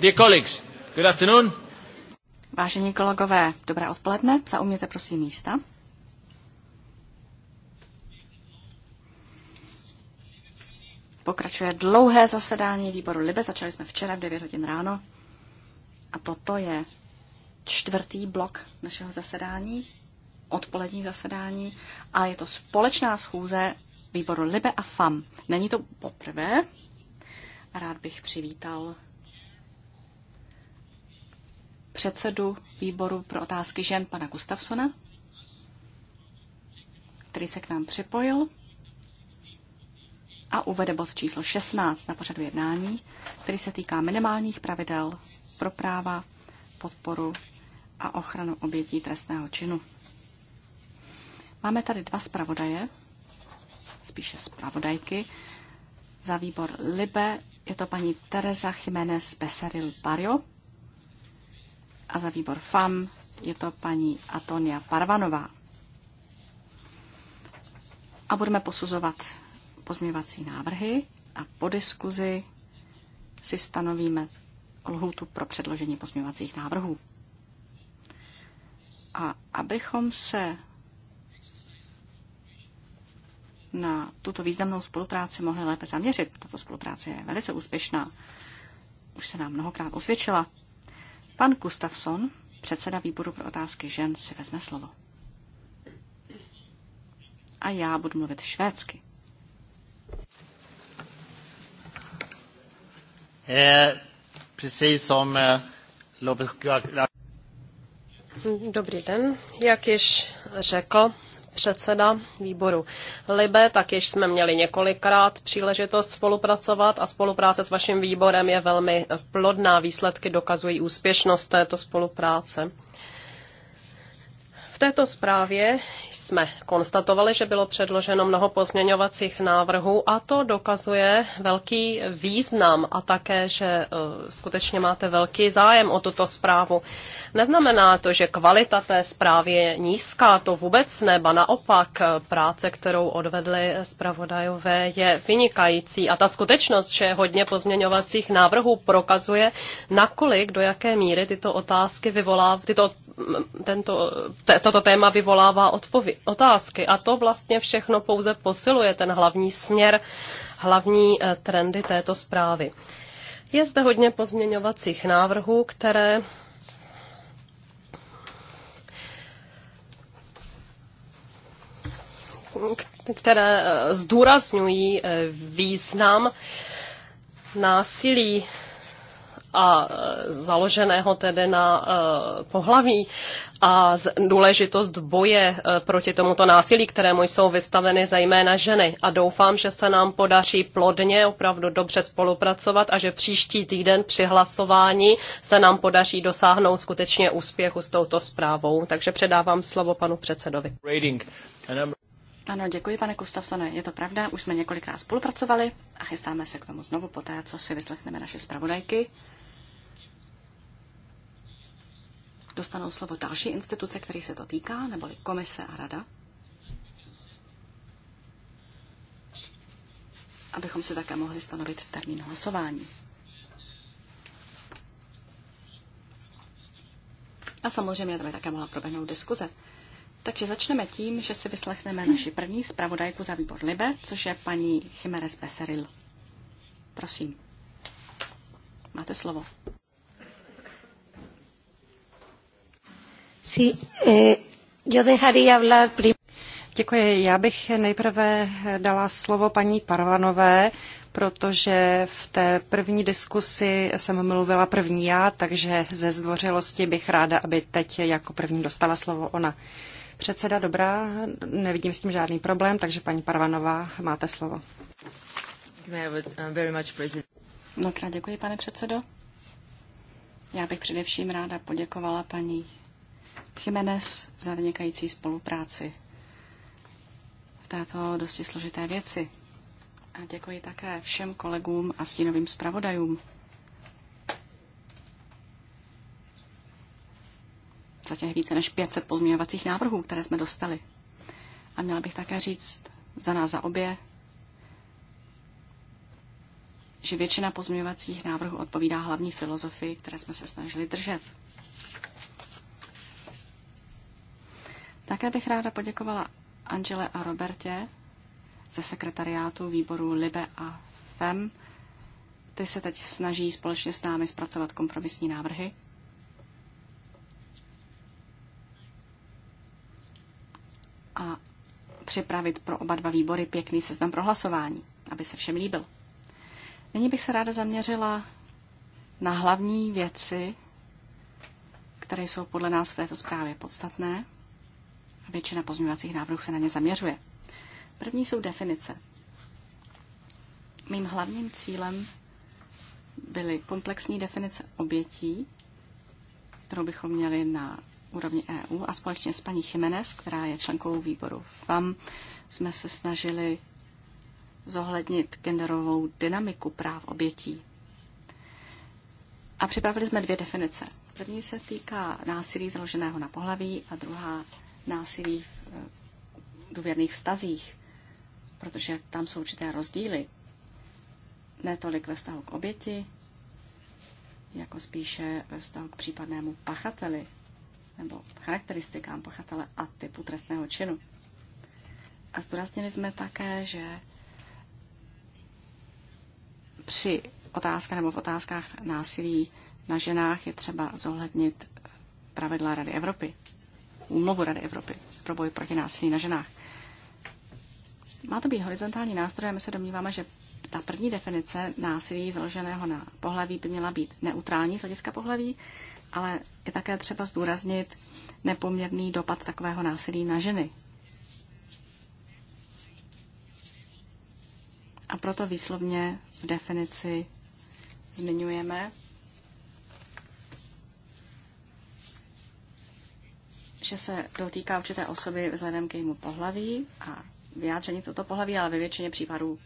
Dear colleagues, good afternoon. Vážení kolegové, dobré odpoledne. Zaujměte prosím místa. Pokračuje dlouhé zasedání výboru Libe. Začali jsme včera v 9 hodin ráno. A toto je čtvrtý blok našeho zasedání, odpolední zasedání. A je to společná schůze výboru Libe a FAM. Není to poprvé. Rád bych přivítal předsedu výboru pro otázky žen pana Gustafsona, který se k nám připojil a uvede bod číslo 16 na pořadu jednání, který se týká minimálních pravidel pro práva, podporu a ochranu obětí trestného činu. Máme tady dva zpravodaje, spíše zpravodajky, za výbor Libe je to paní Teresa Jiménez Beseril Barrio, a za výbor FAM je to paní Antonia Parvanová. A budeme posuzovat pozměvací návrhy a po diskuzi si stanovíme lhůtu pro předložení pozměvacích návrhů. A abychom se na tuto významnou spolupráci mohli lépe zaměřit, tato spolupráce je velice úspěšná, už se nám mnohokrát osvědčila, Pan Gustafsson, předseda výboru pro otázky žen, si vezme slovo. A já budu mluvit švédsky. Eh, eh, Dobrý den. Jak již řekl předseda výboru Libe, tak již jsme měli několikrát příležitost spolupracovat a spolupráce s vaším výborem je velmi plodná. Výsledky dokazují úspěšnost této spolupráce. V této zprávě jsme konstatovali, že bylo předloženo mnoho pozměňovacích návrhů a to dokazuje velký význam a také, že e, skutečně máte velký zájem o tuto zprávu. Neznamená to, že kvalita té zprávy je nízká, to vůbec ne, ba naopak e, práce, kterou odvedli zpravodajové, je vynikající a ta skutečnost, že hodně pozměňovacích návrhů prokazuje, nakolik, do jaké míry tyto otázky vyvolá, tyto tento, t- toto téma vyvolává odpově- otázky a to vlastně všechno pouze posiluje ten hlavní směr, hlavní eh, trendy této zprávy. Je zde hodně pozměňovacích návrhů, které které eh, zdůrazňují eh, význam násilí a e, založeného tedy na e, pohlaví a důležitost boje e, proti tomuto násilí, kterému jsou vystaveny zejména ženy. A doufám, že se nám podaří plodně opravdu dobře spolupracovat a že příští týden při hlasování se nám podaří dosáhnout skutečně úspěchu s touto zprávou. Takže předávám slovo panu předsedovi. Ano, děkuji, pane Kustafsone, Je to pravda, už jsme několikrát spolupracovali a chystáme se k tomu znovu poté, co si vyslechneme naše zpravodajky. dostanou slovo další instituce, který se to týká, neboli komise a rada, abychom si také mohli stanovit termín hlasování. A samozřejmě by také mohla proběhnout diskuze. Takže začneme tím, že si vyslechneme naši první zpravodajku za výbor Libe, což je paní Chimerez Beseril. Prosím, máte slovo. Sí, eh, yo dejaría hablar Děkuji. Já bych nejprve dala slovo paní Parvanové, protože v té první diskusi jsem mluvila první já, takže ze zdvořilosti bych ráda, aby teď jako první dostala slovo ona. Předseda, dobrá, nevidím s tím žádný problém, takže paní Parvanová, máte slovo. Mnohokrát děkuji, pane předsedo. Já bych především ráda poděkovala paní Jiménez za vynikající spolupráci v této dosti složité věci. A děkuji také všem kolegům a stínovým zpravodajům. za těch více než 500 pozměňovacích návrhů, které jsme dostali. A měla bych také říct za nás za obě, že většina pozměňovacích návrhů odpovídá hlavní filozofii, které jsme se snažili držet. Také bych ráda poděkovala Angele a Robertě ze sekretariátu výboru Libe a FEM. Ty se teď snaží společně s námi zpracovat kompromisní návrhy. A připravit pro oba dva výbory pěkný seznam pro hlasování, aby se všem líbil. Nyní bych se ráda zaměřila na hlavní věci, které jsou podle nás v této zprávě podstatné a většina pozměňovacích návrhů se na ně zaměřuje. První jsou definice. Mým hlavním cílem byly komplexní definice obětí, kterou bychom měli na úrovni EU a společně s paní Jiménez, která je členkou výboru FAM, jsme se snažili zohlednit genderovou dynamiku práv obětí. A připravili jsme dvě definice. První se týká násilí založeného na pohlaví a druhá násilí v eh, důvěrných vztazích, protože tam jsou určité rozdíly. Netolik ve vztahu k oběti, jako spíše ve vztahu k případnému pachateli nebo charakteristikám pachatele a typu trestného činu. A zdůraznili jsme také, že při otázka nebo v otázkách násilí na ženách je třeba zohlednit pravidla Rady Evropy úmluvu Rady Evropy pro boj proti násilí na ženách. Má to být horizontální nástroj a my se domníváme, že ta první definice násilí založeného na pohlaví by měla být neutrální z hlediska pohlaví, ale je také třeba zdůraznit nepoměrný dopad takového násilí na ženy. A proto výslovně v definici zmiňujeme že se dotýká určité osoby vzhledem k jejímu pohlaví a vyjádření toto pohlaví, ale ve většině případů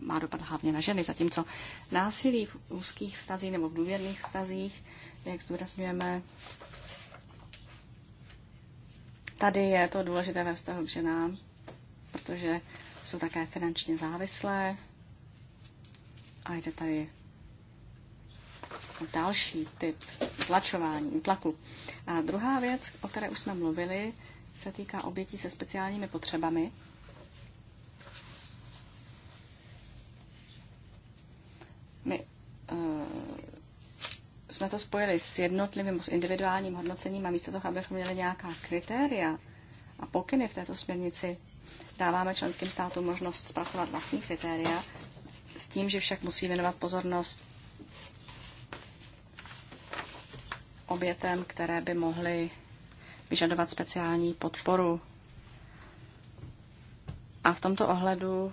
má dopad hlavně na ženy, zatímco násilí v úzkých vztazích nebo v důvěrných vztazích, jak zdůrazňujeme, tady je to důležité ve vztahu k ženám, protože jsou také finančně závislé a jde tady další typ tlačování, tlaku. A druhá věc, o které už jsme mluvili, se týká obětí se speciálními potřebami. My uh, jsme to spojili s jednotlivým, s individuálním hodnocením a místo toho, abychom měli nějaká kritéria a pokyny v této směrnici, dáváme členským státům možnost zpracovat vlastní kritéria s tím, že však musí věnovat pozornost obětem, které by mohly vyžadovat speciální podporu. A v tomto ohledu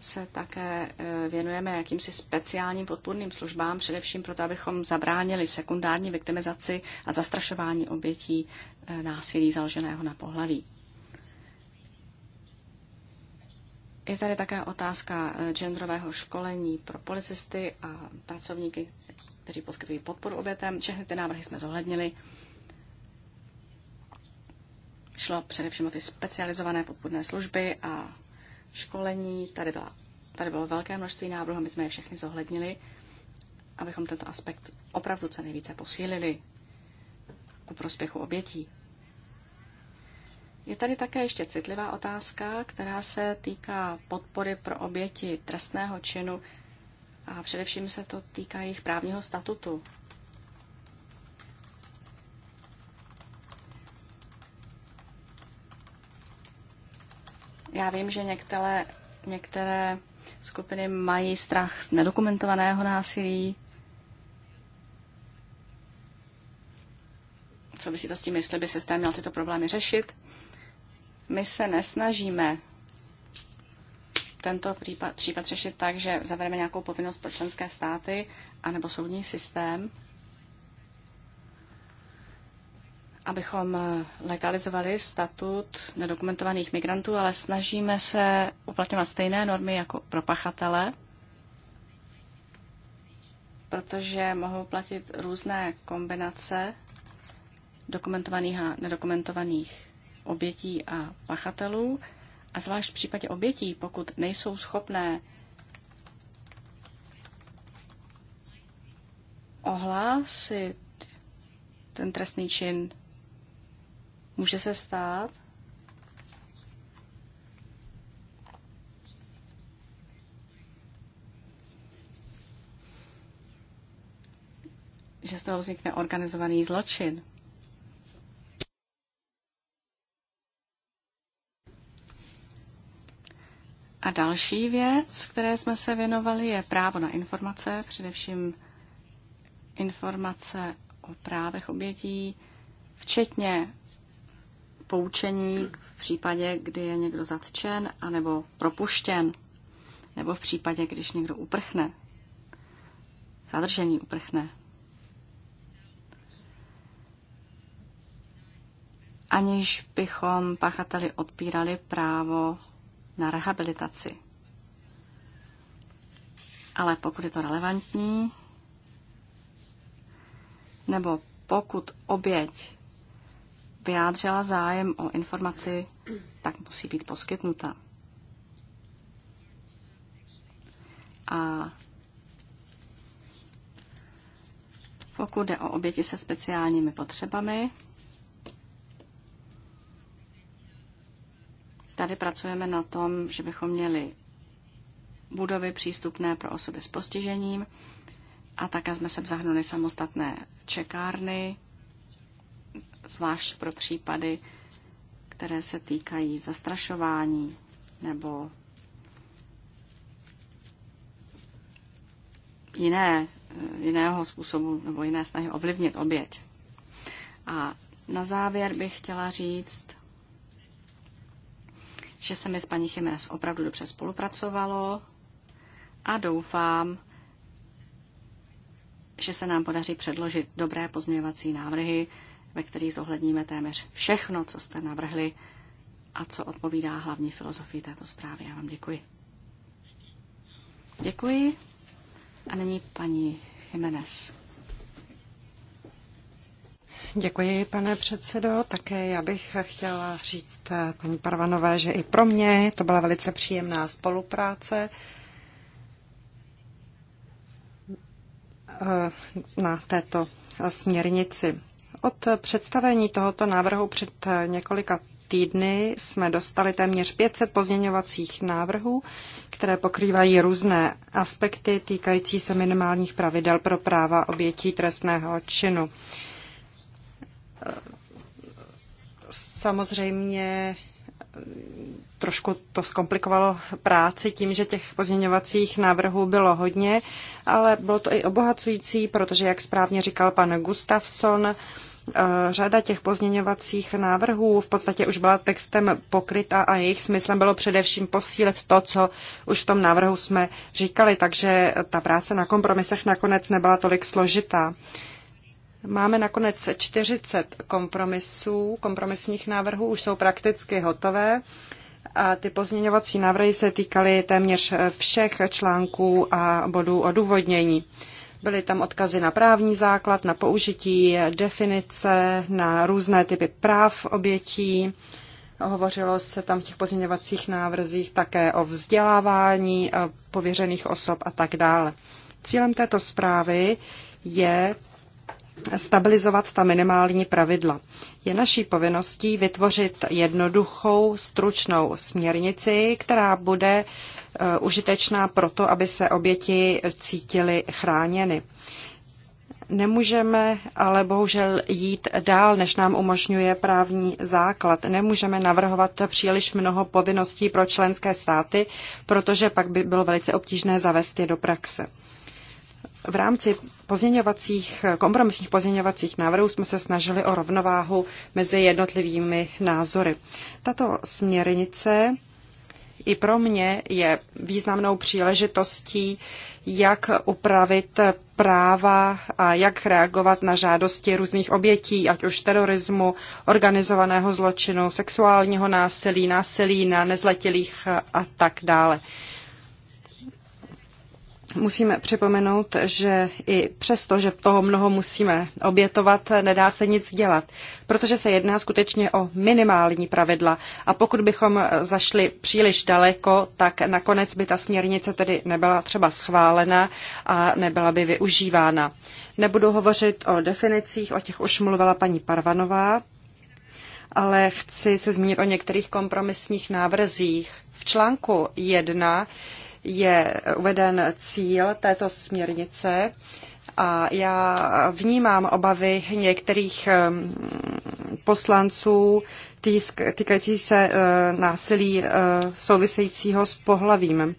se také e, věnujeme jakýmsi speciálním podpůrným službám, především proto, abychom zabránili sekundární viktimizaci a zastrašování obětí e, násilí založeného na pohlaví. Je tady také otázka e, genderového školení pro policisty a pracovníky kteří poskytují podporu obětem. Všechny ty návrhy jsme zohlednili. Šlo především o ty specializované podpůrné služby a školení. Tady, byla, tady bylo velké množství návrhů, my jsme je všechny zohlednili, abychom tento aspekt opravdu co nejvíce posílili ku prospěchu obětí. Je tady také ještě citlivá otázka, která se týká podpory pro oběti trestného činu a především se to týká jejich právního statutu. Já vím, že některé, některé skupiny mají strach z nedokumentovaného násilí. Co to s tím, jestli by se měl tyto problémy řešit? My se nesnažíme tento případ, případ řešit tak, že zavedeme nějakou povinnost pro členské státy anebo soudní systém, abychom eh, legalizovali statut nedokumentovaných migrantů, ale snažíme se uplatňovat stejné normy jako pro pachatele, protože mohou platit různé kombinace dokumentovaných a nedokumentovaných obětí a pachatelů a zvlášť v případě obětí, pokud nejsou schopné ohlásit ten trestný čin, může se stát, že z toho vznikne organizovaný zločin. A další věc, které jsme se věnovali, je právo na informace, především informace o právech obětí, včetně poučení v případě, kdy je někdo zatčen anebo propuštěn, nebo v případě, když někdo uprchne, zadržený uprchne. Aniž bychom pachateli odpírali právo na rehabilitaci. Ale pokud je to relevantní, nebo pokud oběť vyjádřila zájem o informaci, tak musí být poskytnuta. A pokud jde o oběti se speciálními potřebami, Tady pracujeme na tom, že bychom měli budovy přístupné pro osoby s postižením a také jsme se zahrnuli samostatné čekárny, zvlášť pro případy, které se týkají zastrašování nebo jiné, jiného způsobu nebo jiné snahy ovlivnit oběť. A na závěr bych chtěla říct, že se mi s paní Chimenez opravdu dobře spolupracovalo a doufám, že se nám podaří předložit dobré pozměňovací návrhy, ve kterých zohledníme téměř všechno, co jste navrhli a co odpovídá hlavní filozofii této zprávy. Já vám děkuji. Děkuji. A nyní paní Jiménez. Děkuji, pane předsedo. Také já bych chtěla říct eh, paní Parvanové, že i pro mě to byla velice příjemná spolupráce. Eh, na této směrnici. Od představení tohoto návrhu před eh, několika týdny jsme dostali téměř 500 pozměňovacích návrhů, které pokrývají různé aspekty týkající se minimálních pravidel pro práva obětí trestného činu. Samozřejmě eh, trošku to zkomplikovalo práci tím, že těch pozměňovacích návrhů bylo hodně, ale bylo to i obohacující, protože, jak správně říkal pan Gustafsson, eh, řada těch pozměňovacích návrhů v podstatě už byla textem pokryta a jejich smyslem bylo především posílit to, co už v tom návrhu jsme říkali, takže ta práce na kompromisech nakonec nebyla tolik složitá. Uh, Máme nakonec 40 kompromisů, kompromisních návrhů už jsou prakticky hotové a ty pozměňovací návrhy se týkaly téměř všech článků a bodů odůvodnění. Byly tam odkazy na právní základ, na použití definice, na různé typy práv obětí. Hovořilo se tam v těch pozměňovacích návrzích také o vzdělávání pověřených osob a tak dále. Cílem této zprávy je stabilizovat ta minimální pravidla. Je naší povinností vytvořit jednoduchou, stručnou směrnici, která bude e, užitečná proto, aby se oběti cítily chráněny. Nemůžeme ale bohužel jít dál, než nám umožňuje právní základ. Nemůžeme navrhovat příliš mnoho povinností pro členské státy, protože pak by bylo velice obtížné zavést je do praxe. V rámci pozměňovacích, kompromisních pozměňovacích návrhů jsme se snažili o rovnováhu mezi jednotlivými názory. Tato směrnice i pro mě je významnou příležitostí, jak upravit práva a jak reagovat na žádosti různých obětí, ať už terorismu, organizovaného zločinu, sexuálního násilí, násilí na nezletilých a tak dále musíme připomenout, že i přesto, že toho mnoho musíme obětovat, nedá se nic dělat, protože se jedná skutečně o minimální pravidla a pokud bychom zašli příliš daleko, tak nakonec by ta směrnice tedy nebyla třeba schválena a nebyla by využívána. Nebudu hovořit o definicích, o těch už mluvila paní Parvanová, ale chci se zmínit o některých kompromisních návrzích. V článku 1 je uveden cíl této směrnice a já vnímám obavy některých poslanců týkající se e, násilí e, souvisejícího s pohlavím.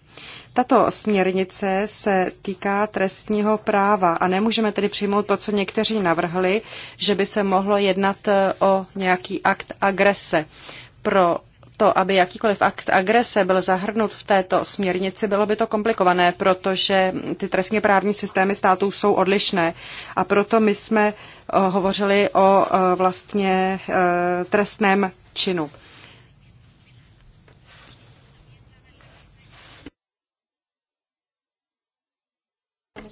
Tato směrnice se týká trestního práva a nemůžeme tedy přijmout to, co někteří navrhli, že by se mohlo jednat e, o nějaký akt agrese. Pro to, aby jakýkoliv akt agrese byl zahrnut v této směrnici, bylo by to komplikované, protože ty trestně právní systémy států jsou odlišné. A proto my jsme eh, hovořili o eh, vlastně eh, trestném činu.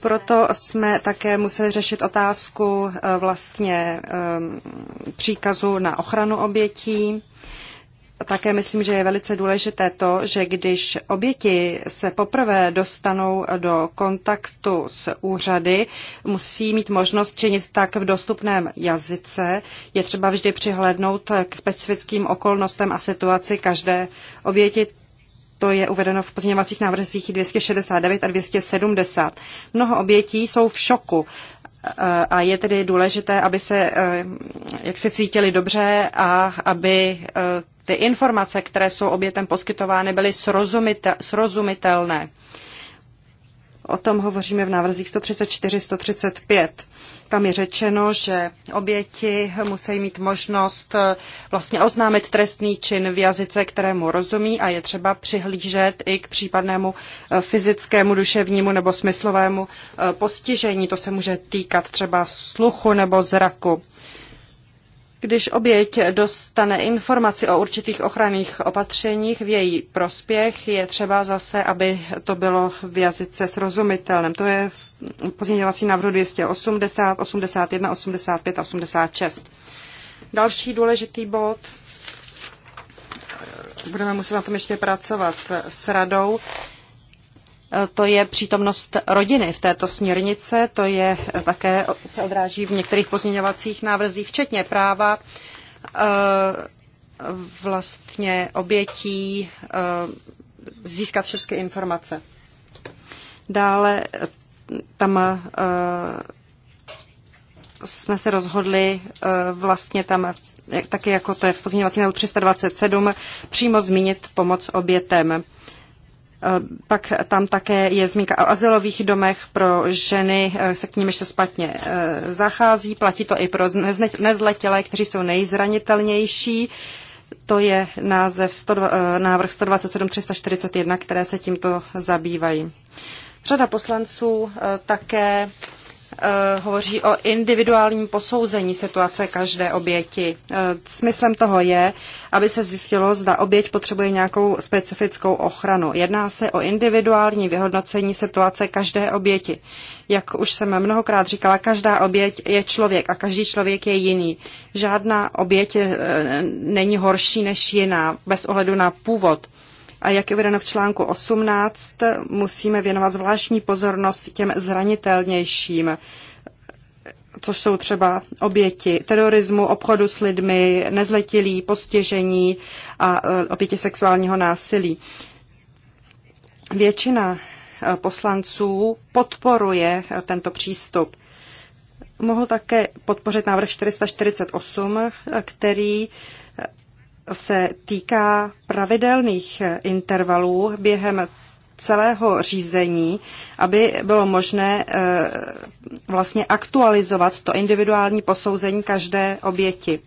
Proto jsme také museli řešit otázku vlastně příkazu na ochranu obětí také myslím, že je velice důležité to, že když oběti se poprvé dostanou do kontaktu s úřady, musí mít možnost činit tak v dostupném jazyce. Je třeba vždy přihlednout k specifickým okolnostem a situaci každé oběti. To je uvedeno v pozměňovacích návrzích 269 a 270. Mnoho obětí jsou v šoku a je tedy důležité, aby se eh, jak se cítili dobře a aby eh, ty informace, které jsou obětem poskytovány, byly srozumitelné. O tom hovoříme v návrzích 134-135. Tam je řečeno, že oběti musí mít možnost eh, vlastně oznámit trestný čin v jazyce, kterému rozumí a je třeba přihlížet i k případnému eh, fyzickému, duševnímu nebo smyslovému eh, postižení. To se může týkat třeba sluchu nebo zraku. Když oběť dostane informaci o určitých ochranných opatřeních v její prospěch, je třeba zase, aby to bylo v jazyce srozumitelném. To je pozměňovací návrh 280, 81, 85 a 86. Další důležitý bod, budeme muset na tom ještě pracovat s radou, to je přítomnost rodiny v této směrnice, to je eh, také se odráží v některých pozměňovacích návrzích, včetně práva eh, vlastně obětí eh, získat všechny informace. Dále tam jsme se rozhodli vlastně tam taky jako to je v pozměňovací návrhu 327, přímo zmínit pomoc obětem. Eh, pak tam také je zmínka o azylových domech pro ženy, eh, se k nimiž se spatně eh, zachází. Platí to i pro nezletilé, kteří jsou nejzranitelnější. To je název 100, návrh 127 341, které se tímto zabývají. Řada poslanců také Eh, hovoří o individuálním posouzení situace každé oběti. Eh, smyslem toho je, aby se zjistilo, zda oběť potřebuje nějakou specifickou ochranu. Jedná se o individuální vyhodnocení situace každé oběti. Jak už jsem mnohokrát říkala, každá oběť je člověk a každý člověk je jiný. Žádná oběť eh, není horší než jiná, bez ohledu na původ a jak je uvedeno v článku 18, musíme věnovat zvláštní pozornost těm zranitelnějším což jsou třeba oběti terorismu, obchodu s lidmi, nezletilí, postižení a e, oběti sexuálního násilí. Většina e, poslanců podporuje e, tento přístup. Mohu také podpořit návrh 448, který se týká pravidelných intervalů během celého řízení, aby bylo možné eh, vlastně aktualizovat to individuální posouzení každé oběti.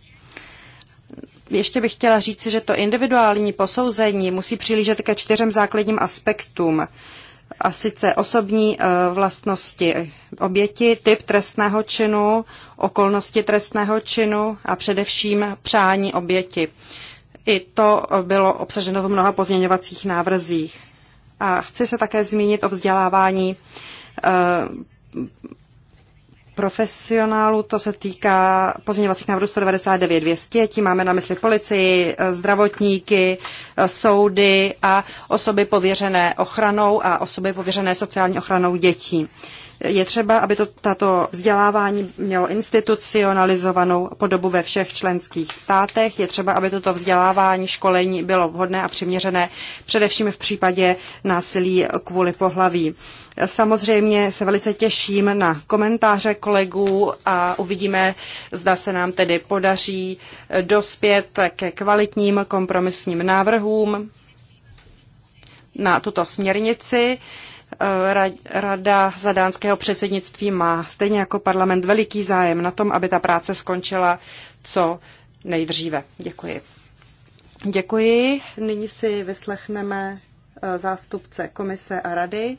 Ještě bych chtěla říci, že to individuální posouzení musí přilížet ke čtyřem základním aspektům a sice osobní eh, vlastnosti oběti, typ trestného činu, okolnosti trestného činu a především přání oběti. I to bylo obsaženo v mnoha pozměňovacích návrzích. A chci se také zmínit o vzdělávání eh, profesionálu. to se týká pozměňovacích návrhů 199 200, tím máme na mysli policii, eh, zdravotníky, eh, soudy a osoby pověřené ochranou a osoby pověřené sociální ochranou dětí. Je třeba, aby to, tato vzdělávání mělo institucionalizovanou podobu ve všech členských státech. Je třeba, aby toto vzdělávání, školení bylo vhodné a přiměřené, především v případě násilí kvůli pohlaví. Samozřejmě se velice těším na komentáře kolegů a uvidíme, zda se nám tedy podaří dospět ke kvalitním kompromisním návrhům na tuto směrnici. Eh, rada za dánského předsednictví má, stejně jako parlament, veliký zájem na tom, aby ta práce skončila co nejdříve. Děkuji. Děkuji. Nyní si vyslechneme eh, zástupce komise a rady.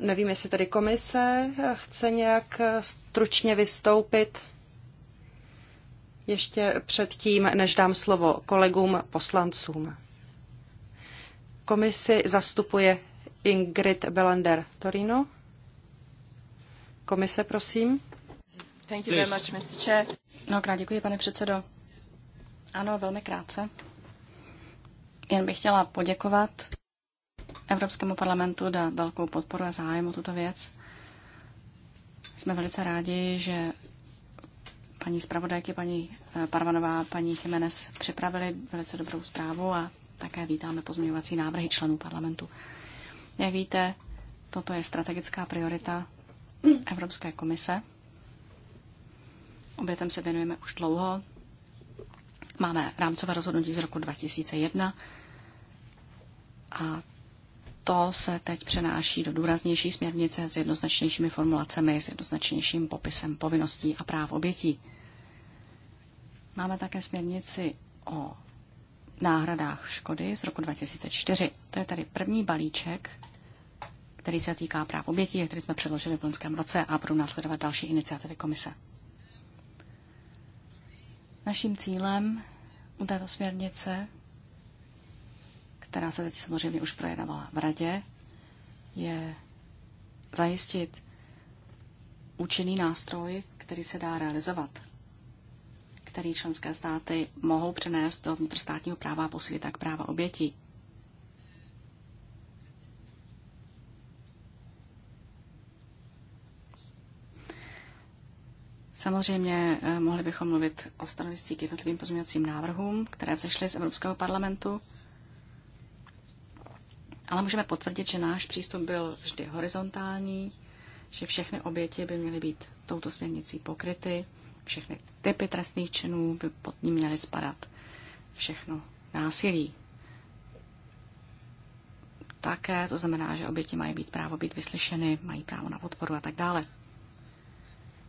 Nevím, jestli tady komise eh, chce nějak stručně vystoupit ještě předtím, než dám slovo kolegům poslancům. Komisi zastupuje Ingrid Belander Torino. Komise, prosím. Thank you very much, Mr. Chair. Mnohokrát děkuji, pane předsedo. Ano, velmi krátce. Jen bych chtěla poděkovat Evropskému parlamentu za velkou podporu a zájem o tuto věc. Jsme velice rádi, že paní zpravodajky, paní eh, Parvanová, paní Jiménez připravili velice dobrou zprávu a také vítáme pozměňovací návrhy členů parlamentu. Jak víte, toto je strategická priorita Evropské komise. Obětem se věnujeme už dlouho. Máme rámcové rozhodnutí z roku 2001 a to se teď přenáší do důraznější směrnice s jednoznačnějšími formulacemi, s jednoznačnějším popisem povinností a práv obětí. Máme také směrnici o náhradách škody z roku 2004. To je tady první balíček který se týká práv obětí, který jsme předložili v loňském roce a budou následovat další iniciativy komise. Naším cílem u této směrnice, která se teď samozřejmě už projednávala v radě, je zajistit účinný nástroj, který se dá realizovat, který členské státy mohou přenést do vnitrostátního práva a posílit tak práva obětí. Samozřejmě eh, mohli bychom mluvit o stanoviscích k jednotlivým pozměňovacím návrhům, které vzešly z Evropského parlamentu, ale můžeme potvrdit, že náš přístup byl vždy horizontální, že všechny oběti by měly být touto směrnicí pokryty, všechny typy trestných činů by pod ní měly spadat, všechno násilí. Také to znamená, že oběti mají být právo být vyslyšeny, mají právo na podporu a tak dále.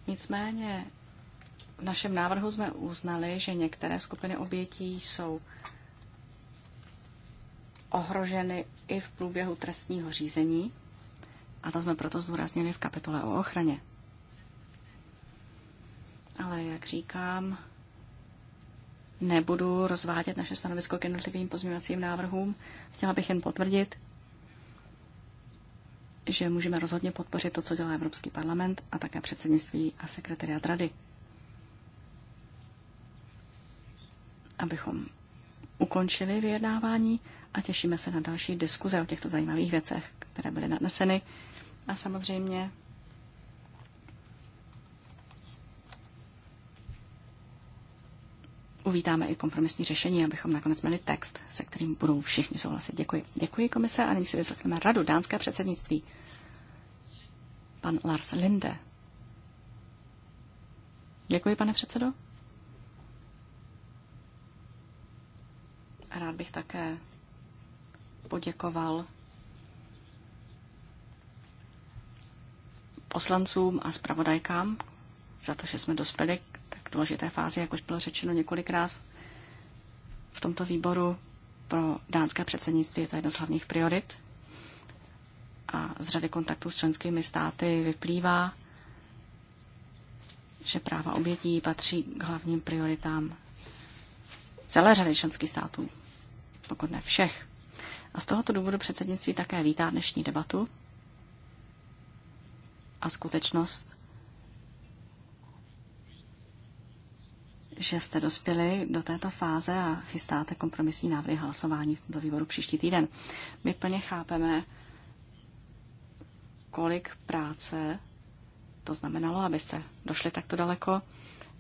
Nicméně v našem návrhu jsme uznali, že některé skupiny obětí jsou ohroženy i v průběhu trestního řízení a to jsme proto zdůraznili v kapitole o ochraně. Ale jak říkám, nebudu rozvádět naše stanovisko k jednotlivým pozměňovacím návrhům. Chtěla bych jen potvrdit, že můžeme rozhodně podpořit to, co dělá Evropský parlament a také předsednictví a sekretariat rady. Abychom ukončili vyjednávání a těšíme se na další diskuze o těchto zajímavých věcech, které byly nadneseny. A samozřejmě uvítáme i kompromisní řešení, abychom nakonec měli text, se kterým budou všichni souhlasit. Děkuji. Děkuji komise a nyní si vyslechneme radu dánské předsednictví. Pan Lars Linde. Děkuji, pane předsedo. A rád bych také poděkoval poslancům a zpravodajkám za to, že jsme dospěli důležité fázi, jak už bylo řečeno několikrát v tomto výboru pro dánské předsednictví je to jedna z hlavních priorit. A z řady kontaktů s členskými státy vyplývá, že práva obětí patří k hlavním prioritám celé řady členských států, pokud ne všech. A z tohoto důvodu předsednictví také vítá dnešní debatu a skutečnost, že jste dospěli do této fáze a chystáte kompromisní návrhy hlasování do výboru příští týden. My plně chápeme, kolik práce to znamenalo, abyste došli takto daleko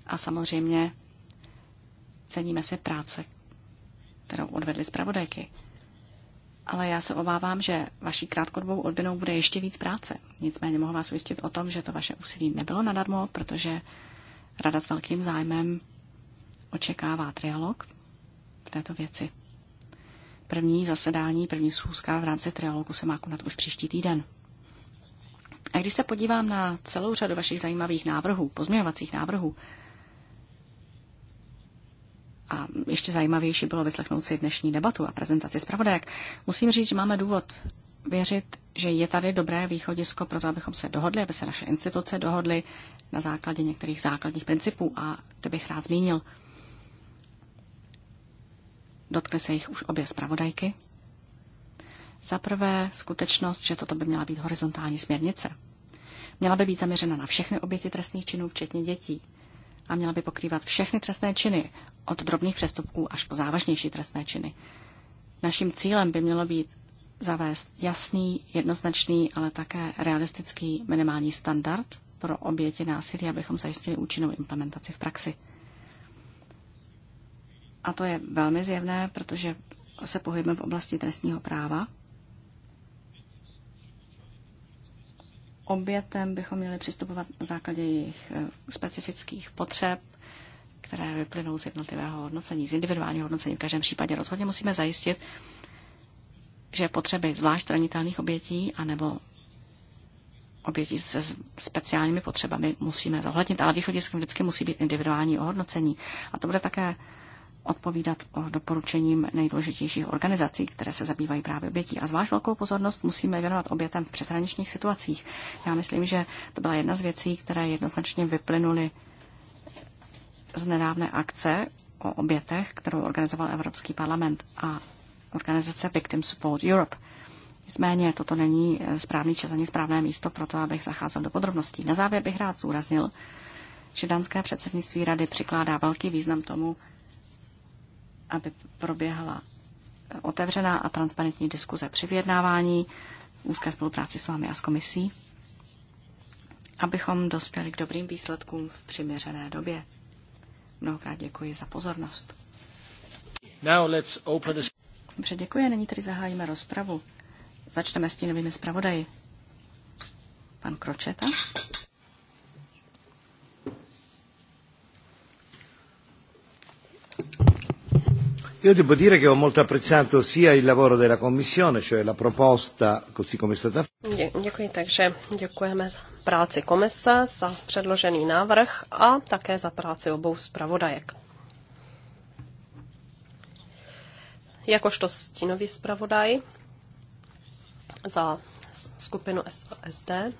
a samozřejmě ceníme si práce, kterou odvedly zpravodajky. Ale já se obávám, že vaší krátkodobou odměnou bude ještě víc práce. Nicméně mohu vás ujistit o tom, že to vaše úsilí nebylo nadarmo, protože Rada s velkým zájmem očekává trialog v této věci. První zasedání, první schůzka v rámci trialogu se má konat už příští týden. A když se podívám na celou řadu vašich zajímavých návrhů, pozměňovacích návrhů, a ještě zajímavější bylo vyslechnout si dnešní debatu a prezentaci zpravodajek, musím říct, že máme důvod věřit, že je tady dobré východisko pro to, abychom se dohodli, aby se naše instituce dohodly na základě některých základních principů a to bych rád zmínil. Dotkly se jich už obě zpravodajky. Za prvé skutečnost, že toto by měla být horizontální směrnice. Měla by být zaměřena na všechny oběti trestných činů, včetně dětí. A měla by pokrývat všechny trestné činy, od drobných přestupků až po závažnější trestné činy. Naším cílem by mělo být zavést jasný, jednoznačný, ale také realistický minimální standard pro oběti násilí, abychom zajistili účinnou implementaci v praxi. A to je velmi zjevné, protože se pohybujeme v oblasti trestního práva. Obětem bychom měli přistupovat na základě jejich eh, specifických potřeb, které vyplynou z jednotlivého hodnocení, z individuálního hodnocení. V každém případě rozhodně musíme zajistit, že potřeby zvlášť ranitelných obětí anebo obětí se speciálními potřebami musíme zohlednit, ale východiskem vždycky musí být individuální ohodnocení. A to bude také odpovídat o doporučením nejdůležitějších organizací, které se zabývají právě obětí. A zvlášť velkou pozornost musíme věnovat obětem v přeshraničních situacích. Já myslím, že to byla jedna z věcí, které jednoznačně vyplynuly z nedávné akce o obětech, kterou organizoval Evropský parlament a organizace Victim Support Europe. Nicméně toto není správný čas ani správné místo pro to, abych zacházel do podrobností. Na závěr bych rád zúraznil, že danské předsednictví rady přikládá velký význam tomu, aby proběhla otevřená a transparentní diskuze při vyjednávání, úzké spolupráci s vámi a s komisí, abychom dospěli k dobrým výsledkům v přiměřené době. Mnohokrát děkuji za pozornost. Now let's open this... Dobře, děkuji. Nyní tedy zahájíme rozpravu. Začneme s tím zpravodaji. Pan Kročeta. Io devo dire che ho molto apprezzato sia il lavoro della Commissione, cioè la proposta così come è stata fatta. Děkuji, takže děkujeme práci komise za předložený návrh a také za práci obou zpravodajek. Jakožto stínový zpravodaj za skupinu SD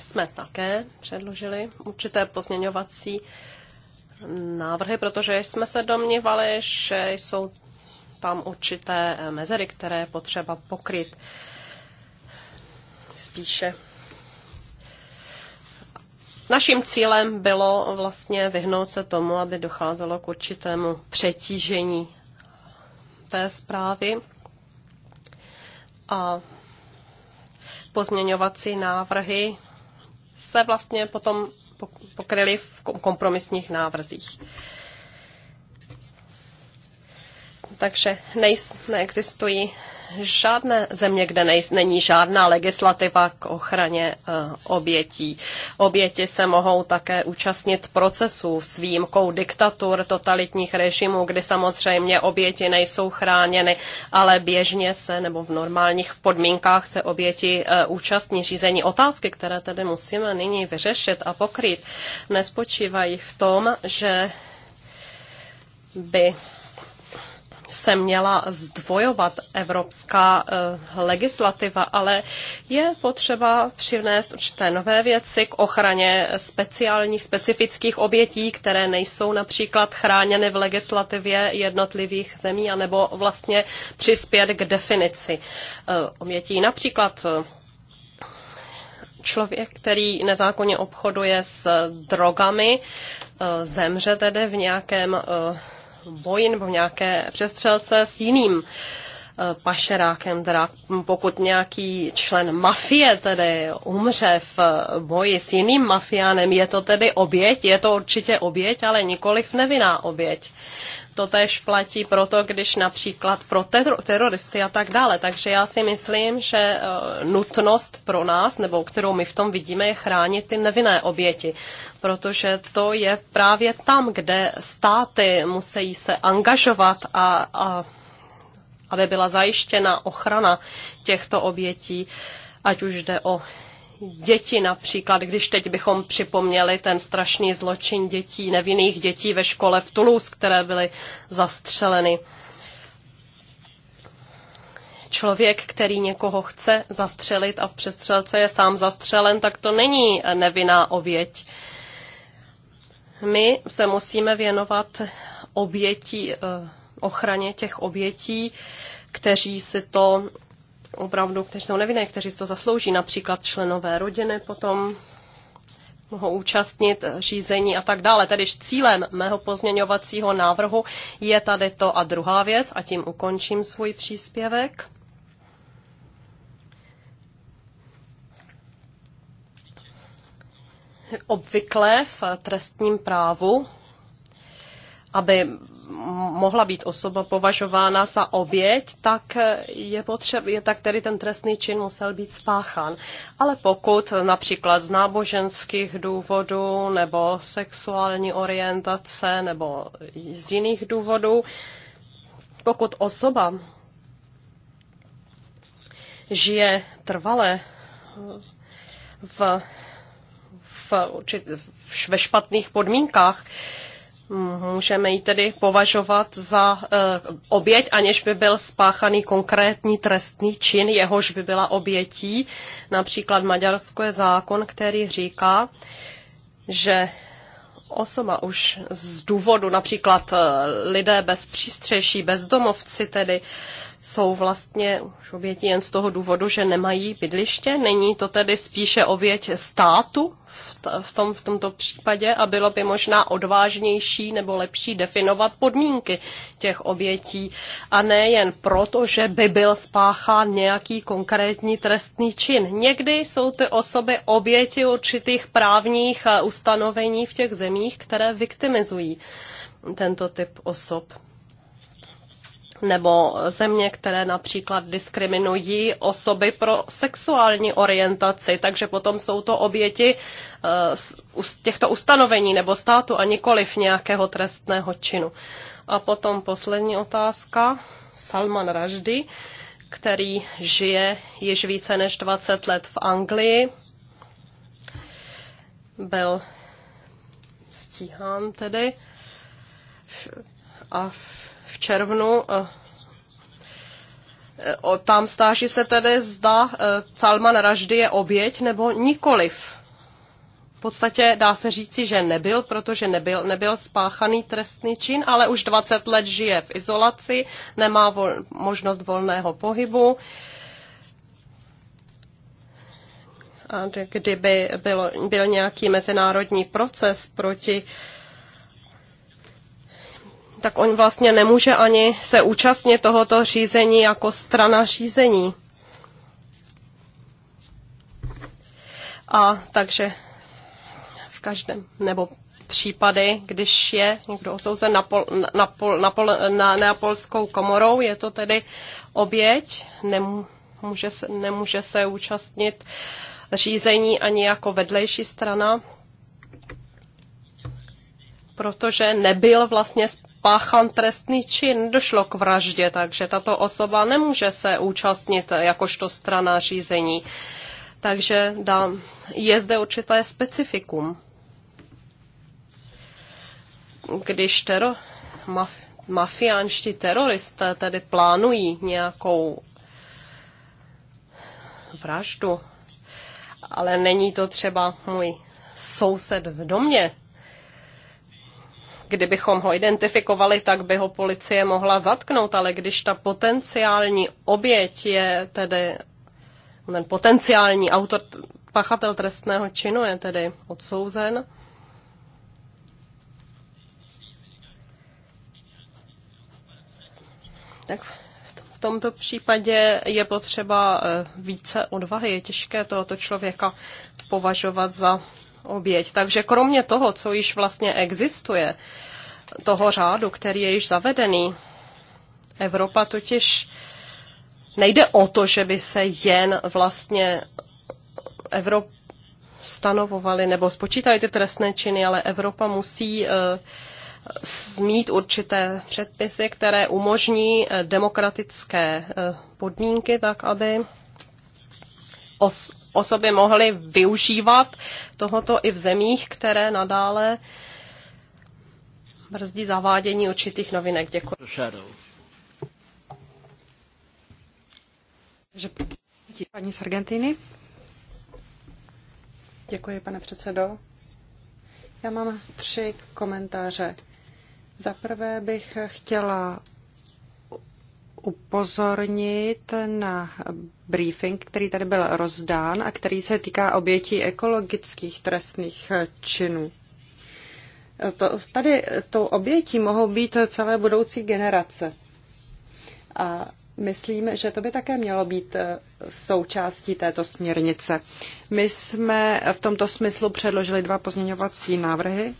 jsme také předložili určité pozměňovací návrhy, protože jsme se domnívali, že jsou tam určité eh, mezery, které je potřeba pokryt spíše. Naším cílem bylo vlastně vyhnout se tomu, aby docházelo k určitému přetížení té zprávy. A pozměňovací návrhy se vlastně potom pokryli v kompromisních návrzích. Takže nejs, neexistují žádné země, kde nej, není žádná legislativa k ochraně eh, obětí. Oběti se mohou také účastnit procesů s výjimkou diktatur totalitních režimů, kdy samozřejmě oběti nejsou chráněny, ale běžně se nebo v normálních podmínkách se oběti eh, účastní řízení. Otázky, které tedy musíme nyní vyřešit a pokryt, nespočívají v tom, že by se měla zdvojovat evropská eh, legislativa, ale je potřeba přivnést určité nové věci k ochraně speciálních, specifických obětí, které nejsou například chráněny v legislativě jednotlivých zemí, anebo vlastně přispět k definici eh, obětí. Například eh, člověk, který nezákonně obchoduje s drogami, zemře tedy v nějakém boj nebo v nějaké přestřelce s jiným eh, pašerákem, teda pokud nějaký člen mafie tedy umře v boji s jiným mafiánem, je to tedy oběť, je to určitě oběť, ale nikoliv nevinná oběť. To tež platí to, když například pro ter- teroristy a tak dále. Takže já si myslím, že eh, nutnost pro nás, nebo kterou my v tom vidíme, je chránit ty nevinné oběti. Protože to je právě tam, kde státy musí se angažovat a, a aby byla zajištěna ochrana těchto obětí, ať už jde o děti například, když teď bychom připomněli ten strašný zločin dětí, nevinných dětí ve škole v Toulouse, které byly zastřeleny. Člověk, který někoho chce zastřelit a v přestřelce je sám zastřelen, tak to není nevinná oběť. My se musíme věnovat obětí, eh, ochraně těch obětí, kteří si to opravdu, kteří jsou nevinné, kteří to zaslouží, například členové rodiny potom mohou účastnit řízení a tak dále. Tedyž cílem mého pozměňovacího návrhu je tady to a druhá věc a tím ukončím svůj příspěvek. Obvykle v trestním právu aby mohla být osoba považována za oběť, tak je potřeba, je tak tedy ten trestný čin musel být spáchán. Ale pokud například z náboženských důvodů nebo sexuální orientace nebo z jiných důvodů, pokud osoba žije trvale v, v, v, ve špatných podmínkách, Můžeme ji tedy považovat za eh, oběť, aniž by byl spáchaný konkrétní trestný čin, jehož by byla obětí. Například Maďarsko je zákon, který říká, že osoba už z důvodu, například eh, lidé bez přístřeší, bezdomovci tedy, jsou vlastně už oběti jen z toho důvodu, že nemají bydliště? Není to tedy spíše oběť státu v, v, tom, v tomto případě a bylo by možná odvážnější nebo lepší definovat podmínky těch obětí a ne jen proto, že by byl spáchán nějaký konkrétní trestný čin. Někdy jsou ty osoby oběti určitých právních eh, ustanovení v těch zemích, které viktimizují tento typ osob nebo země, které například diskriminují osoby pro sexuální orientaci, takže potom jsou to oběti z eh, těchto ustanovení nebo státu a nikoliv nějakého trestného činu. A potom poslední otázka, Salman Raždy, který žije již více než 20 let v Anglii, byl stíhán tedy a v v červnu eh, tam stáží se tedy zda eh, Salman Raždy je oběť nebo nikoliv. V podstatě dá se říci, že nebyl, protože nebyl, nebyl spáchaný trestný čin, ale už 20 let žije v izolaci, nemá vol, možnost volného pohybu. A kdyby bylo, byl nějaký mezinárodní proces proti uh, tak on vlastně nemůže ani se účastnit tohoto řízení jako strana řízení. A takže v každém, nebo případy, když je někdo osouzen na, pol, na, pol, na, pol, na neapolskou komorou, je to tedy oběť, nemůže se, nemůže se účastnit řízení ani jako vedlejší strana, protože nebyl vlastně spáchan trestný čin, došlo k vraždě, takže tato osoba nemůže se účastnit jakožto strana řízení. Takže dá, je zde určité specifikum. Když tero, maf, mafiánští teroristé tedy plánují nějakou vraždu, ale není to třeba můj soused v domě, Kdybychom ho identifikovali, tak by ho policie mohla zatknout, ale když ta potenciální oběť je tedy, ten potenciální autor, pachatel trestného činu je tedy odsouzen, tak v tomto případě je potřeba eh, více odvahy. Je těžké tohoto člověka považovat za oběť. Takže kromě toho, co již vlastně existuje, toho řádu, který je již zavedený, Evropa totiž nejde o to, že by se jen vlastně Evropa stanovovali nebo spočítali ty trestné činy, ale Evropa musí smít eh, určité předpisy, které umožní eh, demokratické eh, podmínky, tak aby os- osoby mohly využívat tohoto i v zemích, které nadále brzdí zavádění určitých novinek. Děkuji. Paní z Argentiny. Děkuji, pane předsedo. Já mám tři komentáře. Za prvé bych chtěla upozornit na briefing, který tady byl rozdán a který se týká obětí ekologických trestných činů. To, tady tou obětí mohou být celé budoucí generace. A myslím, že to by také mělo být součástí této směrnice. My jsme v tomto smyslu předložili dva pozměňovací návrhy,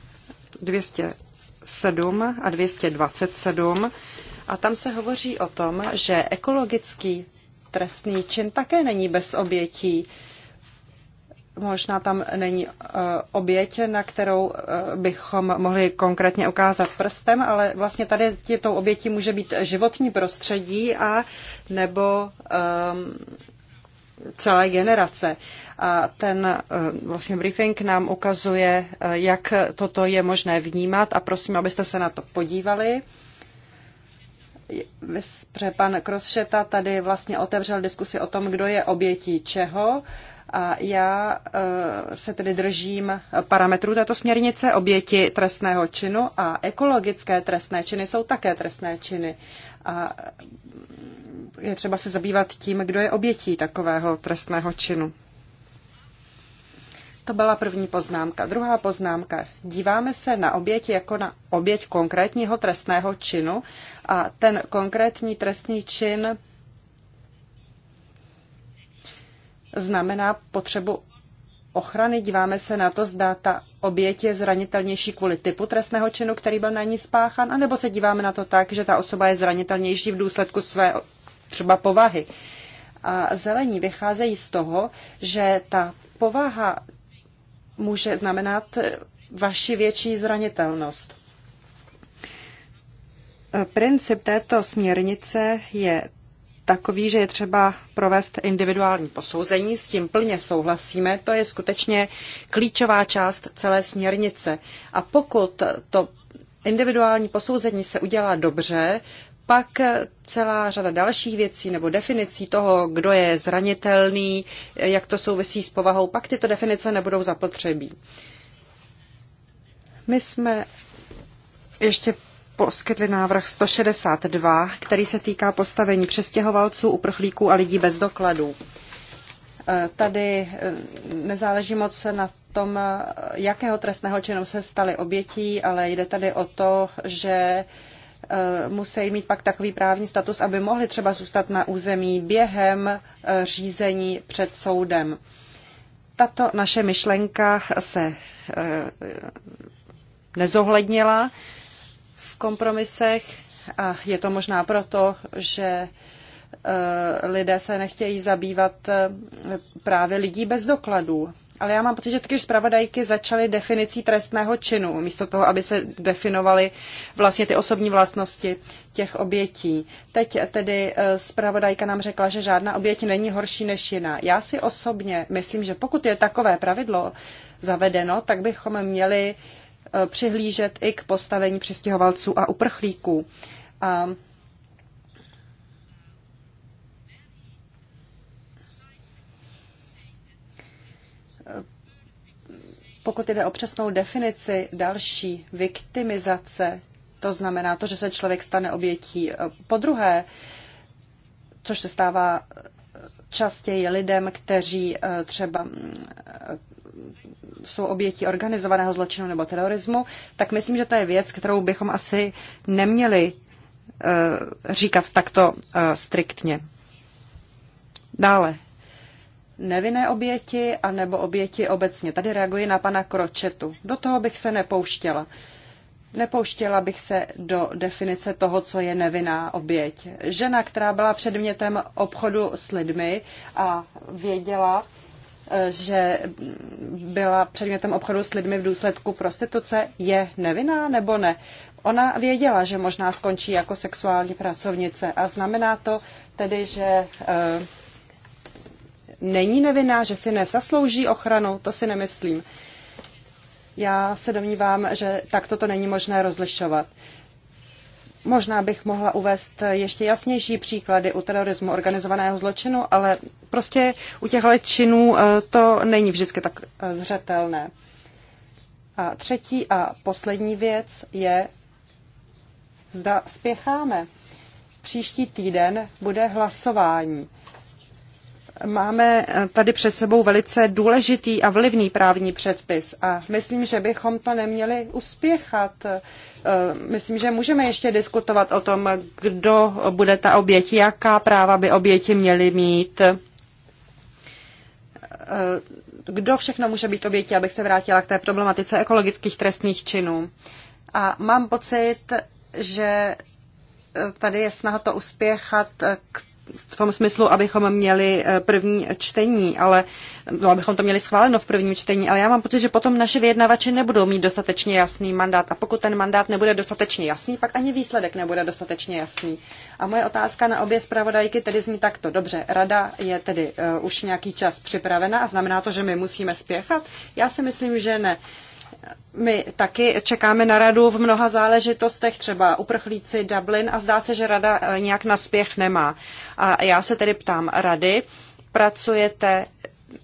207 a 227 a tam se hovoří o tom, že ekologický trestný čin také není bez obětí. Možná tam není e, oběť, na kterou e, bychom mohli konkrétně ukázat prstem, ale vlastně tady tou obětí může být životní prostředí a nebo um, celé generace. A ten e, vlastně briefing nám ukazuje, jak toto je možné vnímat a prosím, abyste se na to podívali že pan Krosšeta tady vlastně otevřel diskusi o tom, kdo je obětí čeho. A já eh, se tedy držím parametrů této směrnice oběti trestného činu a ekologické trestné činy jsou také trestné činy. A je třeba se zabývat tím, kdo je obětí takového trestného činu. To byla první poznámka. Druhá poznámka. Díváme se na oběť jako na oběť konkrétního trestného činu a ten konkrétní trestný čin znamená potřebu ochrany. Díváme se na to, zda ta oběť je zranitelnější kvůli typu trestného činu, který byl na ní spáchan, anebo se díváme na to tak, že ta osoba je zranitelnější v důsledku své třeba povahy. A zelení vycházejí z toho, že ta povaha může znamenat vaši větší zranitelnost. Princip této směrnice je takový, že je třeba provést individuální posouzení, s tím plně souhlasíme, to je skutečně klíčová část celé směrnice. A pokud to individuální posouzení se udělá dobře, pak celá řada dalších věcí nebo definicí toho, kdo je zranitelný, jak to souvisí s povahou, pak tyto definice nebudou zapotřebí. My jsme ještě poskytli návrh 162, který se týká postavení přestěhovalců, uprchlíků a lidí bez dokladů. Eh, tady eh, nezáleží moc na tom, eh, jakého trestného činu se staly obětí, ale jde tady o to, že Eh, musí mít pak takový právní status, aby mohli třeba zůstat na území během eh, řízení před soudem. Tato naše myšlenka se eh, nezohlednila v kompromisech a je to možná proto, že lidé se nechtějí zabývat právě lidí bez dokladů. Ale já mám pocit, že taky zpravodajky začaly definicí trestného činu, místo toho, aby se definovaly vlastně ty osobní vlastnosti těch obětí. Teď tedy e, zpravodajka nám řekla, že žádná oběť není horší než jiná. Já si osobně myslím, že pokud je takové pravidlo zavedeno, tak bychom měli e, přihlížet i k postavení přistěhovalců a uprchlíků. A Pokud jde o přesnou definici další viktimizace, to znamená to, že se člověk stane obětí. E, po druhé, což se stává častěji lidem, kteří e, třeba mm, e, jsou obětí organizovaného zločinu nebo terorismu, tak myslím, že to je věc, kterou bychom asi neměli říkat takto striktně. Dále, nevinné oběti anebo oběti obecně. Tady reaguji na pana Kročetu. Do toho bych se nepouštěla. Nepouštěla bych se do definice toho, co je nevinná oběť. Žena, která byla předmětem obchodu s lidmi a věděla, eh, že byla předmětem obchodu s lidmi v důsledku prostituce, je nevinná nebo ne? Ona věděla, že možná skončí jako sexuální pracovnice a znamená to tedy, že eh, není nevinná, že si nezaslouží ochranu, to si nemyslím. Já se domnívám, že takto to není možné rozlišovat. Možná bych mohla uvést ještě jasnější příklady u terorismu organizovaného zločinu, ale prostě u těchto činů eh, to není vždycky tak eh, zřetelné. A třetí a poslední věc je, zda spěcháme. Příští týden bude hlasování. Máme eh, tady před sebou velice důležitý a vlivný právní předpis a myslím, že bychom to neměli uspěchat. Eh, myslím, že můžeme ještě diskutovat o tom, kdo bude ta oběť, jaká práva by oběti měly mít, eh, kdo všechno může být obětí, abych se vrátila k té problematice ekologických trestných činů. A mám pocit, že tady je snaha to uspěchat k v tom smyslu, abychom měli eh, první čtení, ale no, abychom to měli schváleno v prvním čtení, ale já mám pocit, že potom naše vyjednavači nebudou mít dostatečně jasný mandát. A pokud ten mandát nebude dostatečně jasný, pak ani výsledek nebude dostatečně jasný. A moje otázka na obě zpravodajky tedy zní takto. Dobře, rada je tedy uh, už nějaký čas připravena a znamená to, že my musíme spěchat? Já si myslím, že ne. Uh, my taky čekáme na radu v mnoha záležitostech, třeba uprchlíci Dublin a zdá se, že rada eh, nějak na spěch nemá. A já se tedy ptám rady, pracujete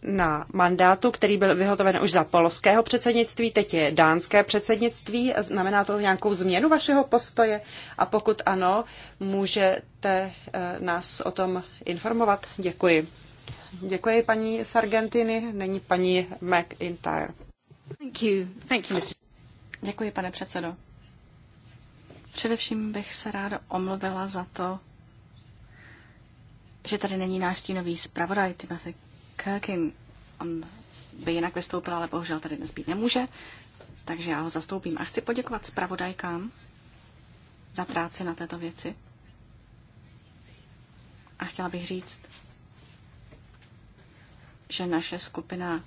na mandátu, který byl vyhotoven už za polského předsednictví, teď je dánské předsednictví. Znamená to nějakou změnu vašeho postoje? A pokud ano, můžete eh, nás o tom informovat? Děkuji. Děkuji paní Sargentini, není paní McIntyre. Děkuji, pane předsedo. Především bych se ráda omluvila za to, že tady není náš stínový zpravodaj Timothy Kirkin. On by jinak vystoupil, ale bohužel tady dnes být nemůže, takže já ho zastoupím. A chci poděkovat zpravodajkám za práci na této věci. A chtěla bych říct, že naše skupina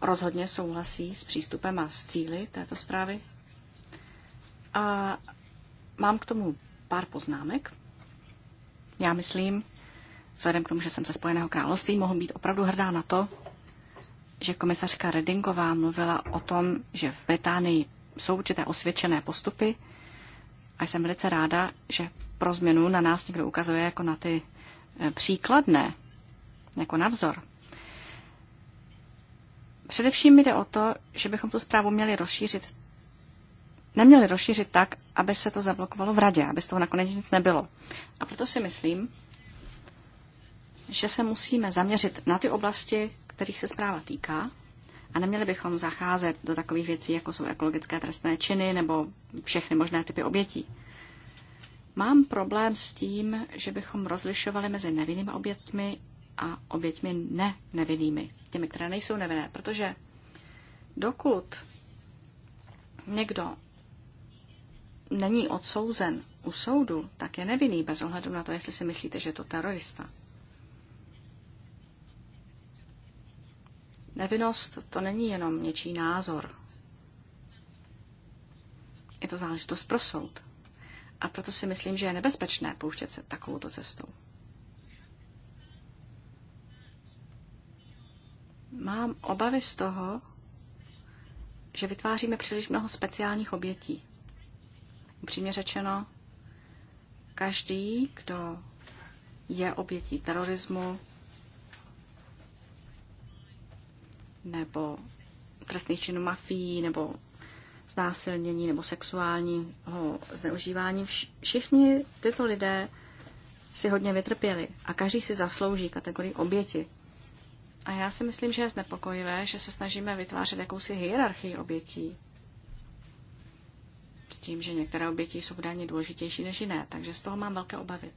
rozhodně souhlasí s přístupem a s cíly této zprávy. A mám k tomu pár poznámek. Já myslím, vzhledem k tomu, že jsem ze Spojeného království, mohu být opravdu hrdá na to, že komisařka Redingová mluvila o tom, že v Británii jsou určité osvědčené postupy a jsem velice ráda, že pro změnu na nás někdo ukazuje jako na ty eh, příkladné, jako na vzor. Především jde o to, že bychom tu zprávu měli rozšířit. Neměli rozšířit tak, aby se to zablokovalo v radě, aby z toho nakonec nic nebylo. A proto si myslím, že se musíme zaměřit na ty oblasti, kterých se zpráva týká, a neměli bychom zacházet do takových věcí, jako jsou ekologické trestné činy nebo všechny možné typy obětí. Mám problém s tím, že bychom rozlišovali mezi nevinnými obětmi a oběťmi ne nevinnými, těmi, které nejsou nevinné, protože dokud někdo není odsouzen u soudu, tak je nevinný bez ohledu na to, jestli si myslíte, že je to terorista. Nevinnost to není jenom něčí názor. Je to záležitost pro soud. A proto si myslím, že je nebezpečné pouštět se takovouto cestou. Mám obavy z toho, že vytváříme příliš mnoho speciálních obětí. Upřímně řečeno, každý, kdo je obětí terorismu nebo trestných činů mafií nebo znásilnění nebo sexuálního zneužívání. Všichni tyto lidé si hodně vytrpěli a každý si zaslouží kategorii oběti. A já si myslím, že je znepokojivé, že se snažíme vytvářet jakousi hierarchii obětí. S tím, že některé oběti jsou daně důležitější než jiné, takže z toho mám velké obavy.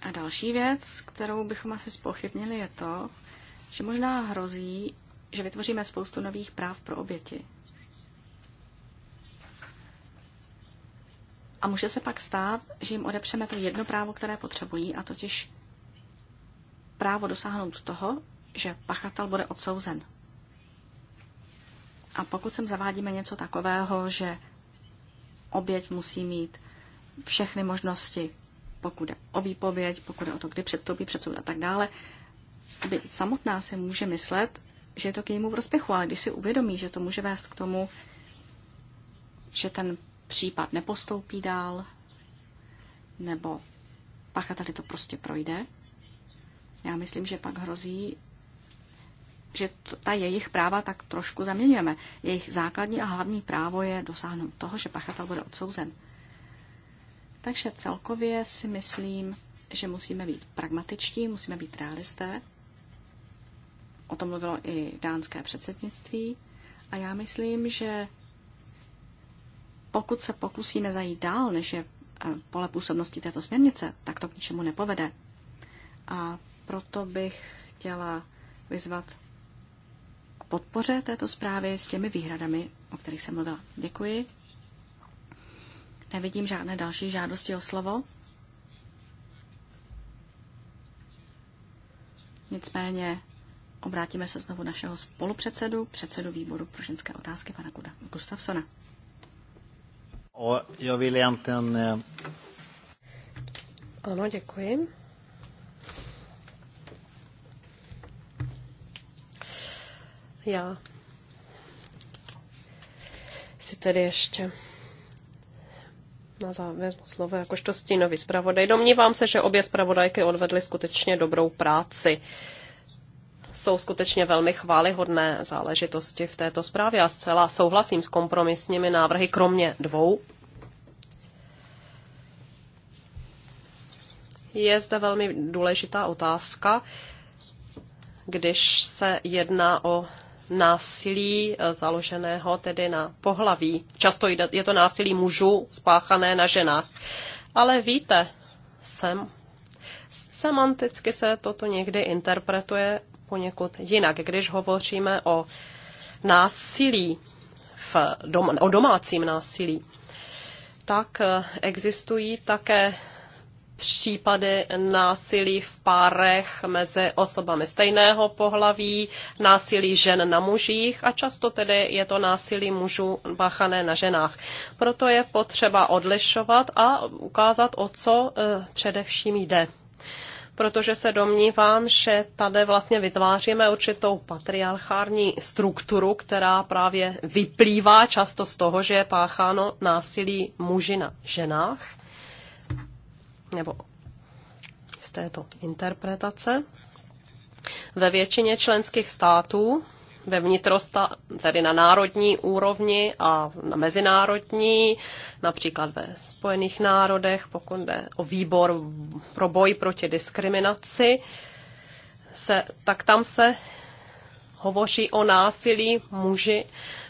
A další věc, kterou bychom asi spochybnili, je to, že možná hrozí, že vytvoříme spoustu nových práv pro oběti. A může se pak stát, že jim odepřeme to jedno právo, které potřebují, a totiž právo dosáhnout toho, že pachatel bude odsouzen. A pokud sem zavádíme něco takového, že oběť musí mít všechny možnosti, pokud je o výpověď, pokud je o to, kdy předstoupí před soud a tak dále, aby samotná si může myslet, že je to k jejímu prospěchu, ale když si uvědomí, že to může vést k tomu, že ten případ nepostoupí dál, nebo pachateli to prostě projde, já myslím, že pak hrozí, že ta jejich práva tak trošku zaměňujeme. Jejich základní a hlavní právo je dosáhnout toho, že pachatel bude odsouzen. Takže celkově si myslím, že musíme být pragmatičtí, musíme být realisté. O tom mluvilo i dánské předsednictví. A já myslím, že pokud se pokusíme zajít dál, než je eh, pole působnosti této směrnice, tak to k ničemu nepovede. A proto bych chtěla vyzvat k podpoře této zprávy s těmi výhradami, o kterých jsem mluvila. Děkuji. Nevidím žádné další žádosti o slovo. Nicméně obrátíme se znovu našeho spolupředsedu, předsedu výboru pro ženské otázky, pana Gustafsona. Gustavsona. já eh, Ano, děkuji. Já si tedy ještě na závěr slovo jakožto stínový zpravodaj. Domnívám se, že obě zpravodajky odvedly skutečně dobrou práci. Jsou skutečně velmi chválihodné záležitosti v této zprávě a zcela souhlasím s kompromisními návrhy, kromě dvou. Je zde velmi důležitá otázka, když se jedná o násilí eh, založeného tedy na pohlaví. Často je to násilí mužů spáchané na ženách. Ale víte, sem, semanticky se toto někdy interpretuje poněkud jinak. Když hovoříme o násilí, v dom- o domácím násilí, tak eh, existují také případy násilí v párech mezi osobami stejného pohlaví, násilí žen na mužích a často tedy je to násilí mužů bachané na ženách. Proto je potřeba odlišovat a ukázat, o co e, především jde protože se domnívám, že tady vlastně vytváříme určitou patriarchární strukturu, která právě vyplývá často z toho, že je pácháno násilí muži na ženách nebo z této interpretace. Ve většině členských států, ve vnitrosta, tedy na národní úrovni a na mezinárodní, například ve Spojených národech, pokud jde o výbor pro boj proti diskriminaci, se, tak tam se hovoří o násilí muži,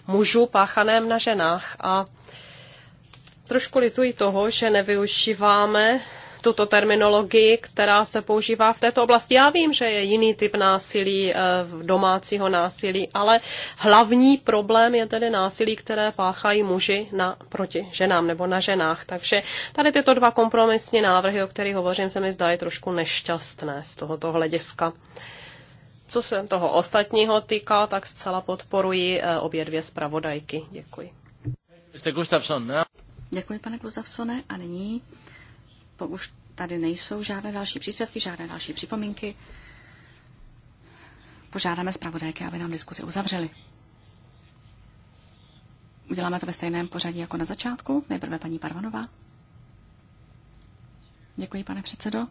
mužů páchaném na ženách. A trošku lituji toho, že nevyužíváme tuto terminologii, která se používá v této oblasti. Já vím, že je jiný typ násilí, eh, domácího násilí, ale hlavní problém je tedy násilí, které páchají muži na, proti ženám nebo na ženách. Takže tady tyto dva kompromisní návrhy, o kterých hovořím, se mi zdají trošku nešťastné z tohoto hlediska. Co se toho ostatního týká, tak zcela podporuji eh, obě dvě zpravodajky. Děkuji. No. Děkuji, pane Gustafsone. A nyní už tady nejsou žádné další příspěvky, žádné další připomínky, požádáme zpravodajky, aby nám diskuzi uzavřeli. Uděláme to ve stejném pořadí jako na začátku. Nejprve paní Parvanová. Děkuji, pane předsedo.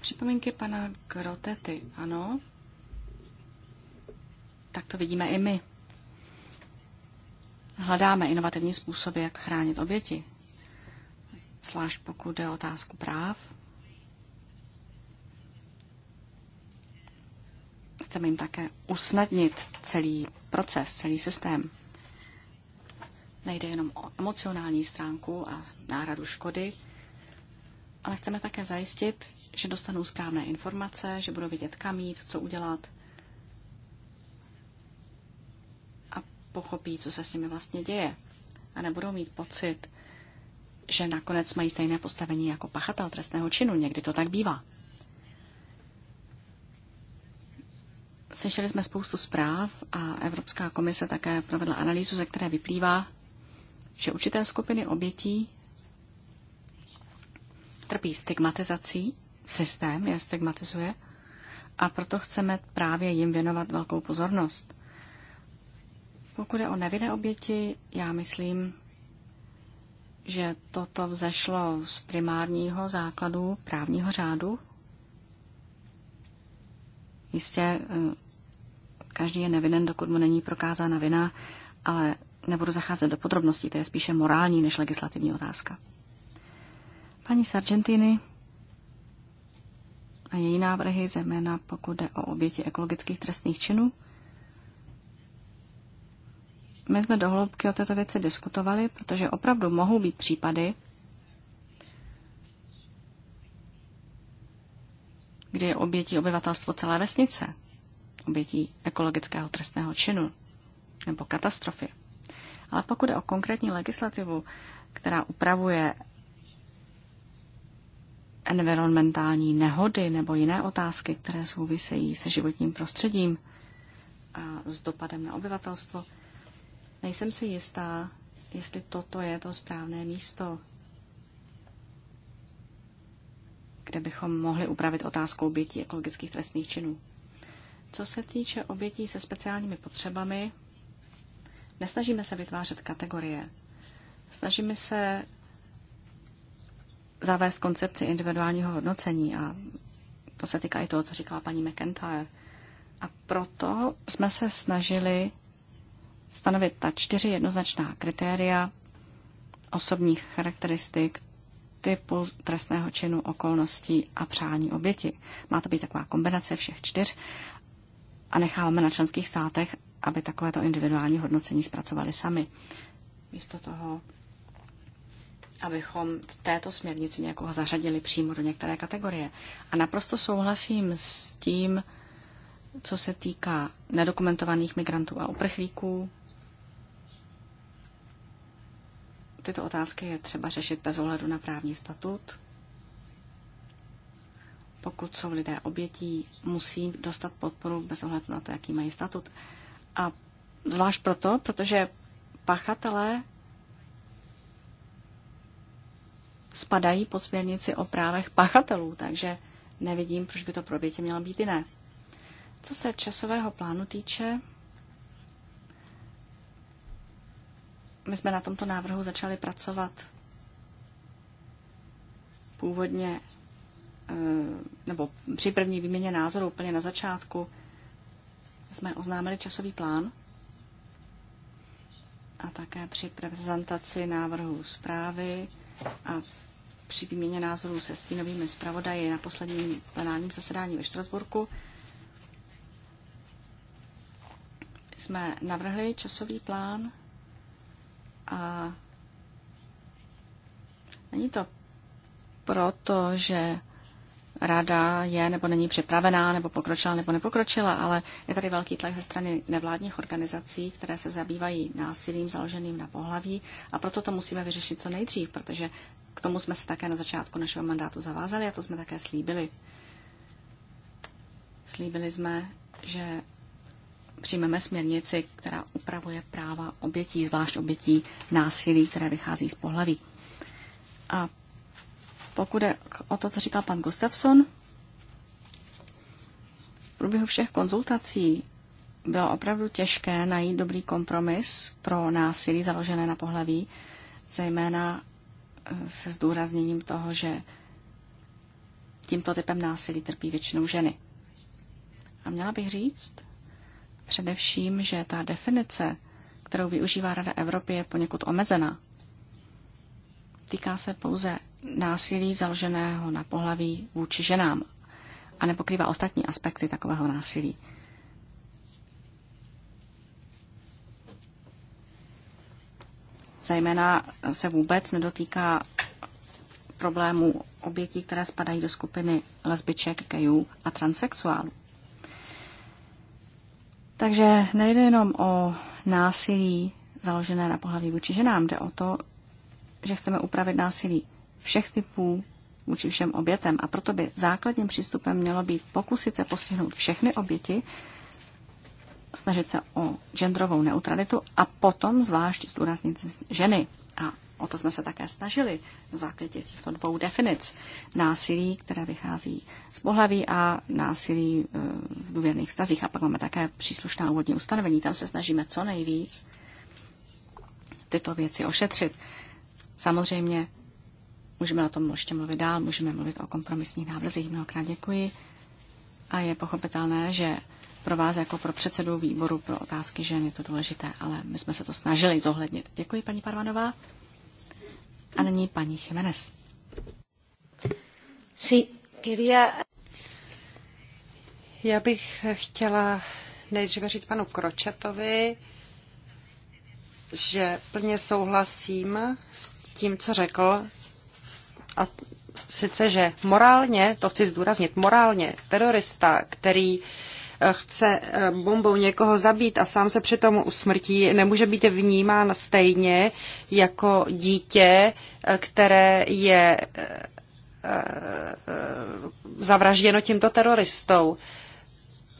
Připomínky pana Grotety, ano. Tak to vidíme i my hledáme inovativní způsoby, jak chránit oběti, zvlášť pokud jde o otázku práv. Chceme jim také usnadnit celý proces, celý systém. Nejde jenom o emocionální stránku a náhradu škody, ale chceme také zajistit, že dostanou správné informace, že budou vědět, kam jít, co udělat. pochopí, co se s nimi vlastně děje a nebudou mít pocit, že nakonec mají stejné postavení jako pachatel trestného činu. Někdy to tak bývá. Slyšeli jsme spoustu zpráv a Evropská komise také provedla analýzu, ze které vyplývá, že určité skupiny obětí trpí stigmatizací, systém je stigmatizuje a proto chceme právě jim věnovat velkou pozornost. Pokud je o nevinné oběti, já myslím, že toto vzešlo z primárního základu právního řádu. Jistě eh, každý je nevinen, dokud mu není prokázána vina, ale nebudu zacházet do podrobností, to je spíše morální než legislativní otázka. Paní Sargentini a její návrhy, zejména pokud jde o oběti ekologických trestných činů, my jsme dohloubky o této věci diskutovali, protože opravdu mohou být případy, kdy je obětí obyvatelstvo celé vesnice, obětí ekologického trestného činu nebo katastrofy. Ale pokud je o konkrétní legislativu, která upravuje environmentální nehody nebo jiné otázky, které souvisejí se životním prostředím a s dopadem na obyvatelstvo, Nejsem si jistá, jestli toto je to správné místo, kde bychom mohli upravit otázku obětí ekologických trestných činů. Co se týče obětí se speciálními potřebami, nesnažíme se vytvářet kategorie. Snažíme se zavést koncepci individuálního hodnocení a to se týká i toho, co říkala paní McIntyre. A proto jsme se snažili stanovit ta čtyři jednoznačná kritéria osobních charakteristik, typu trestného činu, okolností a přání oběti. Má to být taková kombinace všech čtyř a necháváme na členských státech, aby takovéto individuální hodnocení zpracovali sami. Místo toho, abychom v této směrnici někoho zařadili přímo do některé kategorie. A naprosto souhlasím s tím, co se týká nedokumentovaných migrantů a uprchlíků, tyto otázky je třeba řešit bez ohledu na právní statut. Pokud jsou lidé obětí, musí dostat podporu bez ohledu na to, jaký mají statut. A zvlášť proto, protože pachatelé spadají pod směrnici o právech pachatelů, takže nevidím, proč by to pro obětě mělo být jiné. Co se časového plánu týče, My jsme na tomto návrhu začali pracovat původně, eh, nebo při první výměně názoru úplně na začátku, jsme oznámili časový plán a také při prezentaci návrhu zprávy a při výměně názorů se stínovými zpravodaji na posledním plenárním zasedání ve Štrasburku jsme navrhli časový plán a není to proto, že rada je nebo není připravená, nebo pokročila nebo nepokročila, ale je tady velký tlak ze strany nevládních organizací, které se zabývají násilím založeným na pohlaví a proto to musíme vyřešit co nejdřív, protože k tomu jsme se také na začátku našeho mandátu zavázali a to jsme také slíbili. Slíbili jsme, že přijmeme směrnici, která upravuje práva obětí, zvlášť obětí násilí, které vychází z pohlaví. A pokud je o to, co říkal pan Gustafsson, v průběhu všech konzultací bylo opravdu těžké najít dobrý kompromis pro násilí založené na pohlaví, zejména eh, se zdůrazněním toho, že tímto typem násilí trpí většinou ženy. A měla bych říct, Především, že ta definice, kterou využívá Rada Evropy, je poněkud omezená. Týká se pouze násilí založeného na pohlaví vůči ženám a nepokrývá ostatní aspekty takového násilí. Zejména se vůbec nedotýká problémů obětí, které spadají do skupiny lesbiček, gayů a transexuálů. Takže nejde jenom o násilí založené na pohlaví vůči ženám, jde o to, že chceme upravit násilí všech typů vůči všem obětem. A proto by základním přístupem mělo být pokusit se postihnout všechny oběti, snažit se o genderovou neutralitu a potom zvlášť zdůraznit ženy a O to jsme se také snažili na základě těchto dvou definic. Násilí, které vychází z pohlaví a násilí e, v důvěrných stazích. A pak máme také příslušná úvodní ustanovení. Tam se snažíme co nejvíc tyto věci ošetřit. Samozřejmě můžeme o tom ještě mluvit dál, můžeme mluvit o kompromisních návrzích. Mnohokrát děkuji. A je pochopitelné, že pro vás jako pro předsedu výboru pro otázky žen je to důležité, ale my jsme se to snažili zohlednit. Děkuji, paní Parvanová. A nyní paní Jiménez. Sí, quería... Já bych chtěla nejdříve říct panu Kročetovi, že plně souhlasím s tím, co řekl, a sice, že morálně, to chci zdůraznit, morálně terorista, který chce eh, bombou někoho zabít a sám se přitom usmrtí, nemůže být vnímán stejně jako dítě, eh, které je eh, zavražděno tímto teroristou.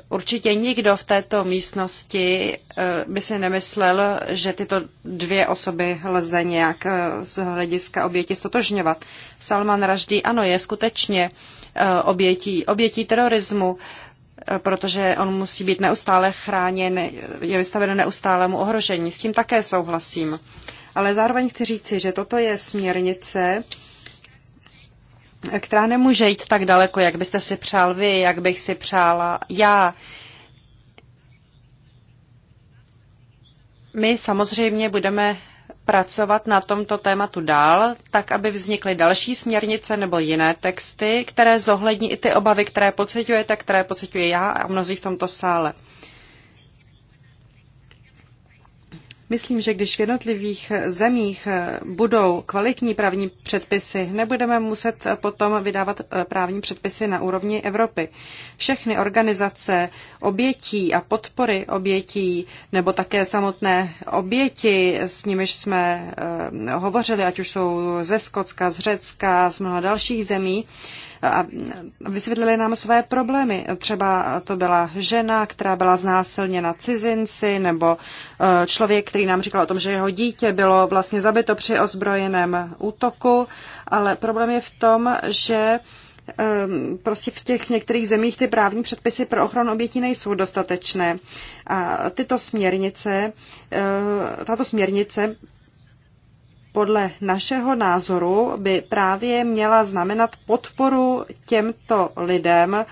Určitě nikdo v této místnosti by si nemyslel, že tyto dvě osoby lze nějak z hlediska oběti stotožňovat. Salman Raždý, ano, je skutečně obětí, obětí terorismu protože on musí být neustále chráněn, je vystaven neustálému ohrožení. S tím také souhlasím. Ale zároveň chci říci, že toto je směrnice, která nemůže jít tak daleko, jak byste si přál vy, jak bych si přála já. My samozřejmě budeme pracovat na tomto tématu dál, tak aby vznikly další směrnice nebo jiné texty, které zohlední i ty obavy, které pocitujete, které pociťuji já a mnozí v tomto sále. Myslím, že když v jednotlivých zemích budou kvalitní právní předpisy, nebudeme muset potom vydávat eh, právní předpisy na úrovni Evropy. Všechny organizace obětí a podpory obětí, nebo také samotné oběti, s nimiž jsme eh, hovořili, ať už jsou ze Skotska, z Řecka, z mnoha dalších zemí, a vysvětlili nám své problémy. Třeba to byla žena, která byla znásilněna cizinci, nebo e, člověk, který nám říkal o tom, že jeho dítě bylo vlastně zabito při ozbrojeném útoku, ale problém je v tom, že e, prostě v těch některých zemích ty právní předpisy pro ochranu obětí nejsou dostatečné. A tyto směrnice, e, tato směrnice podle našeho názoru by právě měla znamenat podporu těmto lidem,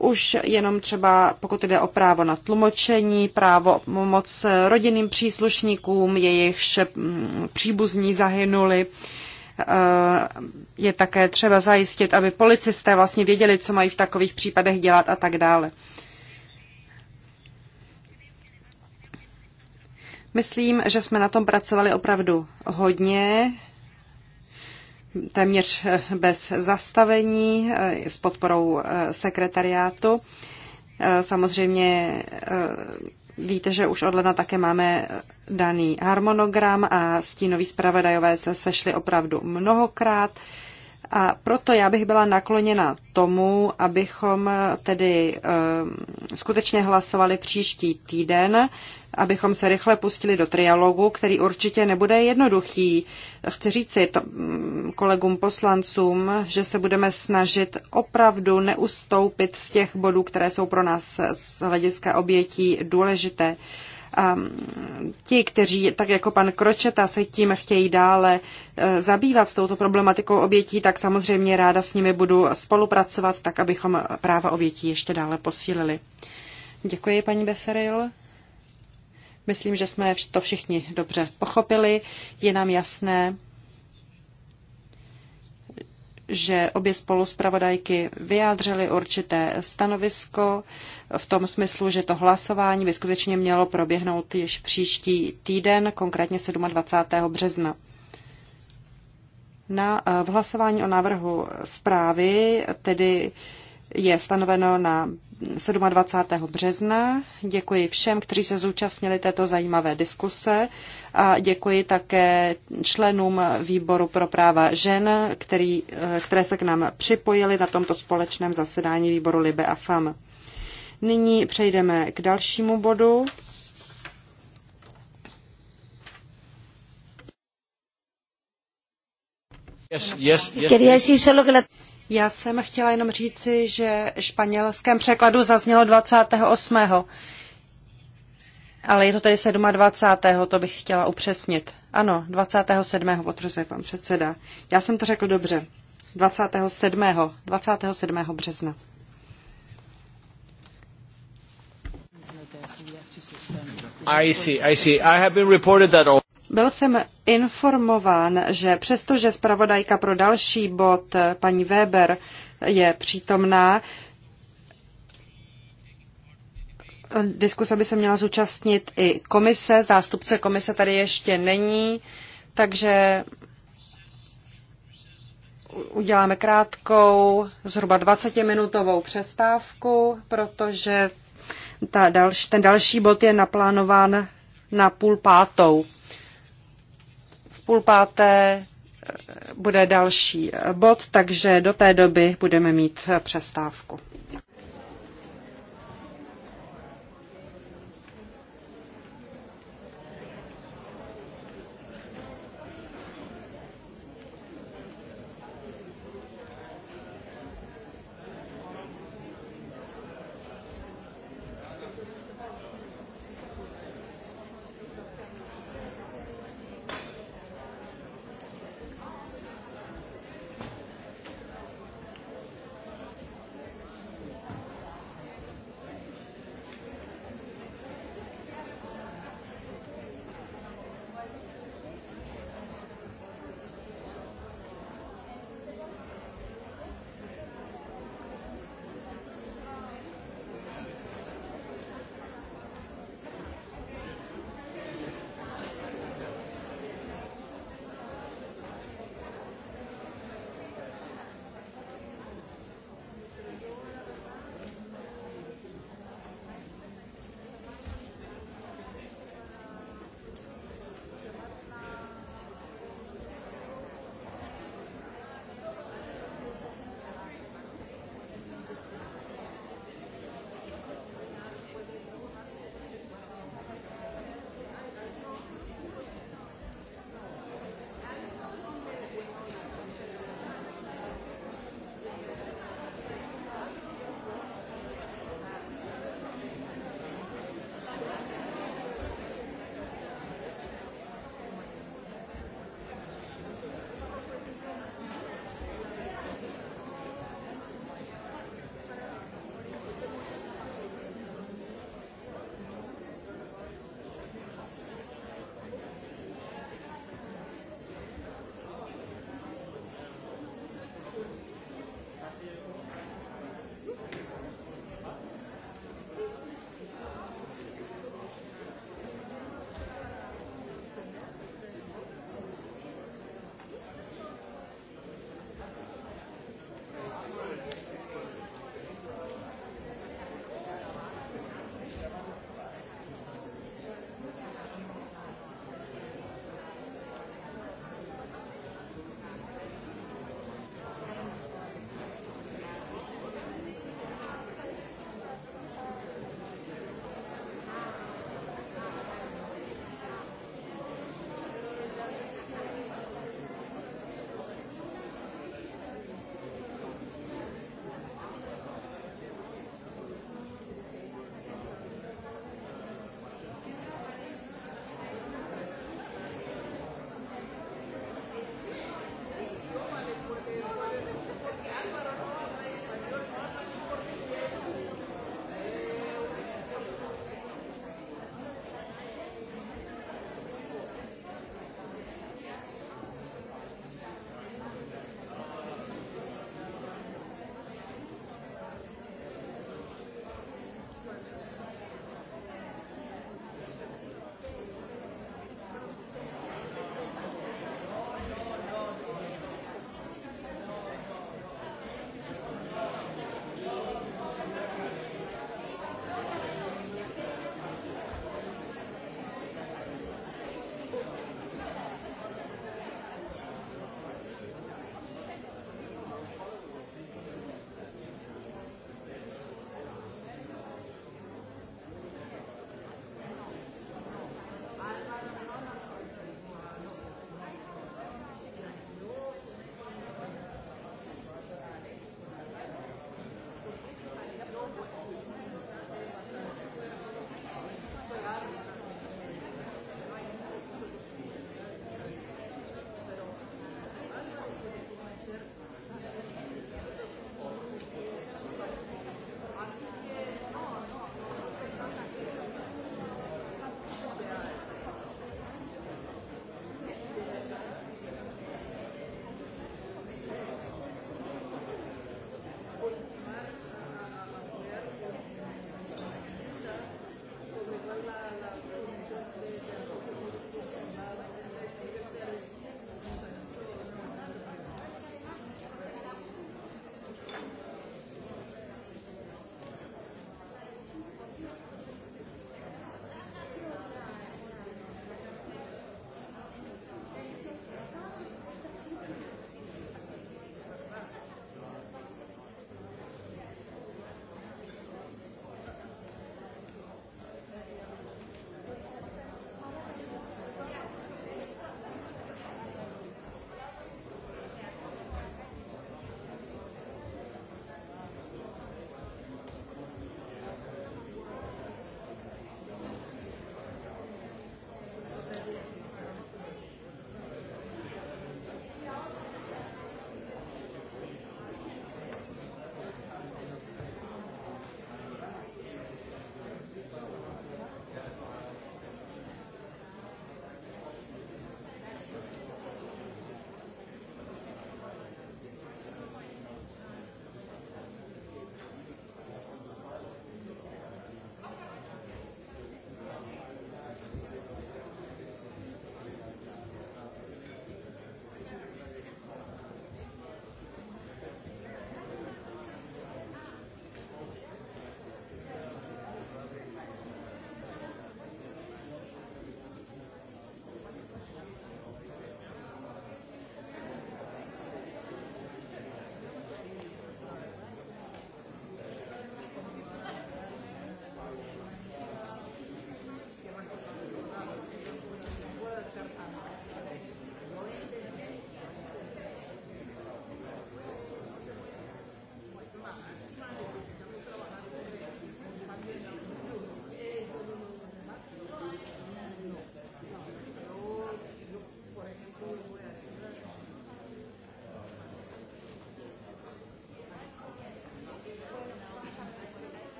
už jenom třeba pokud jde o právo na tlumočení, právo pomoc rodinným příslušníkům, jejichž mm, příbuzní zahynuli. Eh, je také třeba zajistit, aby policisté vlastně věděli, co mají v takových případech dělat a tak dále. Myslím, že jsme na tom pracovali opravdu hodně, téměř eh, bez zastavení, eh, s podporou eh, sekretariátu. Samozřejmě víte, že už od ledna také máme daný harmonogram a stínoví zpravodajové se sešli opravdu mnohokrát. A proto já bych byla nakloněna tomu, abychom tedy ehm, skutečně hlasovali příští týden, abychom se rychle pustili do trialogu, který určitě nebude jednoduchý. Chci říci to, mm, kolegům poslancům, že se budeme snažit opravdu neustoupit z těch bodů, které jsou pro nás z hlediska obětí důležité. A ehm, ti, kteří, tak jako pan Kročeta, se tím chtějí dále eh, zabývat touto problematikou obětí, tak samozřejmě ráda s nimi budu spolupracovat, tak abychom práva obětí ještě dále posílili. Děkuji, paní Beseril. Myslím, že jsme to všichni dobře pochopili. Je nám jasné, že obě spoluspravodajky vyjádřily určité stanovisko v tom smyslu, že to hlasování by skutečně mělo proběhnout již příští týden, konkrétně 27. března. Na, eh, v hlasování o návrhu zprávy tedy je stanoveno na 27. března. Děkuji všem, kteří se zúčastnili této zajímavé diskuse a děkuji také členům výboru pro práva žen, který, které se k nám připojili na tomto společném zasedání výboru Libe a FAM. Nyní přejdeme k dalšímu bodu. Yes, yes, yes. Já jsem chtěla jenom říci, že španělském překladu zaznělo 28. Ale je to tedy 27. to bych chtěla upřesnit. Ano, 27. potvrzuje pan předseda. Já jsem to řekl dobře. 27. 27. března. I see, I see. I have been reported that all. Byl jsem informován, že přestože zpravodajka pro další bod paní Weber je přítomná, diskuse by se měla zúčastnit i komise, zástupce komise tady ještě není, takže uděláme krátkou, zhruba 20-minutovou přestávku, protože ta další, ten další bod je naplánován na půl pátou půl páté eh, bude další bod, takže do té doby budeme mít eh, přestávku.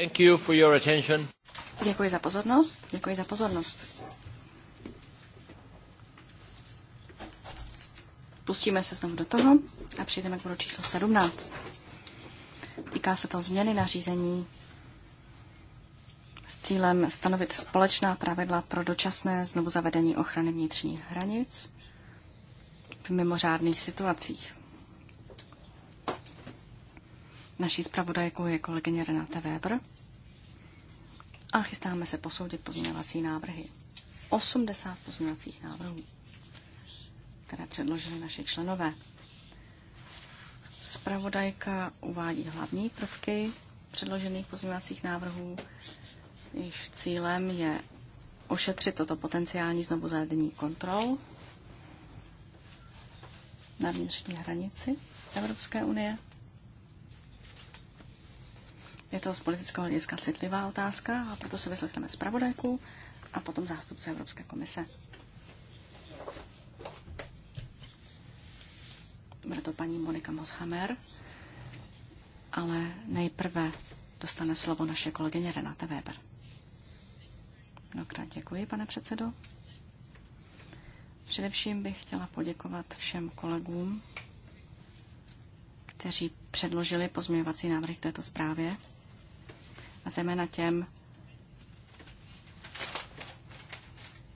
Thank you for your attention. Děkuji za pozornost. Děkuji za pozornost. Pustíme se znovu do toho a přijdeme k bodu číslo 17. Týká se to změny nařízení s cílem stanovit společná pravidla pro dočasné znovu zavedení ochrany vnitřních hranic v mimořádných situacích. Naší zpravodajkou je kolegyně Renata Weber chystáme se posoudit pozměňovací návrhy. 80 pozměňovacích návrhů, které předložili naši členové. Spravodajka uvádí hlavní prvky předložených pozměňovacích návrhů. Jejich cílem je ošetřit toto potenciální znovu zavedení kontrol na vnitřní hranici Evropské unie je to z politického hlediska citlivá otázka a proto se vyslechneme zpravodajku a potom zástupce Evropské komise. Bude to paní Monika Moshammer, ale nejprve dostane slovo naše kolegyně Renata Weber. Mnohokrát děkuji, pane předsedo. Především bych chtěla poděkovat všem kolegům, kteří předložili pozměňovací návrh k této zprávě a zejména těm,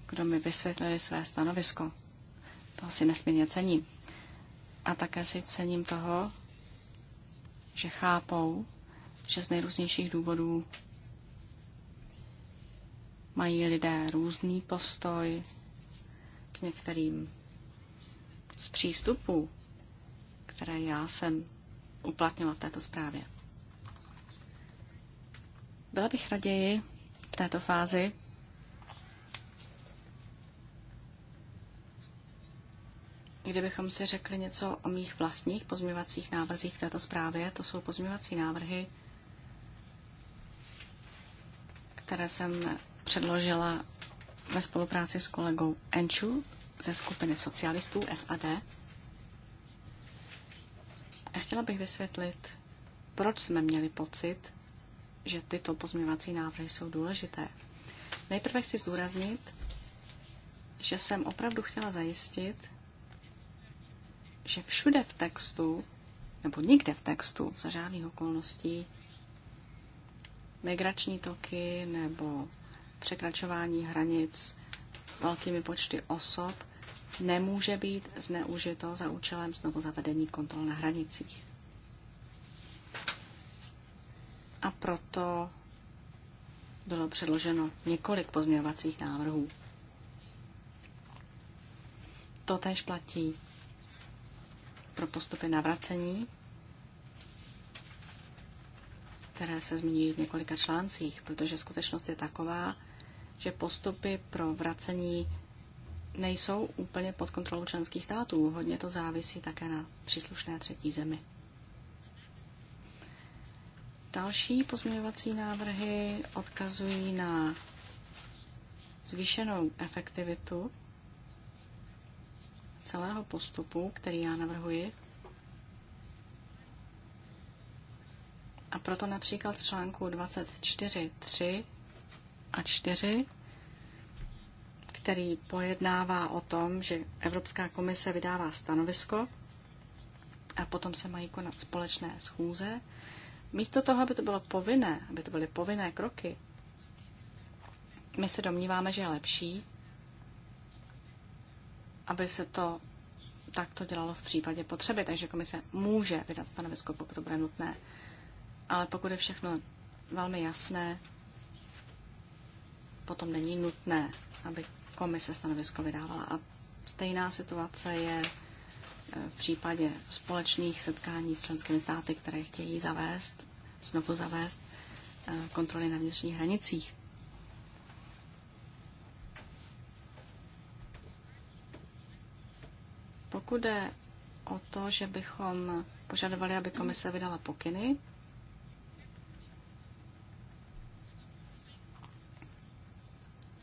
kdo mi vysvětlili své stanovisko. to si nesmírně cením. A také si cením toho, že chápou, že z nejrůznějších důvodů mají lidé různý postoj k některým z přístupů, které já jsem uplatnila v této zprávě. Byla bych raději v této fázi kdybychom si řekli něco o mých vlastních pozměvacích návrzích k této zprávě. To jsou pozměvací návrhy, které jsem předložila ve spolupráci s kolegou Enču ze skupiny socialistů SAD. A chtěla bych vysvětlit, proč jsme měli pocit, že tyto pozměňovací návrhy jsou důležité. Nejprve chci zdůraznit, že jsem opravdu chtěla zajistit, že všude v textu, nebo nikde v textu za žádných okolností, migrační toky nebo překračování hranic velkými počty osob nemůže být zneužito za účelem znovu zavedení kontrol na hranicích. a proto bylo předloženo několik pozměňovacích návrhů. To též platí pro postupy navracení, které se zmíní v několika článcích, protože skutečnost je taková, že postupy pro vracení nejsou úplně pod kontrolou členských států. Hodně to závisí také na příslušné třetí zemi. Další pozměňovací návrhy odkazují na zvýšenou efektivitu celého postupu, který já navrhuji. A proto například v článku 24.3 a 4, který pojednává o tom, že Evropská komise vydává stanovisko a potom se mají konat společné schůze, Místo toho, aby to bylo povinné, aby to byly povinné kroky, my se domníváme, že je lepší, aby se to takto dělalo v případě potřeby. Takže komise může vydat stanovisko, pokud to bude nutné. Ale pokud je všechno velmi jasné, potom není nutné, aby komise stanovisko vydávala. A stejná situace je v případě společných setkání s členskými státy, které chtějí zavést, znovu zavést eh, kontroly na vnitřních hranicích. Pokud jde o to, že bychom požadovali, aby komise vydala pokyny,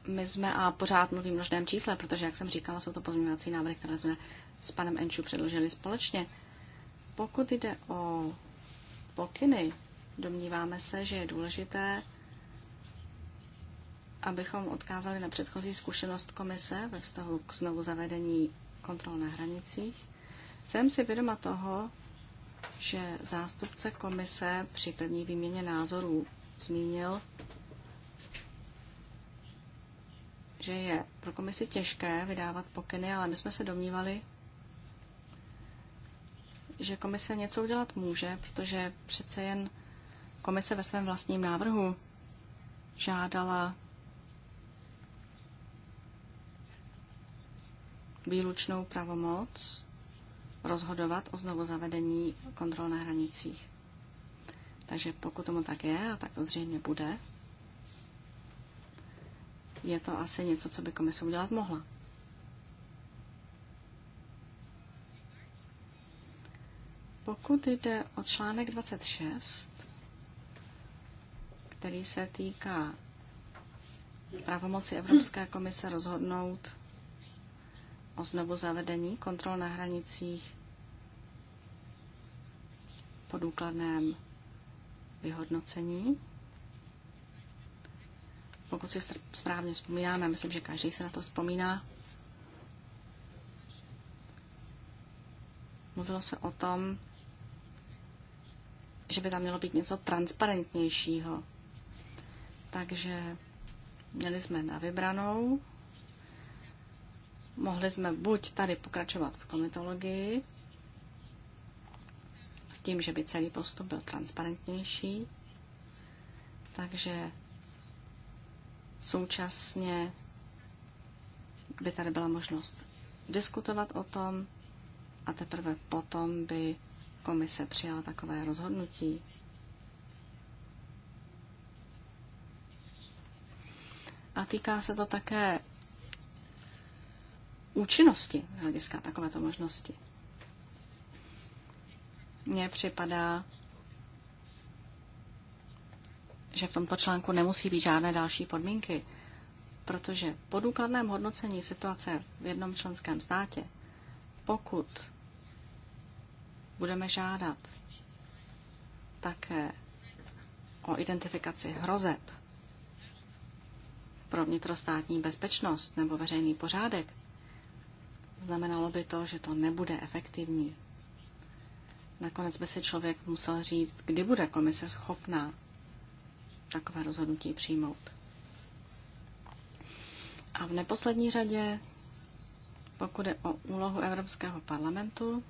my jsme, a pořád mluvím v množném čísle, protože, jak jsem říkala, jsou to pozměňovací návrhy, které jsme s panem Enču předložili společně. Pokud jde o pokyny, domníváme se, že je důležité, abychom odkázali na předchozí zkušenost komise ve vztahu k znovu zavedení kontrol na hranicích. Jsem si vědoma toho, že zástupce komise při první výměně názorů zmínil, že je pro komisi těžké vydávat pokyny, ale my jsme se domnívali, že komise něco udělat může, protože přece jen komise ve svém vlastním návrhu žádala výlučnou pravomoc rozhodovat o znovu zavedení kontrol na hranicích. Takže pokud tomu tak je, a tak to zřejmě bude, je to asi něco, co by komise udělat mohla. Pokud jde o článek 26, který se týká pravomoci Evropské komise rozhodnout o znovu zavedení kontrol na hranicích po důkladném vyhodnocení. Pokud si správně vzpomínáme, myslím, že každý se na to vzpomíná, mluvilo se o tom, že by tam mělo být něco transparentnějšího. Takže měli jsme na vybranou, mohli jsme buď tady pokračovat v komitologii, s tím, že by celý postup byl transparentnější, takže současně by tady byla možnost diskutovat o tom a teprve potom by komise přijala takové rozhodnutí. A týká se to také účinnosti z hlediska takovéto možnosti. Mně připadá, že v tomto článku nemusí být žádné další podmínky, protože po důkladném hodnocení situace v jednom členském státě, pokud budeme žádat také o identifikaci hrozeb pro vnitrostátní bezpečnost nebo veřejný pořádek, znamenalo by to, že to nebude efektivní. Nakonec by si člověk musel říct, kdy bude komise schopná takové rozhodnutí přijmout. A v neposlední řadě, pokud je o úlohu Evropského parlamentu,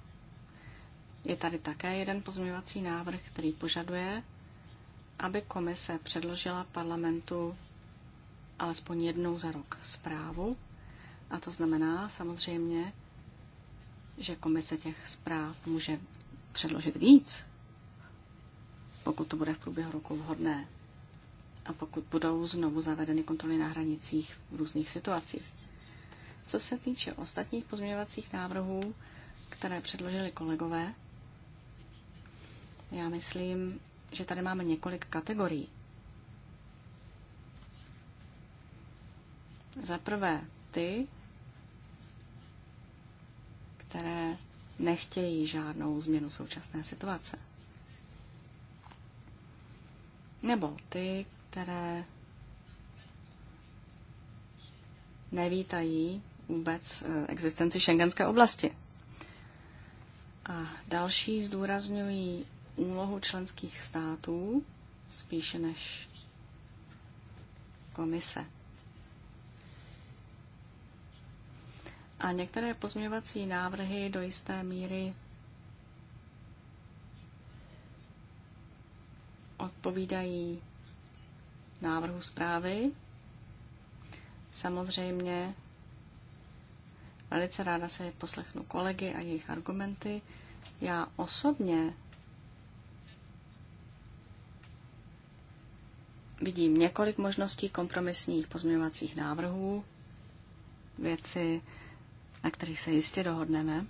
je tady také jeden pozměňovací návrh, který požaduje, aby komise předložila parlamentu alespoň jednou za rok zprávu. A to znamená samozřejmě, že komise těch zpráv může předložit víc, pokud to bude v průběhu roku vhodné a pokud budou znovu zavedeny kontroly na hranicích v různých situacích. Co se týče ostatních pozměňovacích návrhů, které předložili kolegové, já myslím, že tady máme několik kategorií. Za prvé ty, které nechtějí žádnou změnu současné situace. Nebo ty, které nevítají vůbec eh, existenci šengenské oblasti. A další zdůrazňují úlohu členských států spíše než komise. A některé pozměvací návrhy do jisté míry odpovídají návrhu zprávy. Samozřejmě velice ráda se poslechnu kolegy a jejich argumenty. Já osobně vidím několik možností kompromisních pozměňovacích návrhů, věci, na kterých se jistě dohodneme,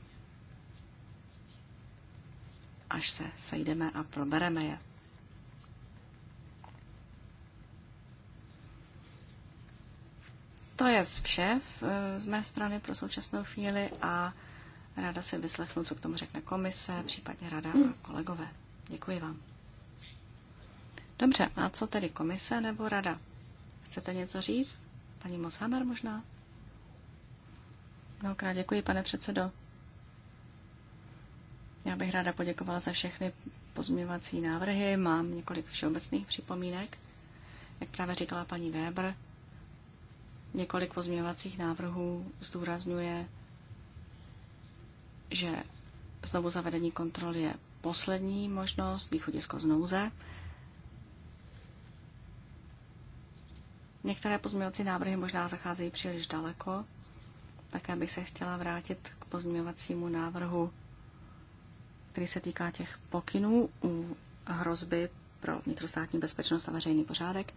až se sejdeme a probereme je. To je vše eh, z mé strany pro současnou chvíli a ráda si vyslechnu, co k tomu řekne komise, případně rada a kolegové. Děkuji vám. Dobře, a co tedy komise nebo rada? Chcete něco říct? Paní Moshamer možná? Mnohokrát děkuji, pane předsedo. Já bych ráda poděkovala za všechny pozměňovací návrhy. Mám několik všeobecných připomínek. Jak právě říkala paní Weber, několik pozměňovacích návrhů zdůrazňuje, že znovu zavedení kontrol je poslední možnost, východisko z nouze. Některé pozměňovací návrhy možná zacházejí příliš daleko, také bych se chtěla vrátit k pozměňovacímu návrhu, který se týká těch pokynů u hrozby pro vnitrostátní bezpečnost a veřejný pořádek.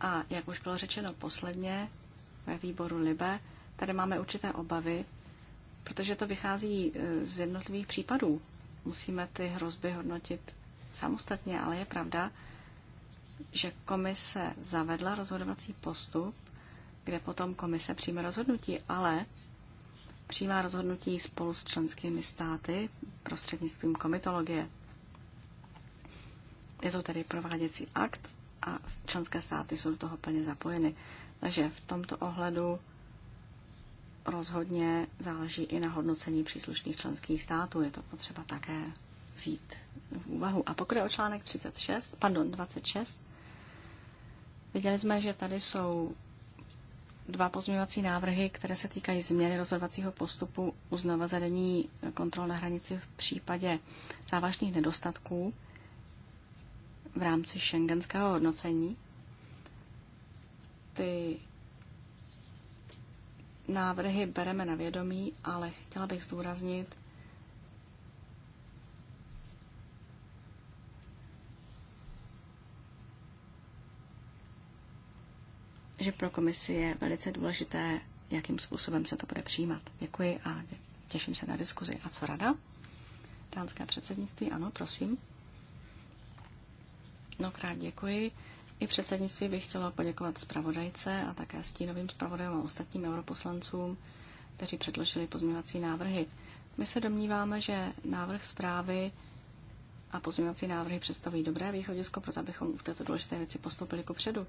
A jak už bylo řečeno posledně ve výboru LIBE, tady máme určité obavy, protože to vychází e, z jednotlivých případů. Musíme ty hrozby hodnotit samostatně, ale je pravda, že komise zavedla rozhodovací postup, kde potom komise přijme rozhodnutí, ale přijímá rozhodnutí spolu s členskými státy prostřednictvím komitologie. Je to tedy prováděcí akt a členské státy jsou do toho plně zapojeny. Takže v tomto ohledu rozhodně záleží i na hodnocení příslušných členských států. Je to potřeba také vzít v úvahu. A pokud je o článek 36, pardon, 26, Viděli jsme, že tady jsou dva pozměňovací návrhy, které se týkají změny rozhodovacího postupu u znova zadení kontrol na hranici v případě závažných nedostatků v rámci šengenského hodnocení. Ty návrhy bereme na vědomí, ale chtěla bych zdůraznit, že pro komisi je velice důležité, jakým způsobem se to bude přijímat. Děkuji a těším se na diskuzi. A co rada? Dánské předsednictví, ano, prosím. No, krát děkuji. I předsednictví bych chtěla poděkovat zpravodajce a také stínovým zpravodajům a ostatním europoslancům, kteří předložili pozměňovací návrhy. My se domníváme, že návrh zprávy a pozměňovací návrhy představují dobré východisko, proto abychom u této důležité věci postoupili ku předu.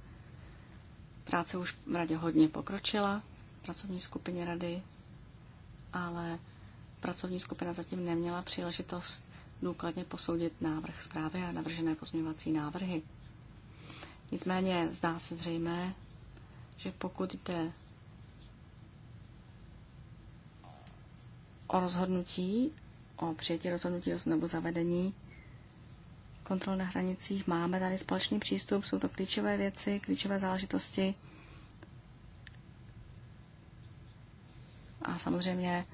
Práce už v radě hodně pokročila, pracovní skupině rady, ale pracovní skupina zatím neměla příležitost důkladně posoudit návrh zprávy a navržené pozměňovací návrhy. Nicméně zdá se zřejmé, že pokud jde o rozhodnutí, o přijetí rozhodnutí nebo zavedení, kontrol na hranicích. Máme tady společný přístup, jsou to klíčové věci, klíčové záležitosti. A samozřejmě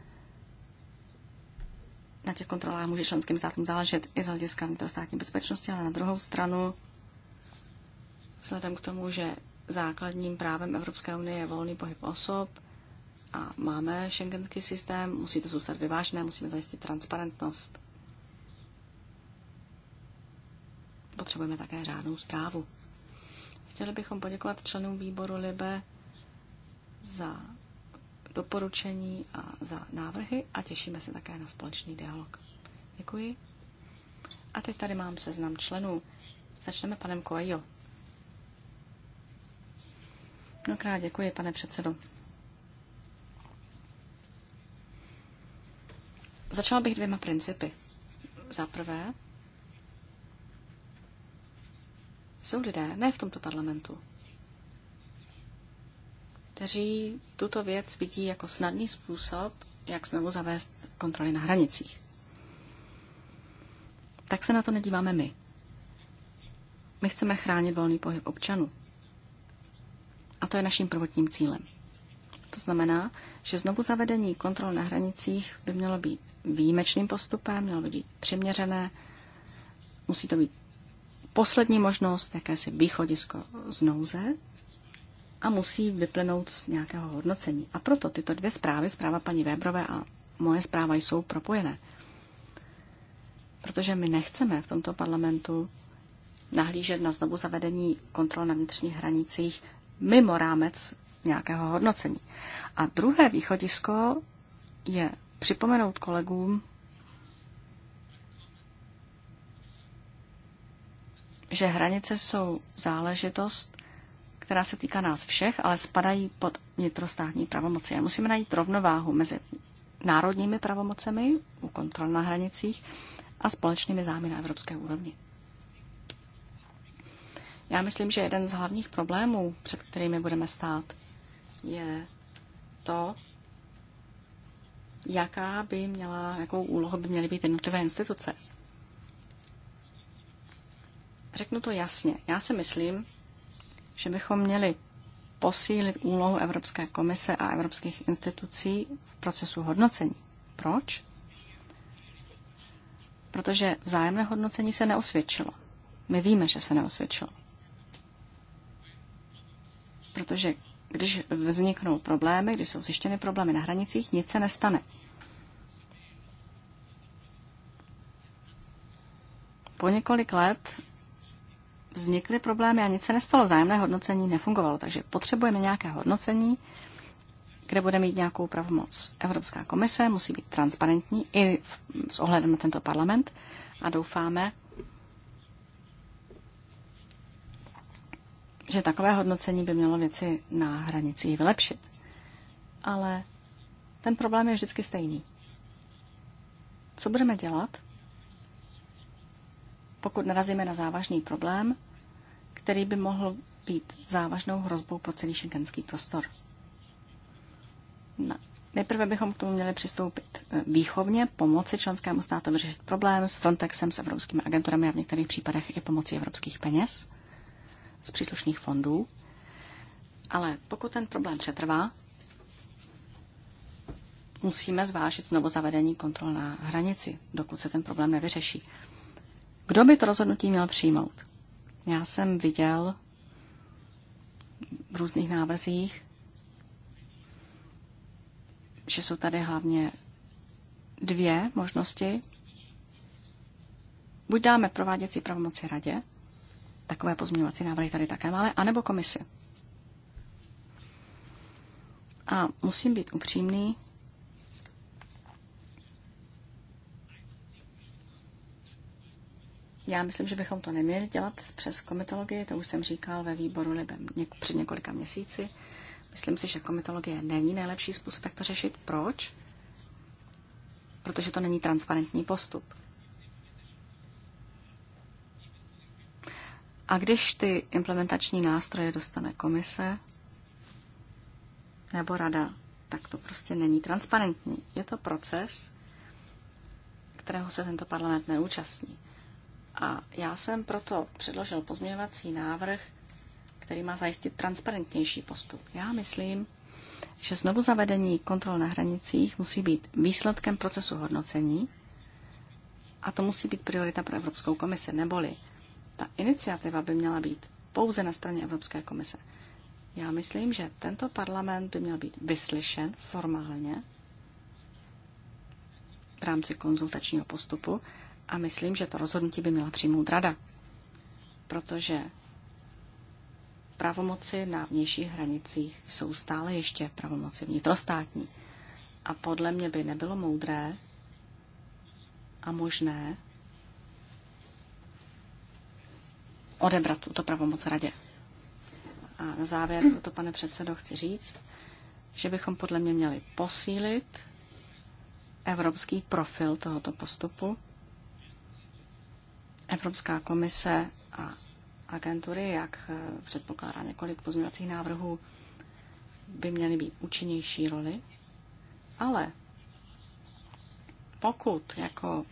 na těch kontrolách může členským státům záležet i z hlediska vnitrostátní bezpečnosti, ale na druhou stranu, vzhledem k tomu, že základním právem Evropské unie je volný pohyb osob a máme šengenský systém, musí to zůstat vyvážené, musíme zajistit transparentnost. potřebujeme také řádnou zprávu. Chtěli bychom poděkovat členům výboru Libe za doporučení a za návrhy a těšíme se také na společný dialog. Děkuji. A teď tady mám seznam členů. Začneme panem Kojo. Mnohokrát děkuji, pane předsedo. Začal bych dvěma principy. Za prvé, jsou lidé, ne v tomto parlamentu, kteří tuto věc vidí jako snadný způsob, jak znovu zavést kontroly na hranicích. Tak se na to nedíváme my. My chceme chránit volný pohyb občanů. A to je naším prvotním cílem. To znamená, že znovu zavedení kontrol na hranicích by mělo být výjimečným postupem, mělo by být přiměřené, musí to být poslední možnost, jakési východisko z nouze a musí vyplynout z nějakého hodnocení. A proto tyto dvě zprávy, zpráva paní Weberové a moje zpráva jsou propojené. Protože my nechceme v tomto parlamentu nahlížet na znovu zavedení kontrol na vnitřních hranicích mimo rámec nějakého hodnocení. A druhé východisko je připomenout kolegům, že hranice jsou záležitost, která se týká nás všech, ale spadají pod vnitrostátní pravomoci. A musíme najít rovnováhu mezi národními pravomocemi u kontrol na hranicích a společnými zájmy na evropské úrovni. Já myslím, že jeden z hlavních problémů, před kterými budeme stát, je to, jaká by měla, jakou úlohu by měly být jednotlivé instituce. Řeknu to jasně. Já si myslím, že bychom měli posílit úlohu Evropské komise a evropských institucí v procesu hodnocení. Proč? Protože vzájemné hodnocení se neosvědčilo. My víme, že se neosvědčilo. Protože když vzniknou problémy, když jsou zjištěny problémy na hranicích, nic se nestane. Po několik let vznikly problémy a nic se nestalo. Zájemné hodnocení nefungovalo, takže potřebujeme nějaké hodnocení, kde bude mít nějakou pravomoc. Evropská komise musí být transparentní i s ohledem na tento parlament a doufáme, že takové hodnocení by mělo věci na hranicích vylepšit. Ale ten problém je vždycky stejný. Co budeme dělat, pokud narazíme na závažný problém, který by mohl být závažnou hrozbou pro celý šengenský prostor. No. Nejprve bychom k tomu měli přistoupit e, výchovně, pomoci členskému státu vyřešit problém s Frontexem, s evropskými agenturami a v některých případech i pomocí evropských peněz z příslušných fondů. Ale pokud ten problém přetrvá, musíme zvážit znovu zavedení kontrol na hranici, dokud se ten problém nevyřeší. Kdo by to rozhodnutí měl přijmout? Já jsem viděl v různých návrzích, že jsou tady hlavně dvě možnosti. Buď dáme prováděcí pravomoci radě, takové pozměňovací návrhy tady také máme, anebo komisi. A musím být upřímný, Já myslím, že bychom to neměli dělat přes komitologii, to už jsem říkal ve výboru nebo něk- před několika měsíci. Myslím si, že komitologie není nejlepší způsob, jak to řešit. Proč? Protože to není transparentní postup. A když ty implementační nástroje dostane komise nebo rada, tak to prostě není transparentní. Je to proces, kterého se tento parlament neúčastní. A já jsem proto předložil pozměňovací návrh, který má zajistit transparentnější postup. Já myslím, že znovu zavedení kontrol na hranicích musí být výsledkem procesu hodnocení a to musí být priorita pro Evropskou komisi, neboli ta iniciativa by měla být pouze na straně Evropské komise. Já myslím, že tento parlament by měl být vyslyšen formálně v rámci konzultačního postupu a myslím, že to rozhodnutí by měla přijmout rada, protože pravomoci na vnějších hranicích jsou stále ještě pravomoci vnitrostátní. A podle mě by nebylo moudré a možné odebrat tuto pravomoc radě. A na závěr to pane předsedo, chci říct, že bychom podle mě měli posílit evropský profil tohoto postupu Evropská komise a agentury, jak eh, předpokládá několik pozměňovacích návrhů, by měly být účinnější roli, ale pokud jako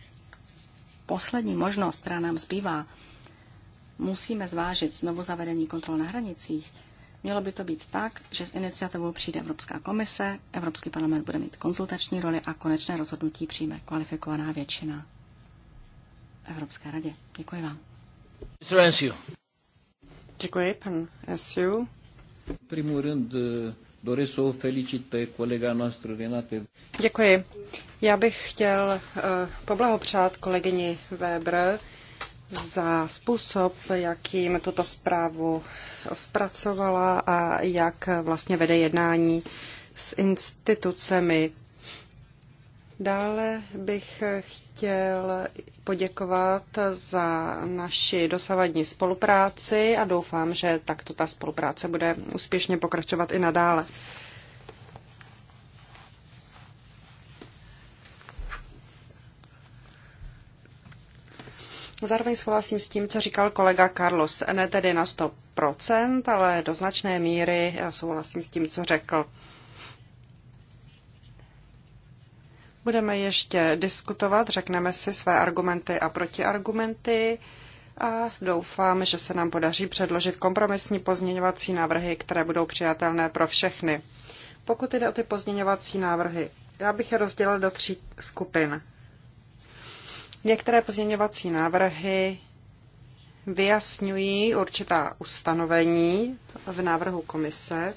poslední možnost, která nám zbývá, musíme zvážit znovu zavedení kontrol na hranicích, mělo by to být tak, že s iniciativou přijde Evropská komise, Evropský parlament bude mít konzultační roli a konečné rozhodnutí přijme kvalifikovaná většina Evropské radě. Děkuji vám. Děkuji, pan Esiu. Eh, Děkuji. Já bych chtěl eh, poblahopřát kolegyni Weber za způsob, jakým tuto zprávu zpracovala a jak vlastně vede jednání s institucemi. Dále bych chtěl poděkovat za naši dosavadní spolupráci a doufám, že takto ta spolupráce bude úspěšně pokračovat i nadále. Zároveň souhlasím s tím, co říkal kolega Carlos. Ne tedy na 100%, ale do značné míry souhlasím s tím, co řekl. Budeme ještě diskutovat, řekneme si své argumenty a protiargumenty a doufám, že se nám podaří předložit kompromisní pozměňovací návrhy, které budou přijatelné pro všechny. Pokud jde o ty pozměňovací návrhy, já bych je rozdělil do tří skupin. Některé pozměňovací návrhy vyjasňují určitá ustanovení v návrhu komise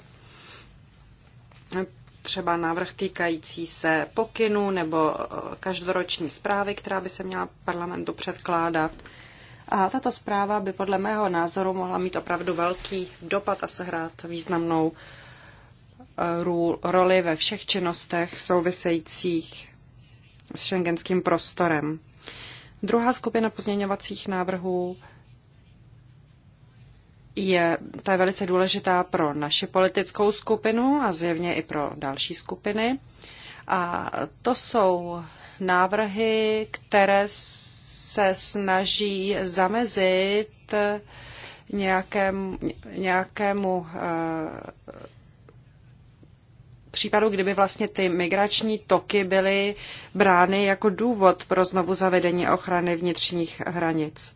třeba návrh týkající se pokynů nebo eh, každoroční zprávy, která by se měla parlamentu předkládat. A tato zpráva by podle mého názoru mohla mít opravdu velký dopad a sehrát významnou eh, roli ve všech činnostech souvisejících s šengenským prostorem. Druhá skupina pozměňovacích návrhů je, ta je velice důležitá pro naši politickou skupinu a zjevně i pro další skupiny. A to jsou návrhy, které se snaží zamezit nějakém, nějakému eh, případu, kdyby vlastně ty migrační toky byly brány jako důvod pro znovu zavedení ochrany vnitřních hranic.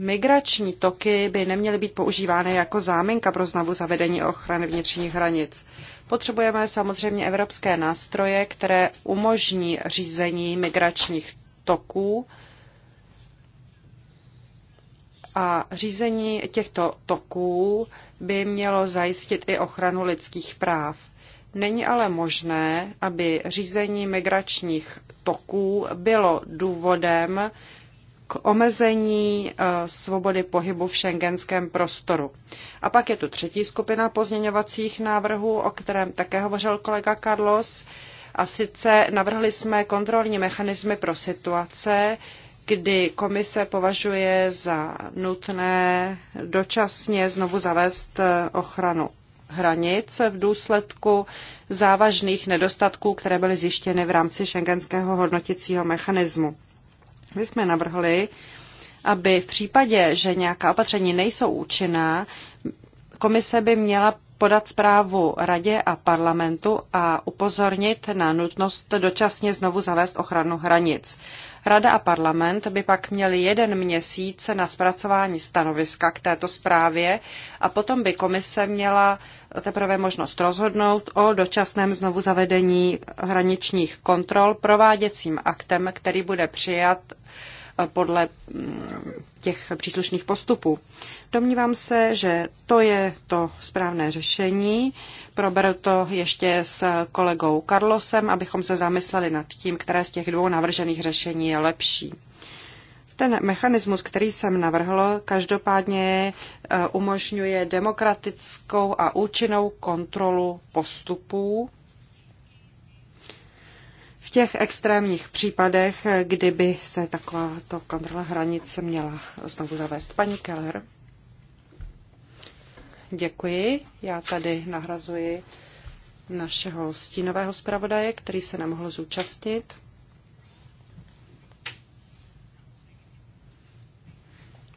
Migrační toky by neměly být používány jako záminka pro znovu zavedení ochrany vnitřních hranic. Potřebujeme samozřejmě evropské nástroje, které umožní řízení migračních toků a řízení těchto toků by mělo zajistit i ochranu lidských práv. Není ale možné, aby řízení migračních toků bylo důvodem k omezení eh, svobody pohybu v šengenském prostoru. A pak je tu třetí skupina pozměňovacích návrhů, o kterém také hovořil kolega Carlos. A sice navrhli jsme kontrolní mechanismy pro situace, kdy komise považuje za nutné dočasně znovu zavést eh, ochranu hranic v důsledku závažných nedostatků, které byly zjištěny v rámci šengenského hodnoticího mechanismu. My jsme navrhli, aby v případě, že nějaká opatření nejsou účinná, komise by měla podat zprávu radě a parlamentu a upozornit na nutnost dočasně znovu zavést ochranu hranic. Rada a parlament by pak měli jeden měsíc na zpracování stanoviska k této zprávě a potom by komise měla teprve možnost rozhodnout o dočasném znovu zavedení hraničních kontrol prováděcím aktem, který bude přijat podle mm, těch příslušných postupů. Domnívám se, že to je to správné řešení. Proberu to ještě s kolegou Carlosem, abychom se zamysleli nad tím, které z těch dvou navržených řešení je lepší. Ten mechanismus, který jsem navrhl, každopádně e, umožňuje demokratickou a účinnou kontrolu postupů v těch extrémních případech, kdyby se takováto kontrola hranice měla znovu zavést. Paní Keller. Děkuji. Já tady nahrazuji našeho stínového zpravodaje, který se nemohl zúčastnit.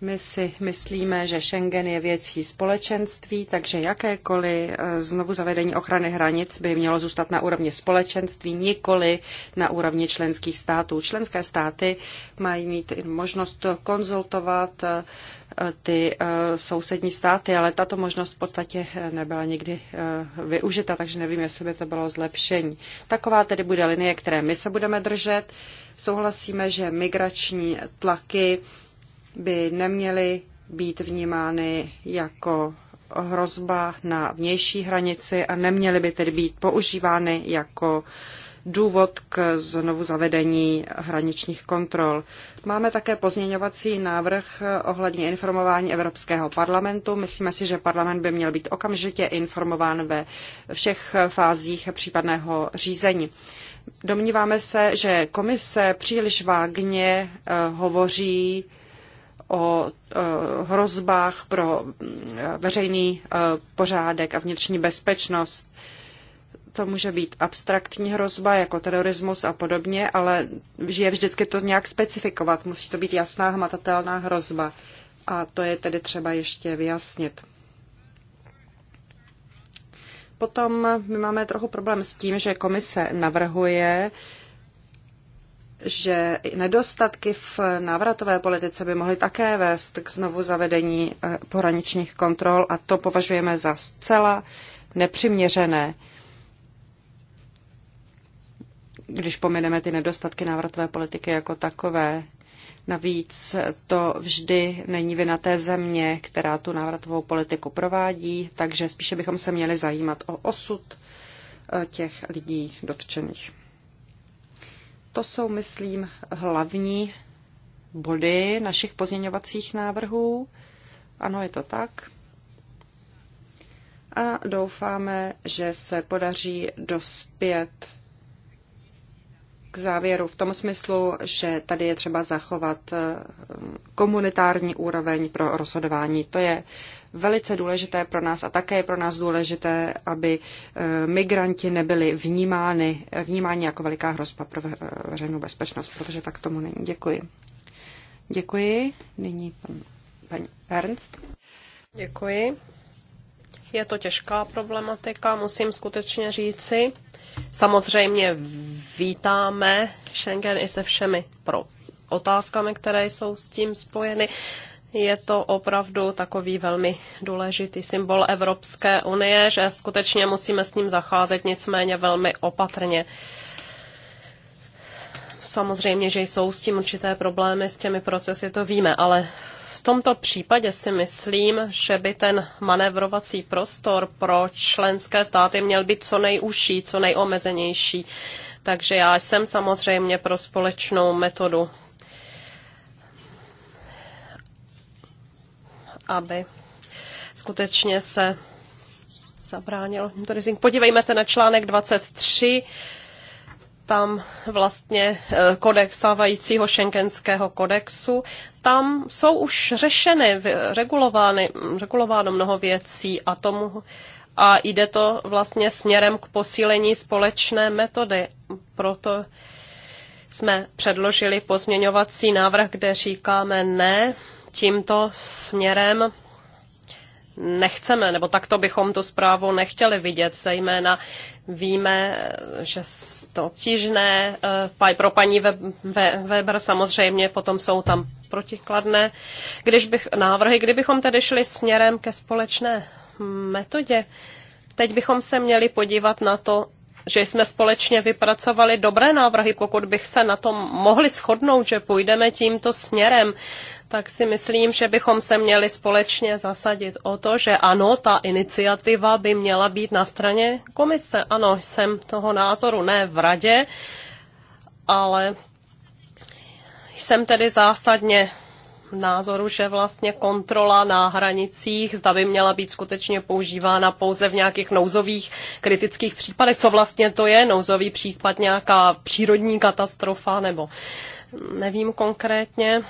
My si myslíme, že Schengen je věcí společenství, takže jakékoliv eh, znovu zavedení ochrany hranic by mělo zůstat na úrovni společenství, nikoli na úrovni členských států. Členské státy mají mít možnost konzultovat eh, ty eh, sousední státy, ale tato možnost v podstatě nebyla nikdy využita, takže nevím, jestli by to bylo zlepšení. Taková tedy bude linie, které my se budeme držet. Souhlasíme, že migrační tlaky by neměly být vnímány jako hrozba na vnější hranici a neměly by tedy být používány jako důvod k znovu zavedení hraničních kontrol. Máme také pozměňovací návrh ohledně informování Evropského parlamentu. Myslíme si, že parlament by měl být okamžitě informován ve všech fázích případného řízení. Domníváme se, že komise příliš vágně eh, hovoří o hrozbách pro veřejný e, pořádek a vnitřní bezpečnost. To může být abstraktní hrozba, jako terorismus a podobně, ale je vždycky to nějak specifikovat. Musí to být jasná, hmatatelná hrozba. A to je tedy třeba ještě vyjasnit. Potom my máme trochu problém s tím, že komise navrhuje uh, že nedostatky v návratové politice by mohly také vést k znovu zavedení eh, pohraničních kontrol a to považujeme za zcela nepřiměřené. Když pomineme ty nedostatky návratové politiky jako takové, Navíc to vždy není vina té země, která tu návratovou politiku provádí, takže spíše bychom se měli zajímat o osud eh, těch lidí dotčených. To jsou, myslím, hlavní body našich pozměňovacích návrhů. Ano, je to tak. A doufáme, že se podaří dospět k závěru v tom smyslu, že tady je třeba zachovat eh, komunitární úroveň pro rozhodování. To je velice důležité pro nás a také je pro nás důležité, aby eh, migranti nebyli vnímány, vnímáni jako veliká hrozba pro eh, veřejnou bezpečnost, protože tak tomu není. Děkuji. Děkuji. Nyní pan, paní Ernst. Děkuji. Je to těžká problematika, musím skutečně říci Samozřejmě vítáme Schengen i se všemi pro otázkami, které jsou s tím spojeny. Je to opravdu takový velmi důležitý symbol Evropské unie, že skutečně musíme s ním zacházet, nicméně velmi opatrně. Samozřejmě, že jsou s tím určité problémy, s těmi procesy, to víme, ale tomto případě si myslím, že by ten manevrovací prostor pro členské státy měl být co nejužší, co nejomezenější. Takže já jsem samozřejmě pro společnou metodu, aby skutečně se zabránilo. Podívejme se na článek 23 tam vlastně eh, kodex stávajícího šenkenského kodexu, tam jsou už řešeny, regulovány, hm, regulováno mnoho věcí a tomu a jde to vlastně směrem k posílení společné metody. Proto jsme předložili pozměňovací návrh, kde říkáme ne tímto směrem nechceme, nebo takto bychom tu zprávu nechtěli vidět, zejména víme, že to obtížné eh, pro paní Weber samozřejmě potom jsou tam protikladné. Když bych, návrhy, kdybychom tedy šli směrem ke společné metodě, teď bychom se měli podívat na to, že jsme společně vypracovali dobré návrhy, pokud bych se na tom mohli shodnout, že půjdeme tímto směrem, tak si myslím, že bychom se měli společně zasadit o to, že ano, ta iniciativa by měla být na straně komise. Ano, jsem toho názoru, ne v radě, ale jsem tedy zásadně názoru, že vlastně kontrola na hranicích, zda by měla být skutečně používána pouze v nějakých nouzových kritických případech. Co vlastně to je nouzový případ, nějaká přírodní katastrofa nebo nevím konkrétně.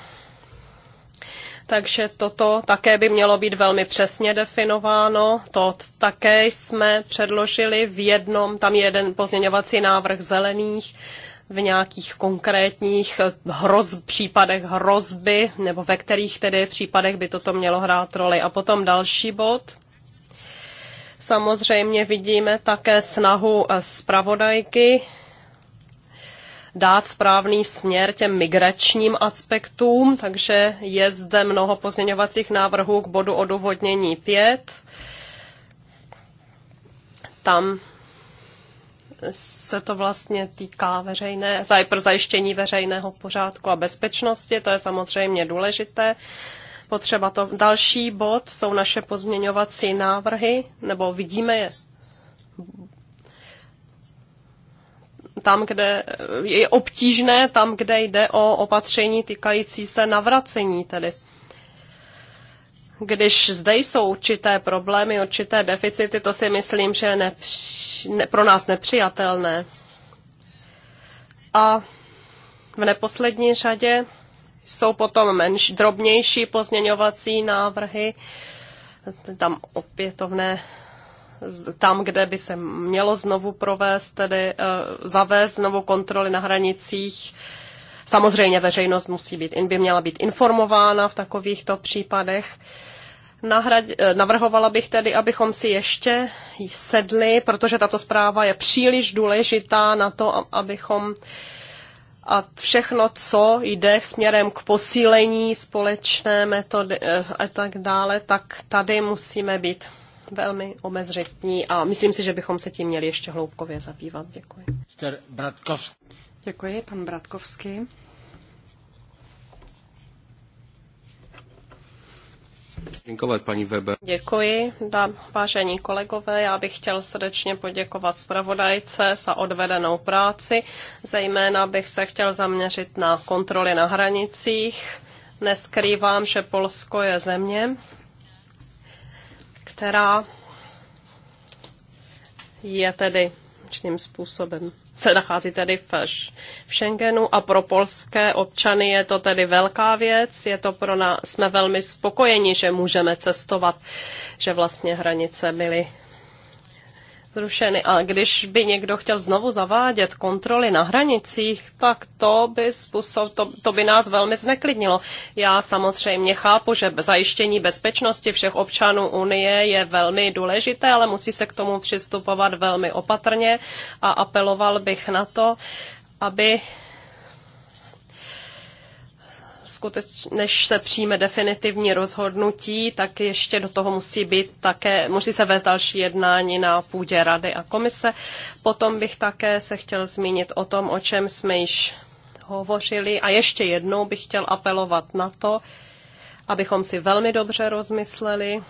Takže toto také by mělo být velmi přesně definováno. To také jsme předložili v jednom, tam je jeden pozměňovací návrh zelených, v nějakých konkrétních hroz, případech hrozby, nebo ve kterých tedy případech by toto mělo hrát roli. A potom další bod. Samozřejmě vidíme také snahu eh, zpravodajky dát správný směr těm migračním aspektům, takže je zde mnoho pozměňovacích návrhů k bodu odůvodnění 5. Tam se to vlastně týká veřejné, pro zajištění veřejného pořádku a bezpečnosti, to je samozřejmě důležité. Potřeba to. Další bod jsou naše pozměňovací návrhy, nebo vidíme je tam, kde je obtížné, tam, kde jde o opatření týkající se navracení tedy když zde jsou určité problémy, určité deficity, to si myslím, že je ne, pro nás nepřijatelné. A v neposlední řadě jsou potom menš, drobnější pozměňovací návrhy, tam opětovné, tam, kde by se mělo znovu provést, tedy eh, zavést znovu kontroly na hranicích, Samozřejmě veřejnost musí být, by měla být informována v takovýchto případech. Nahrad, eh, navrhovala bych tedy, abychom si ještě sedli, protože tato zpráva je příliš důležitá na to, abychom a všechno, co jde směrem k posílení společné metody eh, a tak dále, tak tady musíme být velmi omezřetní a myslím si, že bychom se tím měli ještě hloubkově zabývat. Děkuji. Děkuji, pan Bratkovský. Děkuji, vážení kolegové. Já bych chtěl srdečně poděkovat zpravodajce za odvedenou práci. Zejména bych se chtěl zaměřit na kontroly na hranicích. Neskrývám, že Polsko je země, která je tedy určitým způsobem se nachází tedy v, v Schengenu a pro polské občany je to tedy velká věc. Je to pro nás, jsme velmi spokojeni, že můžeme cestovat, že vlastně hranice byly zrušeny. A když by někdo chtěl znovu zavádět kontroly na hranicích, tak to by, způsob, to, to by nás velmi zneklidnilo. Já samozřejmě chápu, že zajištění bezpečnosti všech občanů Unie je velmi důležité, ale musí se k tomu přistupovat velmi opatrně a apeloval bych na to, aby skuteč, než se přijme definitivní rozhodnutí, tak ještě do toho musí být také, musí se vést další jednání na půdě rady a komise. Potom bych také se chtěl zmínit o tom, o čem jsme již hovořili a ještě jednou bych chtěl apelovat na to, abychom si velmi dobře rozmysleli,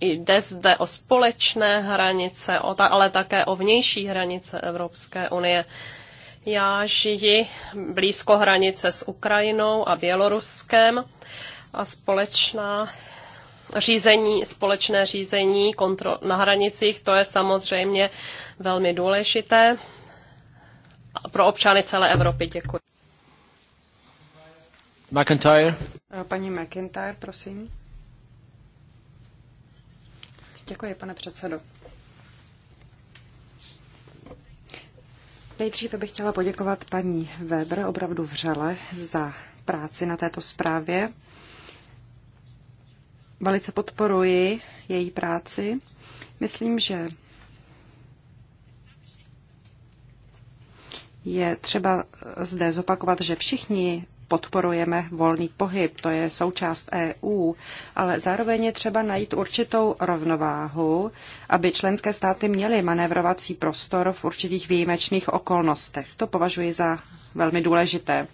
jde zde o společné hranice, ale také o vnější hranice Evropské unie. Já žiji blízko hranice s Ukrajinou a Běloruskem a společná řízení, společné řízení kontrol na hranicích, to je samozřejmě velmi důležité pro občany celé Evropy. Děkuji. McIntyre. Eh, paní McIntyre, prosím. Děkuji, pane předsedo. Nejdříve bych chtěla poděkovat paní Weber opravdu vřele za práci na této zprávě. Velice podporuji její práci. Myslím, že je třeba zde zopakovat, že všichni podporujeme volný pohyb, to je součást EU, ale zároveň je třeba najít určitou rovnováhu, aby členské státy měly manévrovací prostor v určitých výjimečných okolnostech. To považuji za velmi důležité.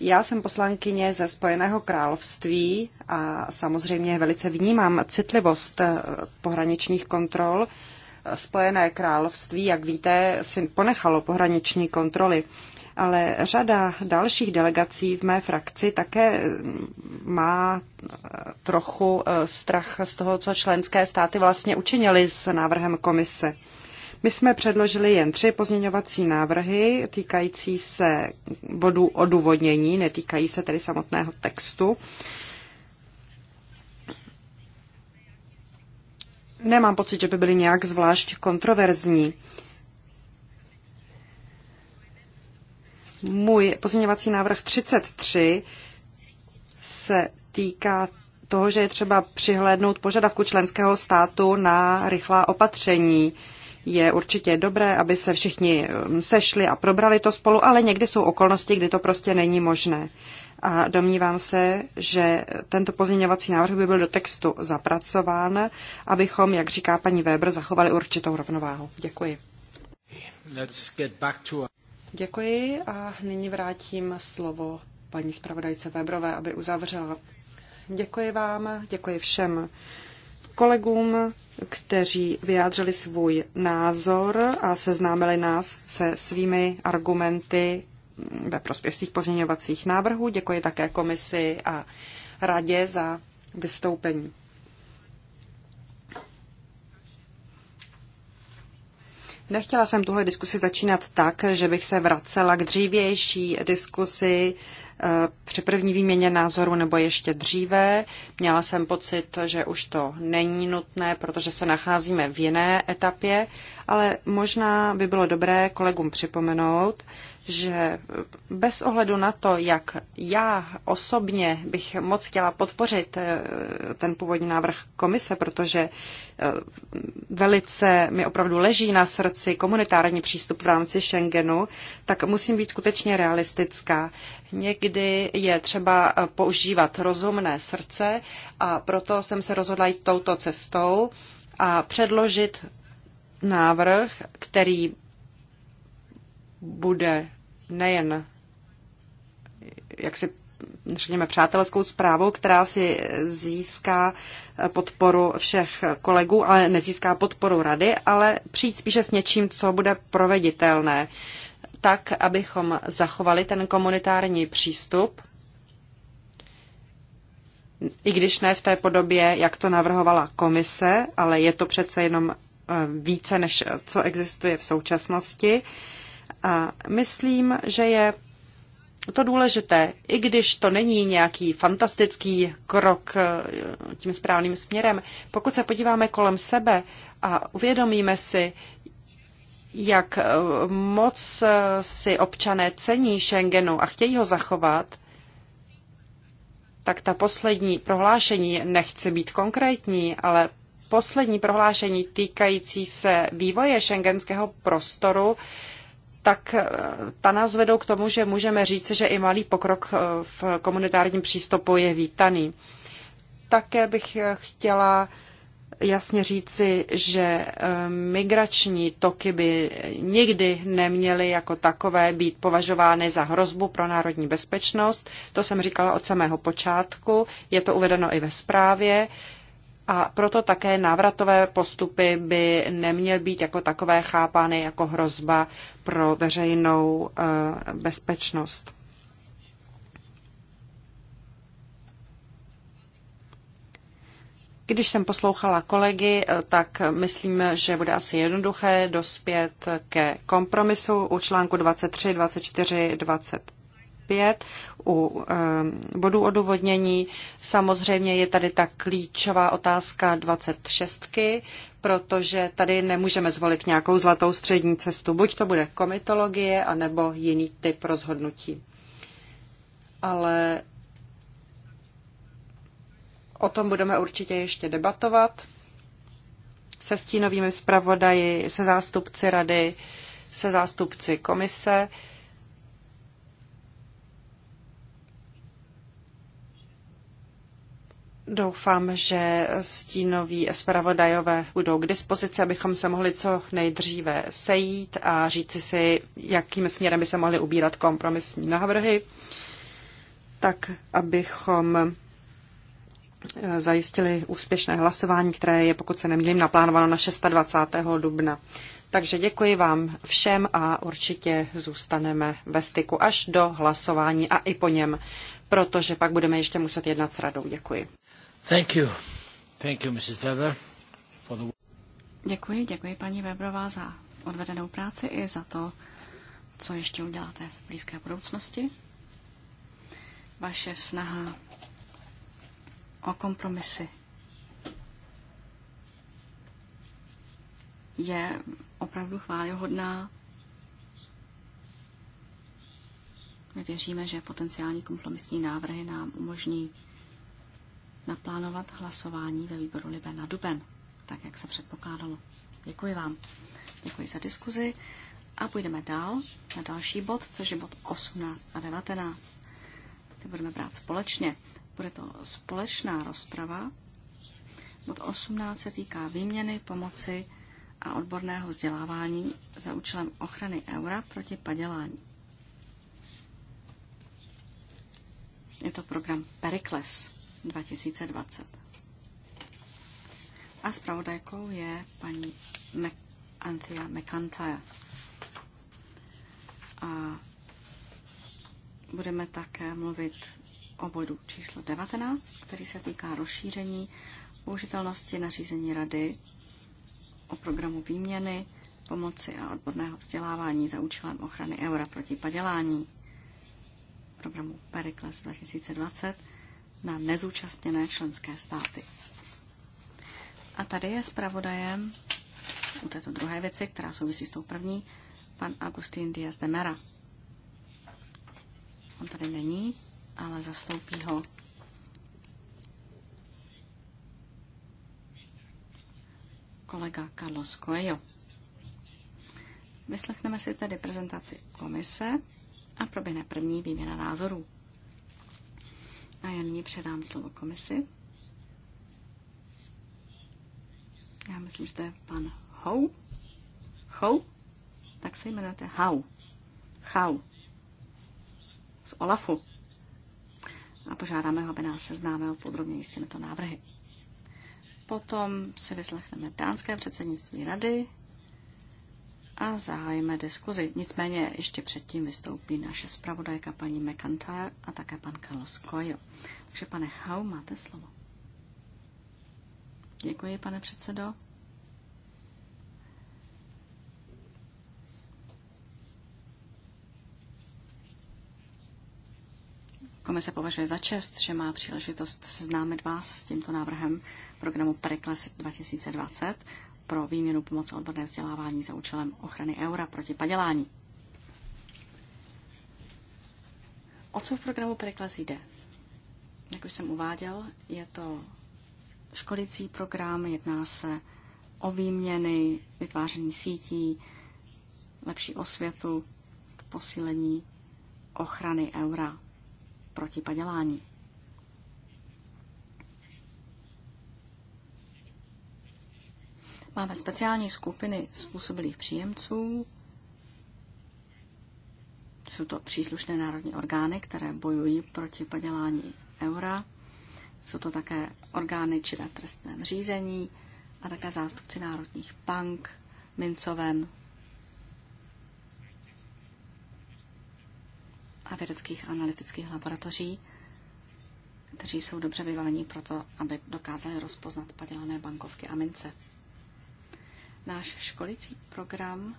Já jsem poslankyně ze Spojeného království a samozřejmě velice vnímám citlivost eh, pohraničních kontrol. Spojené království, jak víte, si ponechalo pohraniční kontroly ale řada dalších delegací v mé frakci také mm, má eh, trochu eh, strach z toho, co členské státy vlastně učinili s návrhem komise. My jsme předložili jen tři pozměňovací návrhy týkající se bodů odůvodnění, netýkají se tedy samotného textu. Nemám pocit, že by byly nějak zvlášť kontroverzní. Můj pozměňovací návrh 33 se týká toho, že je třeba přihlédnout požadavku členského státu na rychlá opatření. Je určitě dobré, aby se všichni um, sešli a probrali to spolu, ale někdy jsou okolnosti, kdy to prostě není možné. A domnívám se, že tento pozměňovací návrh by byl do textu zapracován, abychom, jak říká paní Weber, zachovali určitou rovnováhu. Děkuji. Let's get back to... Děkuji a nyní vrátím slovo paní zpravodajce Webrové, aby uzavřela. Děkuji vám, děkuji všem kolegům, kteří vyjádřili svůj názor a seznámili nás se svými argumenty ve prospěch svých pozměňovacích návrhů. Děkuji také komisi a radě za vystoupení. Nechtěla jsem tuhle diskusi začínat tak, že bych se vracela k dřívější diskusi Eh, při první výměně názoru nebo ještě dříve. Měla jsem pocit, že už to není nutné, protože se nacházíme v jiné etapě, ale možná by bylo dobré kolegům připomenout, že bez ohledu na to, jak já osobně bych moc chtěla podpořit eh, ten původní návrh komise, protože eh, velice mi opravdu leží na srdci komunitární přístup v rámci Schengenu, tak musím být skutečně realistická. Někdy je třeba eh, používat rozumné srdce a proto jsem se rozhodla jít touto cestou a předložit návrh, který bude nejen jak si řekněme, přátelskou zprávou, která si získá eh, podporu všech kolegů, ale nezíská podporu rady, ale přijít spíše s něčím, co bude proveditelné. Uh, tak, abychom zachovali ten komunitární přístup, i když ne v té podobě, jak to navrhovala komise, ale je to přece jenom eh, více, než eh, co existuje v současnosti. A myslím, že je to důležité, i když to není nějaký fantastický krok eh, tím správným směrem, pokud se podíváme kolem sebe a uvědomíme si, jak eh, moc eh, si občané cení Schengenu a chtějí ho zachovat, tak ta poslední prohlášení, nechci být konkrétní, ale poslední prohlášení týkající se vývoje šengenského prostoru, tak eh, ta nás vedou k tomu, že můžeme říct, že i malý pokrok v komunitárním přístupu je vítaný. Také bych chtěla jasně říci, že eh, migrační toky by nikdy neměly jako takové být považovány za hrozbu pro národní bezpečnost. To jsem říkala od samého počátku, je to uvedeno i ve zprávě. A proto také návratové postupy by neměly být jako takové chápány jako hrozba pro veřejnou eh, bezpečnost. Když jsem poslouchala kolegy, eh, tak myslím, že bude asi jednoduché dospět ke kompromisu u článku 23, 24, 25 u eh, bodů odůvodnění. Samozřejmě je tady ta klíčová otázka 26, protože tady nemůžeme zvolit nějakou zlatou střední cestu. Buď to bude komitologie, anebo jiný typ rozhodnutí. Ale O tom budeme určitě ještě debatovat se stínovými zpravodaji, se zástupci rady, se zástupci komise. Doufám, že stínoví zpravodajové budou k dispozici, abychom se mohli co nejdříve sejít a říci si, jakým směrem by se mohly ubírat kompromisní návrhy, tak abychom zajistili úspěšné hlasování, které je, pokud se nemýlím, naplánováno na 26. dubna. Takže děkuji vám všem a určitě zůstaneme ve styku až do hlasování a i po něm, protože pak budeme ještě muset jednat s radou. Děkuji. Thank you. Thank you, Mrs. Weber, for the... Děkuji, děkuji paní Weberová za odvedenou práci i za to, co ještě uděláte v blízké budoucnosti. Vaše snaha o kompromisy. Je opravdu chválihodná. My věříme, že potenciální kompromisní návrhy nám umožní naplánovat hlasování ve výboru Libe na Duben, tak jak se předpokládalo. Děkuji vám. Děkuji za diskuzi a půjdeme dál na další bod, což je bod 18 a 19. Ty budeme brát společně. Bude to společná rozprava. Bod 18 se týká výměny, pomoci a odborného vzdělávání za účelem ochrany eura proti padělání. Je to program Perikles 2020. A zpravodajkou je paní Mac- Anthea McIntyre. A budeme také mluvit o bodu číslo 19, který se týká rozšíření použitelnosti nařízení Rady o programu výměny, pomoci a odborného vzdělávání za účelem ochrany eura proti padělání programu Pericles 2020 na nezúčastněné členské státy. A tady je zpravodajem u této druhé věci, která souvisí s tou první, pan Agustín Díaz de Mera. On tady není, ale zastoupí ho kolega Carlos Coelho. Vyslechneme si tedy prezentaci komise a proběhne první výměna názorů. A já nyní předám slovo komisi. Já myslím, že to je pan Hou. Hou? Tak se jmenujete Hau. Hau. Z Olafu a požádáme ho, aby nás seznámil podrobněji s těmito návrhy. Potom si vyslechneme dánské předsednictví rady a zahájíme diskuzi. Nicméně ještě předtím vystoupí naše zpravodajka paní McIntyre a také pan Carlos Coyo. Takže pane Hau, máte slovo. Děkuji, pane předsedo. Komise považuje za čest, že má příležitost seznámit vás s tímto návrhem programu Perikles 2020 pro výměnu pomoci odborné vzdělávání za účelem ochrany eura proti padělání. O co v programu Perikles jde? Jak už jsem uváděl, je to školicí program, jedná se o výměny, vytváření sítí, lepší osvětu, posílení ochrany eura proti padělání. Máme speciální skupiny způsobilých příjemců. Jsou to příslušné národní orgány, které bojují proti padělání eura. Jsou to také orgány či na trestném řízení a také zástupci národních bank, mincoven, a vědeckých a analytických laboratoří, kteří jsou dobře vyvalení pro to, aby dokázali rozpoznat padělané bankovky a mince. Náš školicí program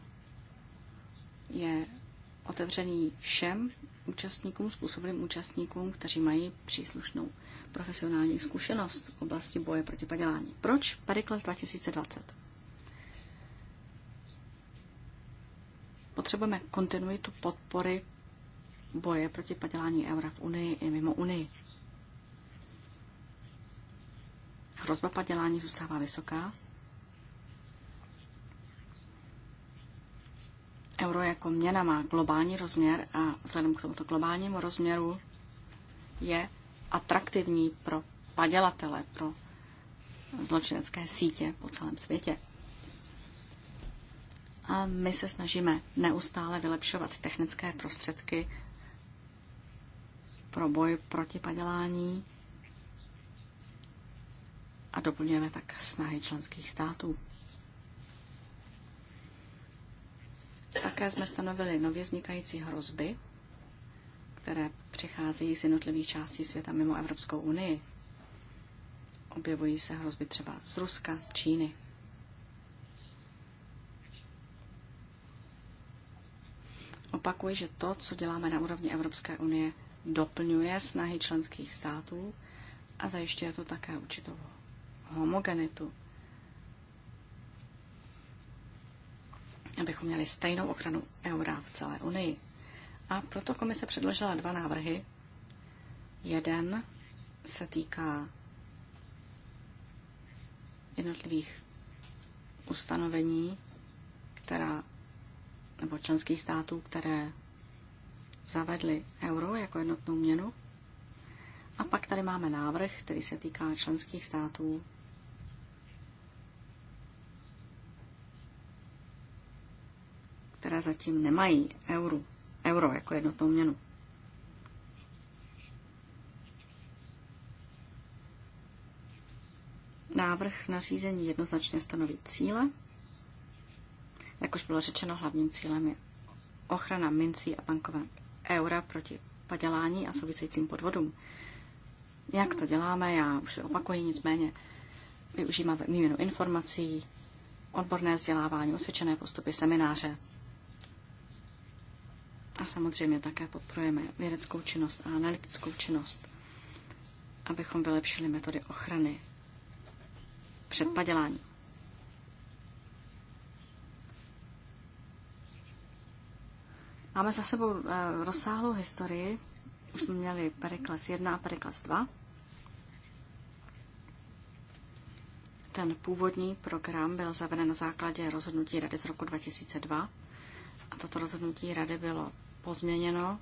je otevřený všem účastníkům, způsobilým účastníkům, kteří mají příslušnou profesionální zkušenost v oblasti boje proti padělání. Proč Perikles 2020? Potřebujeme kontinuitu podpory boje proti padělání eura v Unii i mimo Unii. Hrozba padělání zůstává vysoká. Euro jako měna má globální rozměr a vzhledem k tomuto globálnímu rozměru je atraktivní pro padělatele, pro zločinecké sítě po celém světě. A my se snažíme neustále vylepšovat technické prostředky pro boj proti padělání a doplňujeme tak snahy členských států. Také jsme stanovili nově vznikající hrozby, které přicházejí z jednotlivých částí světa mimo Evropskou unii. Objevují se hrozby třeba z Ruska, z Číny. Opakuji, že to, co děláme na úrovni Evropské unie, doplňuje snahy členských států a zajišťuje to také určitou homogenitu. Abychom měli stejnou ochranu eura v celé Unii. A proto komise předložila dva návrhy. Jeden se týká jednotlivých ustanovení, která, nebo členských států, které zavedli euro jako jednotnou měnu. A pak tady máme návrh, který se týká členských států. které zatím nemají euro, euro jako jednotnou měnu. Návrh nařízení jednoznačně stanoví cíle. Jak už bylo řečeno, hlavním cílem je ochrana mincí a bankovek eura proti padělání a souvisejícím podvodům. Jak to děláme, já už se opakuji, nicméně využíváme výměnu informací, odborné vzdělávání, osvědčené postupy, semináře. A samozřejmě také podporujeme vědeckou činnost a analytickou činnost, abychom vylepšili metody ochrany před paděláním. Máme za sebou eh, rozsáhlou historii. Už jsme měli Perikles 1 a Perikles 2. Ten původní program byl zaveden na základě rozhodnutí Rady z roku 2002 a toto rozhodnutí Rady bylo pozměněno,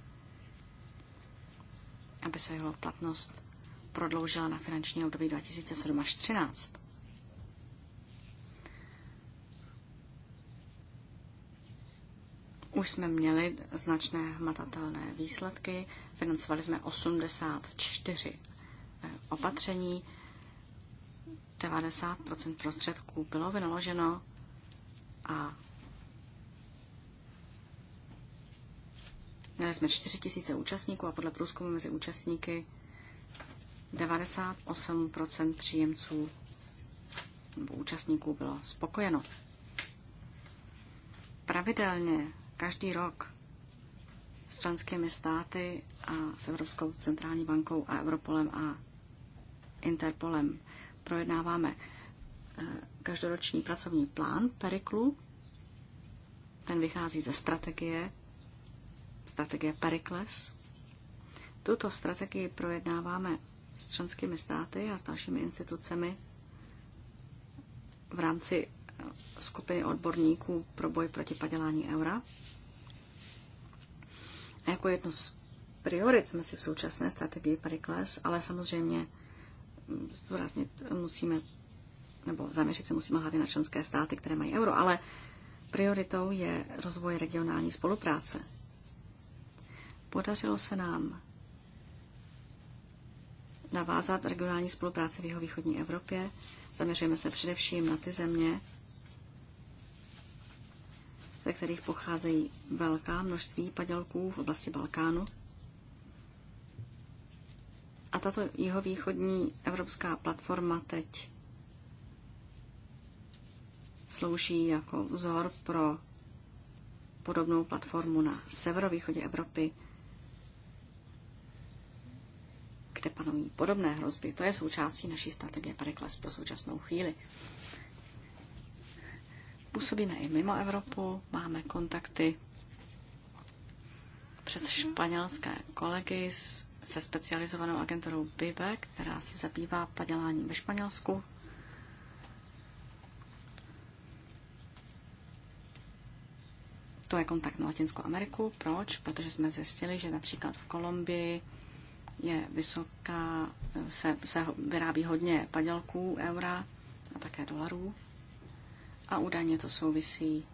aby se jeho platnost prodloužila na finanční období 2007 až 2013. Už jsme měli značné hmatatelné výsledky. Financovali jsme 84 eh, opatření. 90 prostředků bylo vynaloženo a Měli jsme 4 000 účastníků a podle průzkumu mezi účastníky 98% příjemců nebo účastníků bylo spokojeno. Pravidelně každý rok s členskými státy a s Evropskou centrální bankou a Europolem a Interpolem projednáváme eh, každoroční pracovní plán Periklu. Ten vychází ze strategie, strategie Perikles. Tuto strategii projednáváme s členskými státy a s dalšími institucemi v rámci skupiny odborníků pro boj proti padělání eura. A jako jednu z priorit jsme si v současné strategii Pericles, ale samozřejmě mm, zdůraznit musíme, nebo zaměřit se musíme hlavně na členské státy, které mají euro, ale prioritou je rozvoj regionální spolupráce. Podařilo se nám navázat regionální spolupráce v východní Evropě. Zaměřujeme se především na ty země, ze kterých pocházejí velká množství padělků v oblasti Balkánu. A tato jihovýchodní evropská platforma teď slouží jako vzor pro podobnou platformu na severovýchodě Evropy, kde panují podobné hrozby. To je součástí naší strategie Perikles pro současnou chvíli. Působíme i mimo Evropu, máme kontakty přes mhm. španělské kolegy se specializovanou agenturou BIBE, která se zabývá paděláním ve Španělsku. To je kontakt na Latinskou Ameriku. Proč? Protože jsme zjistili, že například v Kolumbii je vysoká, se, se vyrábí hodně padělků, eura a také dolarů a údajně to souvisí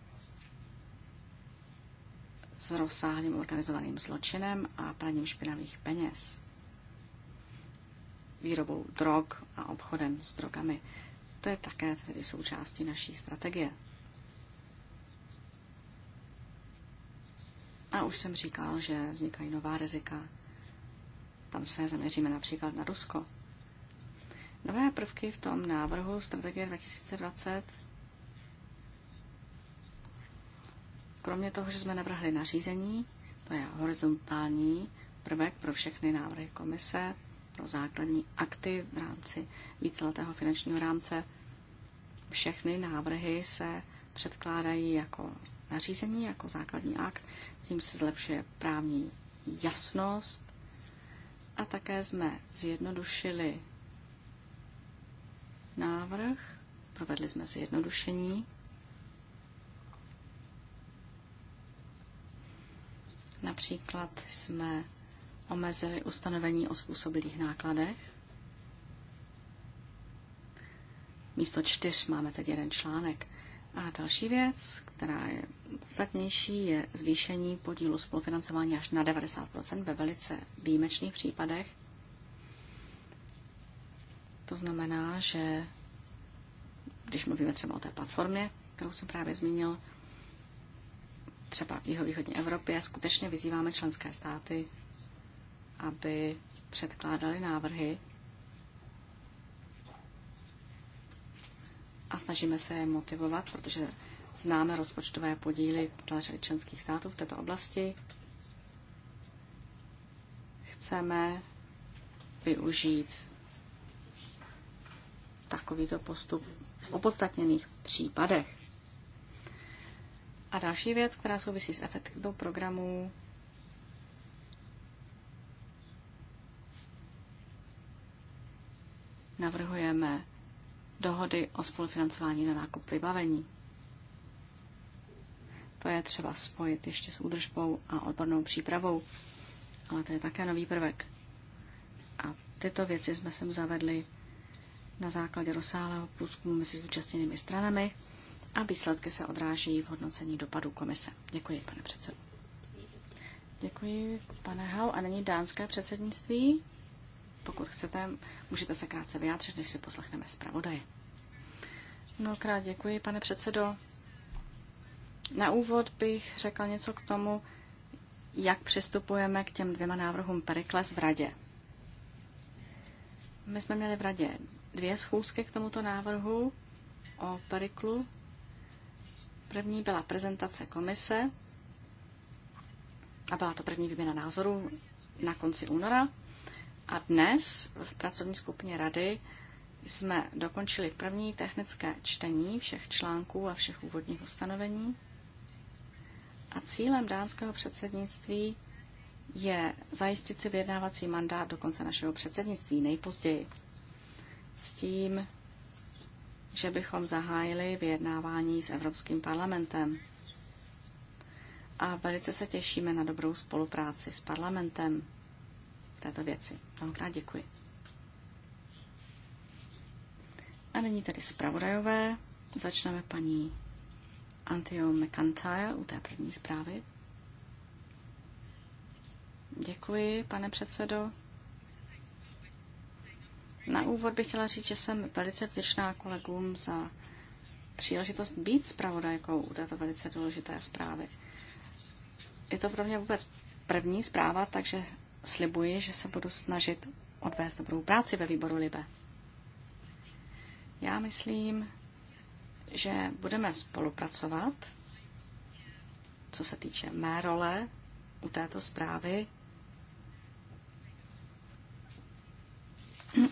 s rozsáhlým organizovaným zločinem a praním špinavých peněz, výrobou drog a obchodem s drogami. To je také tedy součástí naší strategie. A už jsem říkal, že vznikají nová rizika. Tam se zaměříme například na Rusko. Nové prvky v tom návrhu strategie 2020 Kromě toho, že jsme navrhli nařízení, to je horizontální prvek pro všechny návrhy komise, pro základní akty v rámci víceletého finančního rámce, všechny návrhy se předkládají jako nařízení, jako základní akt, tím se zlepšuje právní jasnost a také jsme zjednodušili návrh, provedli jsme zjednodušení Například jsme omezili ustanovení o způsobilých nákladech. Místo čtyř máme teď jeden článek. A další věc, která je podstatnější, je zvýšení podílu spolufinancování až na 90 ve velice výjimečných případech. To znamená, že když mluvíme třeba o té platformě, kterou jsem právě zmínil, třeba v jihovýchodní Evropě, skutečně vyzýváme členské státy, aby předkládali návrhy a snažíme se je motivovat, protože známe rozpočtové podíly členských států v této oblasti. Chceme využít takovýto postup v opodstatněných případech. A další věc, která souvisí s efektivitou programu, navrhujeme dohody o spolufinancování na nákup vybavení. To je třeba spojit ještě s údržbou a odbornou přípravou, ale to je také nový prvek. A tyto věci jsme sem zavedli na základě rozsáhlého průzkumu mezi zúčastněnými stranami a výsledky se odrážejí v hodnocení dopadů komise. Děkuji, pane předsedo. Děkuji, pane Hau. A není dánské předsednictví? Pokud chcete, můžete se krátce vyjádřit, než si poslechneme zpravodaje. Mnohokrát děkuji, pane předsedo. Na úvod bych řekla něco k tomu, jak přistupujeme k těm dvěma návrhům Perikles v radě. My jsme měli v radě dvě schůzky k tomuto návrhu o Periklu První byla prezentace komise a byla to první výměna názorů na konci února. A dnes v pracovní skupině rady jsme dokončili první technické čtení všech článků a všech úvodních ustanovení. A cílem dánského předsednictví je zajistit si vyjednávací mandát do konce našeho předsednictví nejpozději. S tím, že bychom zahájili vyjednávání s Evropským parlamentem. A velice se těšíme na dobrou spolupráci s parlamentem v této věci. Mnohokrát děkuji. A nyní tedy zpravodajové. Začneme paní Antio McIntyre u té první zprávy. Děkuji, pane předsedo. Na úvod bych chtěla říct, že jsem velice vděčná kolegům za příležitost být zpravodajkou u této velice důležité zprávy. Je to pro mě vůbec první zpráva, takže slibuji, že se budu snažit odvést dobrou práci ve výboru Libe. Já myslím, že budeme spolupracovat, co se týče mé role u této zprávy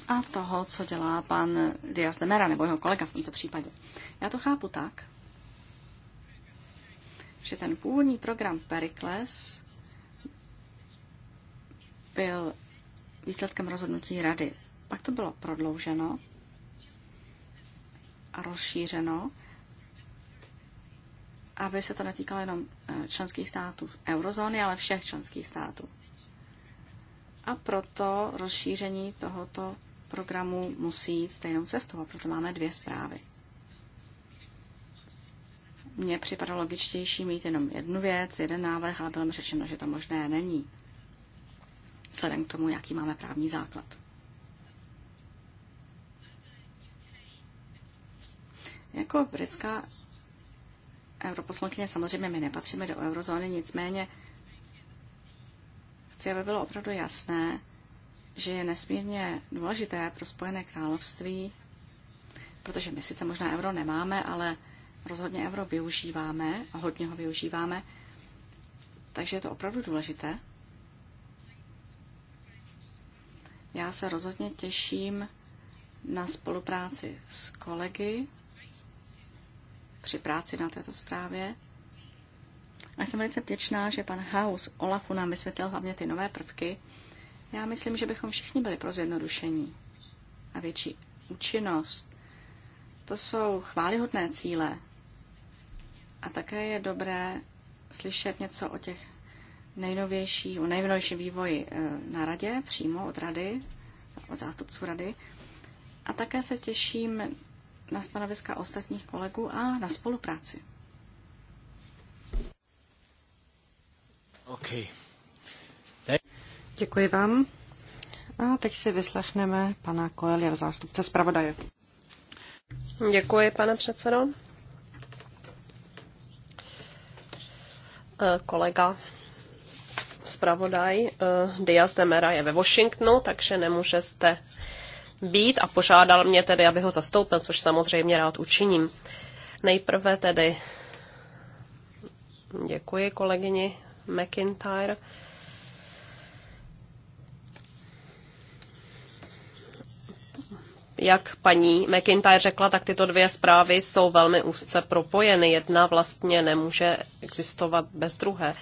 a toho, co dělá pan Diaz de Mera, nebo jeho kolega v tomto případě. Já to chápu tak, že ten původní program Pericles byl výsledkem rozhodnutí rady. Pak to bylo prodlouženo a rozšířeno, aby se to netýkalo jenom eh, členských států eurozóny, ale všech členských států. A proto rozšíření tohoto programu musí jít stejnou cestou a proto máme dvě zprávy. Mně připadalo logičtější mít jenom jednu věc, jeden návrh, ale bylo mi řečeno, že to možné není. Vzhledem k tomu, jaký máme právní základ. Jako britská europoslankyně samozřejmě my nepatříme do eurozóny, nicméně Chci, aby bylo opravdu jasné, že je nesmírně důležité pro Spojené království, protože my sice možná euro nemáme, ale rozhodně euro využíváme a hodně ho využíváme, takže je to opravdu důležité. Já se rozhodně těším na spolupráci s kolegy při práci na této zprávě a jsem velice vděčná, že pan Haus Olafu nám vysvětlil hlavně ty nové prvky. Já myslím, že bychom všichni byli pro zjednodušení a větší účinnost. To jsou chválihodné cíle. A také je dobré slyšet něco o těch nejnovější, o nejnovějším vývoji eh, na radě, přímo od rady, od zástupců rady. A také se těším na stanoviska ostatních kolegů a na spolupráci. Okay. Děkuji vám. A teď si vyslechneme pana Koelia, zástupce zpravodaje. Děkuji, pane předsedo. Eh, kolega zpravodaj eh, Diaz de Mera je ve Washingtonu, takže nemůže zde být a požádal mě tedy, aby ho zastoupil, což samozřejmě rád učiním. Nejprve tedy děkuji kolegyni McIntyre jak paní McIntyre řekla, tak tyto dvě zprávy jsou velmi úzce propojeny. Jedna vlastně nemůže existovat bez druhé.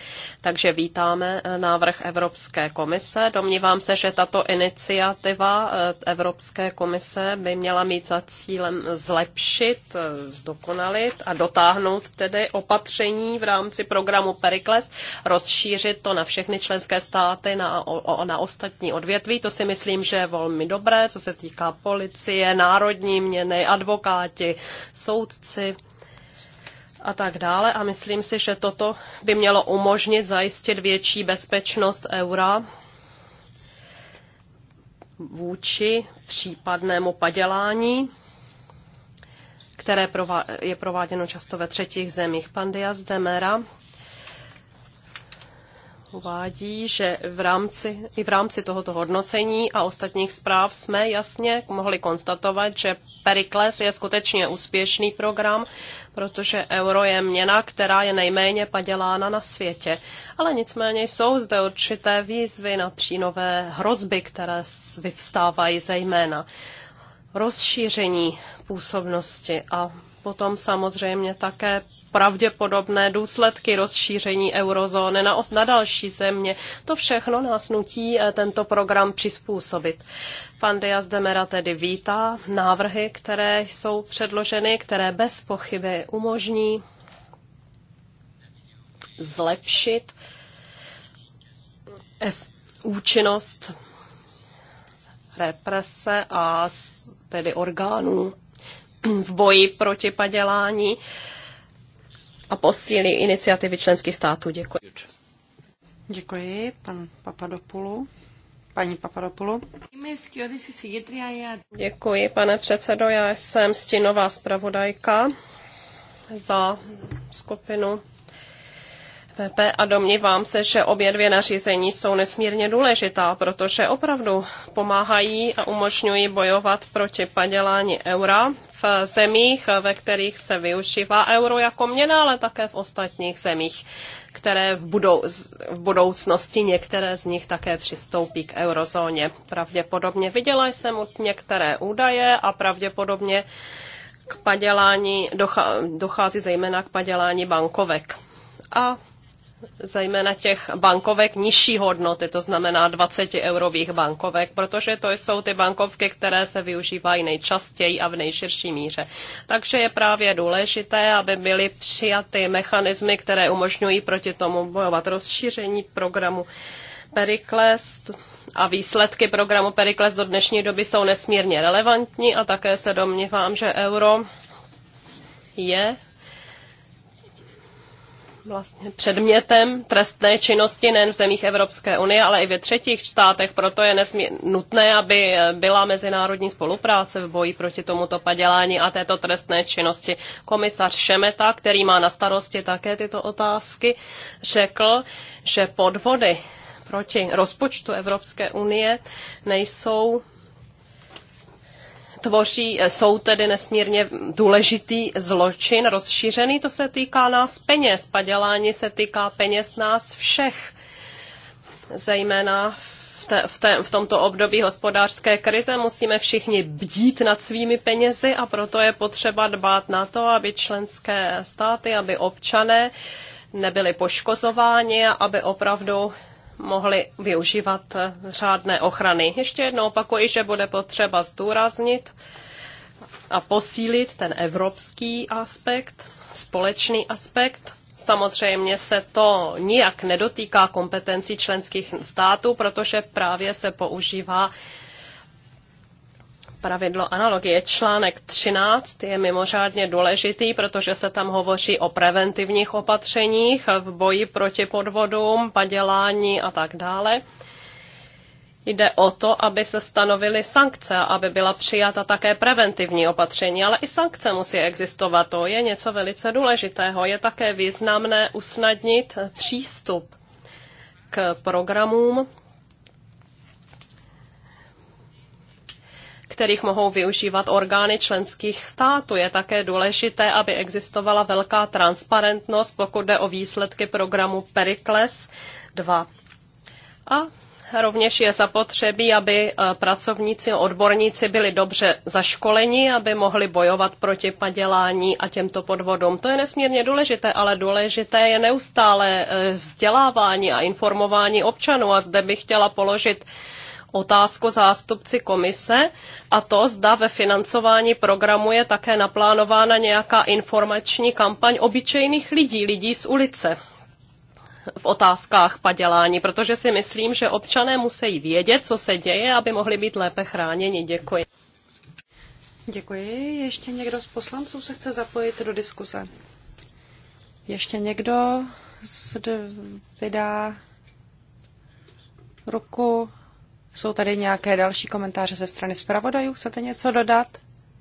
Takže vítáme eh, návrh Evropské komise. Domnívám se, že tato iniciativa eh, Evropské komise by měla mít za cílem zlepšit, eh, zdokonalit a dotáhnout tedy opatření v rámci programu Perikles, rozšířit to na všechny členské státy, na, na ostatní odvětví. To si myslím, že je velmi dobré, co se týká policie policie, národní měny, advokáti, soudci a tak dále. A myslím si, že toto by mělo umožnit zajistit větší bezpečnost eura vůči případnému padělání, které je prováděno často ve třetích zemích. Pan Diaz de Mera uvádí, že v rámci, i v rámci tohoto hodnocení a ostatních zpráv jsme jasně mohli konstatovat, že Perikles je skutečně úspěšný program, protože euro je měna, která je nejméně padělána na světě. Ale nicméně jsou zde určité výzvy na přínové hrozby, které vyvstávají zejména rozšíření působnosti a potom samozřejmě také pravděpodobné důsledky rozšíření eurozóny na, na další země. To všechno nás nutí eh, tento program přizpůsobit. Pan Dias Demera tedy vítá návrhy, které jsou předloženy, které bez pochyby umožní zlepšit účinnost represe a tedy orgánů v boji proti padělání a posílí iniciativy členských států. Děkuji. Děkuji, pan Papadopoulou. Paní Papadopoulou. Děkuji, pane předsedo. Já jsem stínová zpravodajka za skupinu Pepe, a domnívám se, že obě dvě nařízení jsou nesmírně důležitá, protože opravdu pomáhají a umožňují bojovat proti padělání eura v zemích, ve kterých se využívá euro jako měna, ale také v ostatních zemích, které v, budou, v budoucnosti některé z nich také přistoupí k eurozóně. Pravděpodobně viděla jsem některé údaje a pravděpodobně k padělání, dochází zejména k padělání bankovek. A zejména těch bankovek nižší hodnoty, to znamená 20 eurových bankovek, protože to jsou ty bankovky, které se využívají nejčastěji a v nejširší míře. Takže je právě důležité, aby byly přijaty mechanismy, které umožňují proti tomu bojovat rozšíření programu Perikles a výsledky programu Perikles do dnešní doby jsou nesmírně relevantní a také se domnívám, že euro je vlastně předmětem trestné činnosti nejen v zemích Evropské unie, ale i ve třetích státech. Proto je nesmí, nutné, aby eh, byla mezinárodní spolupráce v boji proti tomuto padělání a této trestné činnosti. Komisař Šemeta, který má na starosti také tyto otázky, řekl, že podvody proti rozpočtu Evropské unie nejsou tvoří, eh, jsou tedy nesmírně důležitý zločin rozšířený. To se týká nás peněz. Padělání se týká peněz nás všech. Zejména v, te, v, te, v tomto období hospodářské krize musíme všichni bdít nad svými penězi a proto je potřeba dbát na to, aby členské státy, aby občané nebyli poškozováni a aby opravdu mohli využívat řádné ochrany. Ještě jednou opakuji, že bude potřeba zdůraznit a posílit ten evropský aspekt, společný aspekt. Samozřejmě se to nijak nedotýká kompetencí členských států, protože právě se používá pravidlo analogie. Článek 13 je mimořádně důležitý, protože se tam hovoří o preventivních opatřeních v boji proti podvodům, padělání a tak dále. Jde o to, aby se stanovily sankce, aby byla přijata také preventivní opatření, ale i sankce musí existovat. To je něco velice důležitého. Je také významné usnadnit přístup k programům kterých mohou využívat orgány členských států. Je také důležité, aby existovala velká transparentnost, pokud jde o výsledky programu Perikles 2. A rovněž je zapotřebí, aby eh, pracovníci a odborníci byli dobře zaškoleni, aby mohli bojovat proti padělání a těmto podvodům. To je nesmírně důležité, ale důležité je neustále eh, vzdělávání a informování občanů. A zde bych chtěla položit otázku zástupci komise a to zda ve financování programu je také naplánována nějaká informační kampaň obyčejných lidí, lidí z ulice v otázkách padělání, protože si myslím, že občané musí vědět, co se děje, aby mohli být lépe chráněni. Děkuji. Děkuji. Ještě někdo z poslanců se chce zapojit do diskuze? Ještě někdo vydá ruku jsou tady nějaké další komentáře ze strany zpravodajů? Chcete něco dodat?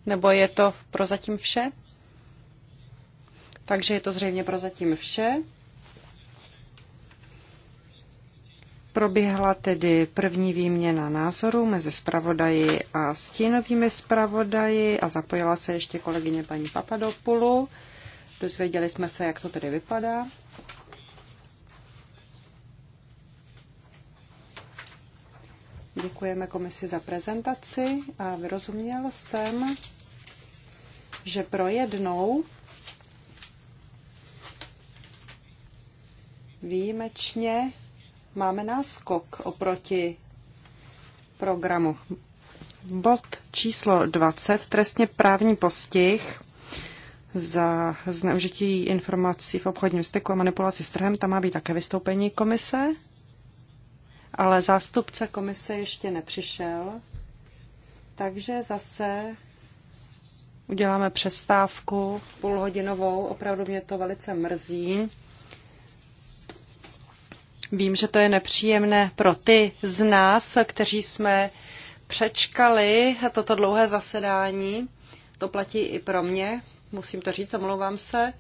Nebo je to prozatím vše? Takže je to zřejmě prozatím vše. Proběhla tedy první výměna názorů mezi zpravodaji a stínovými zpravodaji a zapojila se ještě kolegyně paní Papadopulu. Dozvěděli jsme se, jak to tedy vypadá. Děkujeme komisi za prezentaci a vyrozuměl jsem, že pro jednou výjimečně máme náskok oproti programu. Bod číslo 20, trestně právní postih za zneužití informací v obchodním styku a manipulaci s trhem, tam má být také vystoupení komise ale zástupce komise ještě nepřišel, takže zase uděláme přestávku půlhodinovou. Opravdu mě to velice mrzí. Vím, že to je nepříjemné pro ty z nás, kteří jsme přečkali toto dlouhé zasedání. To platí i pro mě, musím to říct, omlouvám se,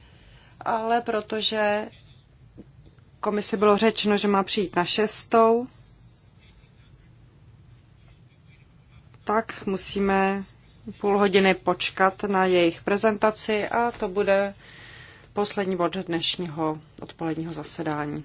ale protože komisi bylo řečeno, že má přijít na šestou, tak musíme půl hodiny počkat na jejich prezentaci a to bude poslední bod dnešního odpoledního zasedání.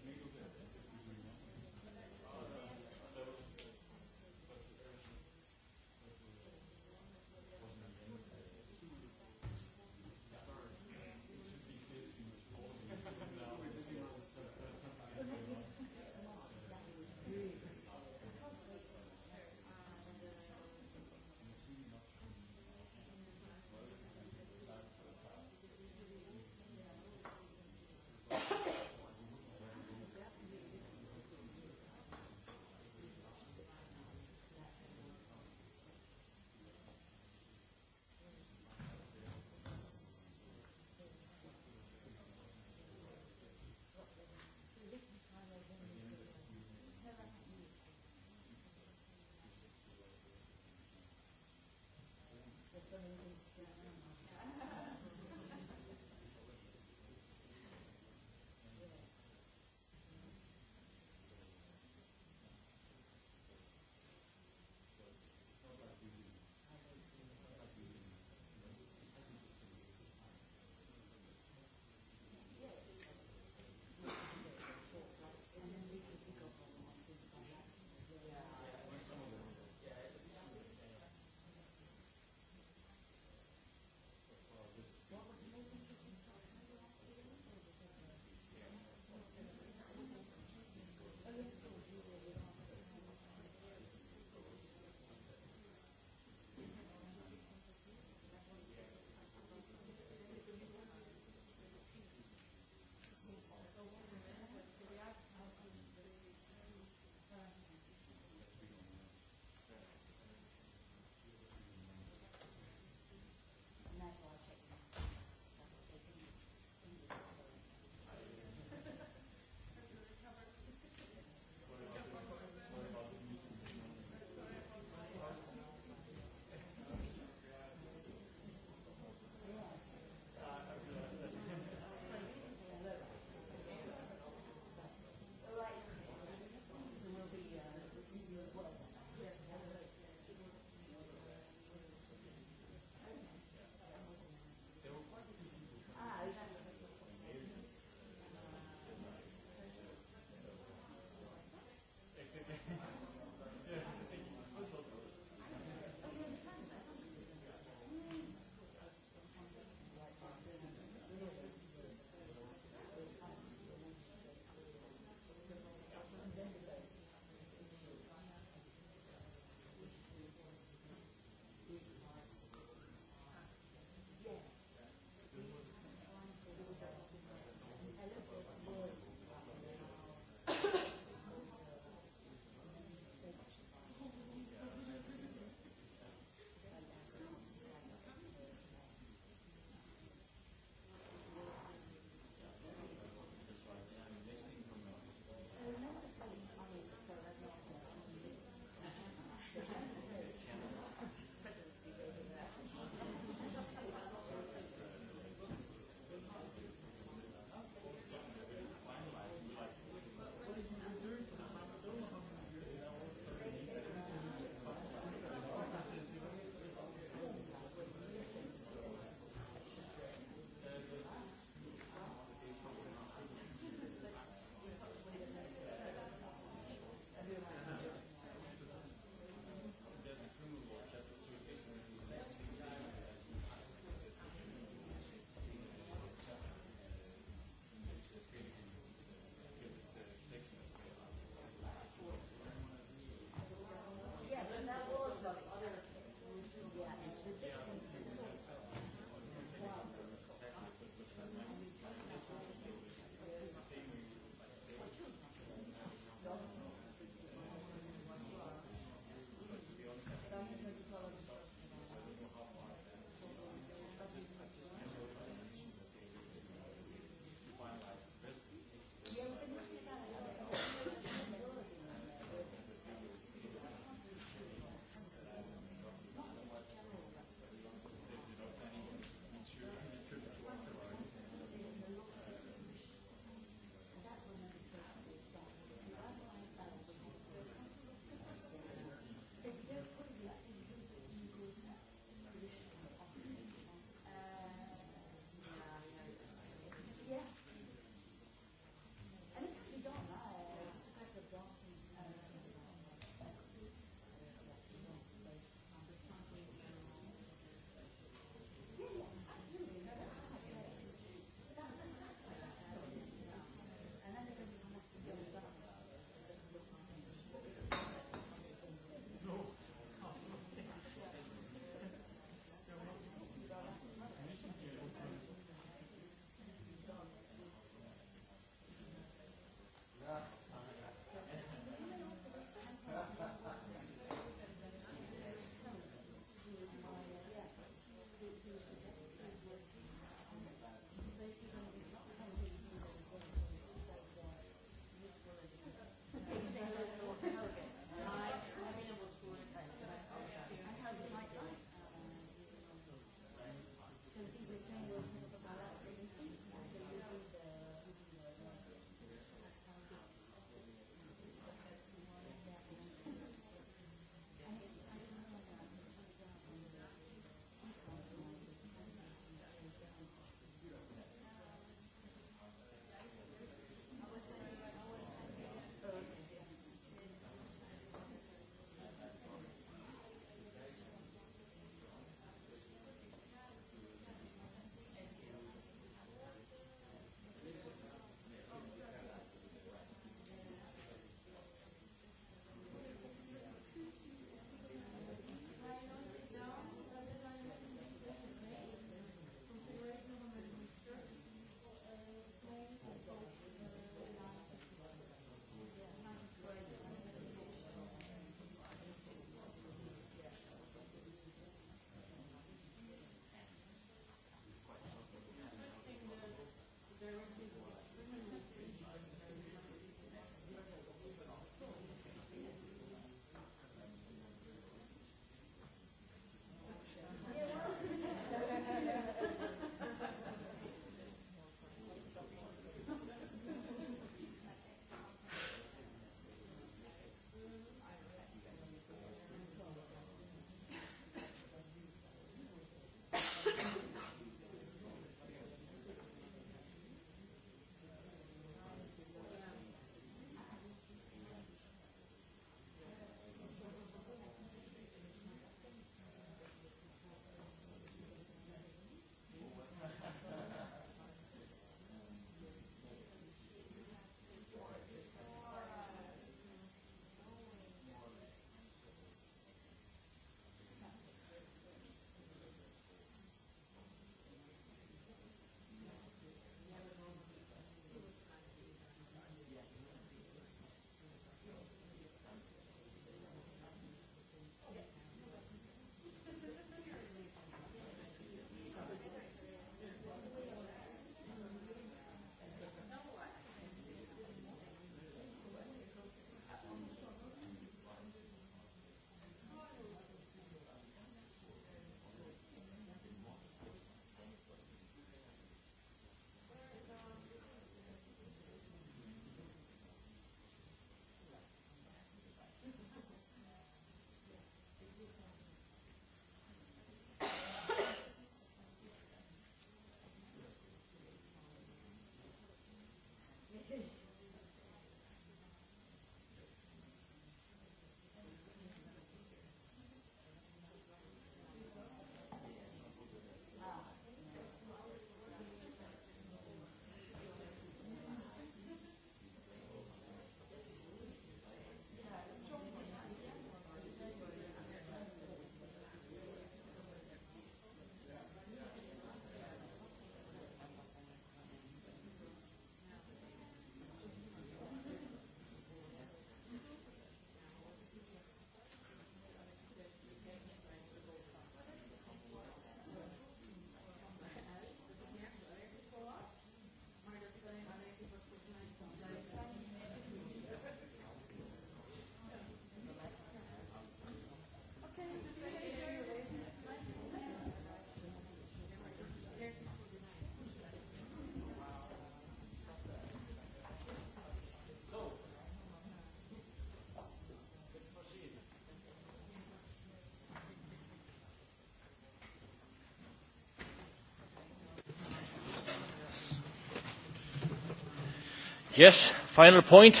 Yes, final point.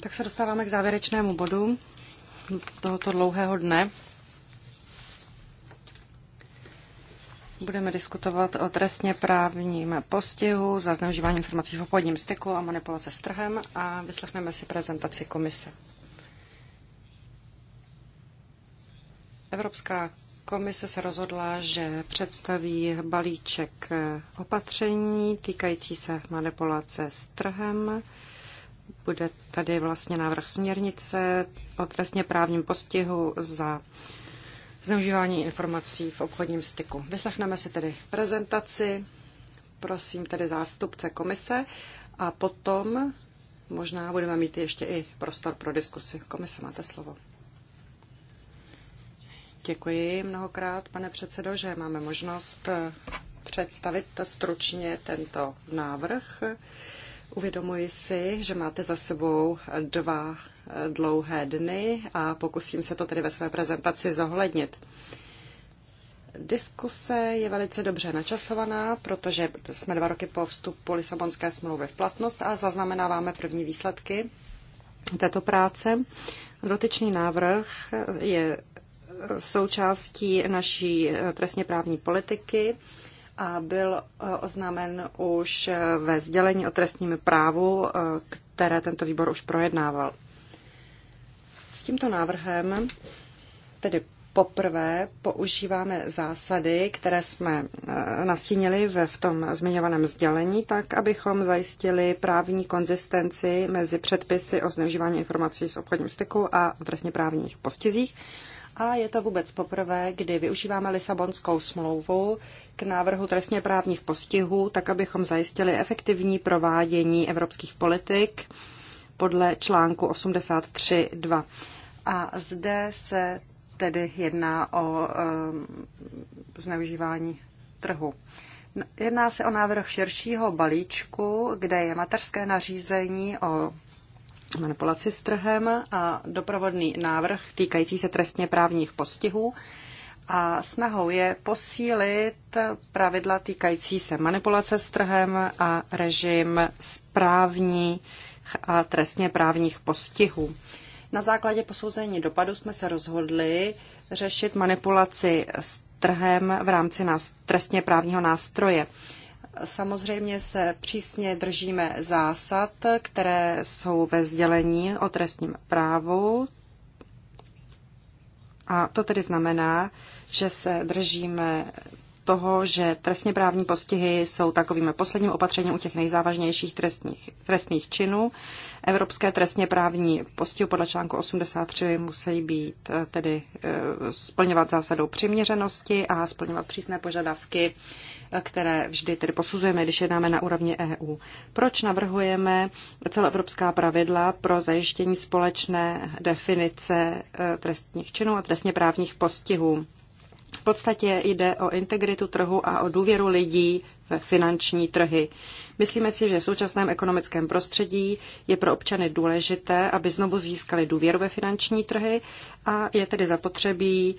Tak se dostáváme k závěrečnému bodu tohoto dlouhého dne. Budeme diskutovat o trestně právním postihu za zneužívání informací v obchodním styku a manipulace s trhem a vyslechneme si prezentaci komise. Evropská Komise se rozhodla, že představí balíček opatření týkající se manipulace s trhem. Bude tady vlastně návrh směrnice o trestně právním postihu za zneužívání informací v obchodním styku. Vyslechneme si tedy prezentaci, prosím tedy zástupce komise a potom možná budeme mít ještě i prostor pro diskusi. Komise, máte slovo. Děkuji mnohokrát, pane předsedo, že máme možnost eh, představit stručně tento návrh. Uvědomuji si, že máte za sebou dva eh, dlouhé dny a pokusím se to tedy ve své prezentaci zohlednit. Diskuse je velice dobře načasovaná, protože jsme dva roky po vstupu Lisabonské smlouvy v platnost a zaznamenáváme první výsledky této práce. Dotyčný návrh je součástí naší eh, trestně právní politiky a byl eh, oznámen už eh, ve sdělení o trestním právu, které tento výbor už projednával. S tímto návrhem tedy poprvé používáme zásady, které jsme nastínili ve v tom zmiňovaném sdělení, tak abychom zajistili právní konzistenci mezi předpisy o zneužívání informací z obchodním styku a trestně právních postizích a je to vůbec poprvé, kdy využíváme Lisabonskou smlouvu k návrhu trestně právních postihů, tak abychom zajistili efektivní provádění evropských politik podle článku 83.2. A zde se tedy jedná o um, zneužívání trhu. Jedná se o návrh širšího balíčku, kde je mateřské nařízení o manipulaci s trhem a doprovodný návrh týkající se trestně právních postihů. A snahou je posílit pravidla týkající se manipulace s trhem a režim správní a trestně právních postihů. Na základě posouzení dopadu jsme se rozhodli řešit manipulaci s trhem v rámci trestně právního nástroje. Samozřejmě se přísně držíme zásad, které jsou ve sdělení o trestním právu. A to tedy znamená, že se držíme toho, že trestně právní postihy jsou takovým posledním opatřením u těch nejzávažnějších trestních, trestných činů. Evropské trestně právní postihy podle článku 83 musí být eh, tedy eh, splňovat zásadou přiměřenosti a splňovat přísné požadavky které vždy tedy posuzujeme, když jednáme na úrovni EU. Proč navrhujeme celoevropská pravidla pro zajištění společné definice eh, trestních činů a trestně právních postihů? V podstatě jde o integritu trhu a o důvěru lidí ve finanční trhy. Myslíme si, že v současném ekonomickém prostředí je pro občany důležité, aby znovu získali důvěru ve finanční trhy a je tedy zapotřebí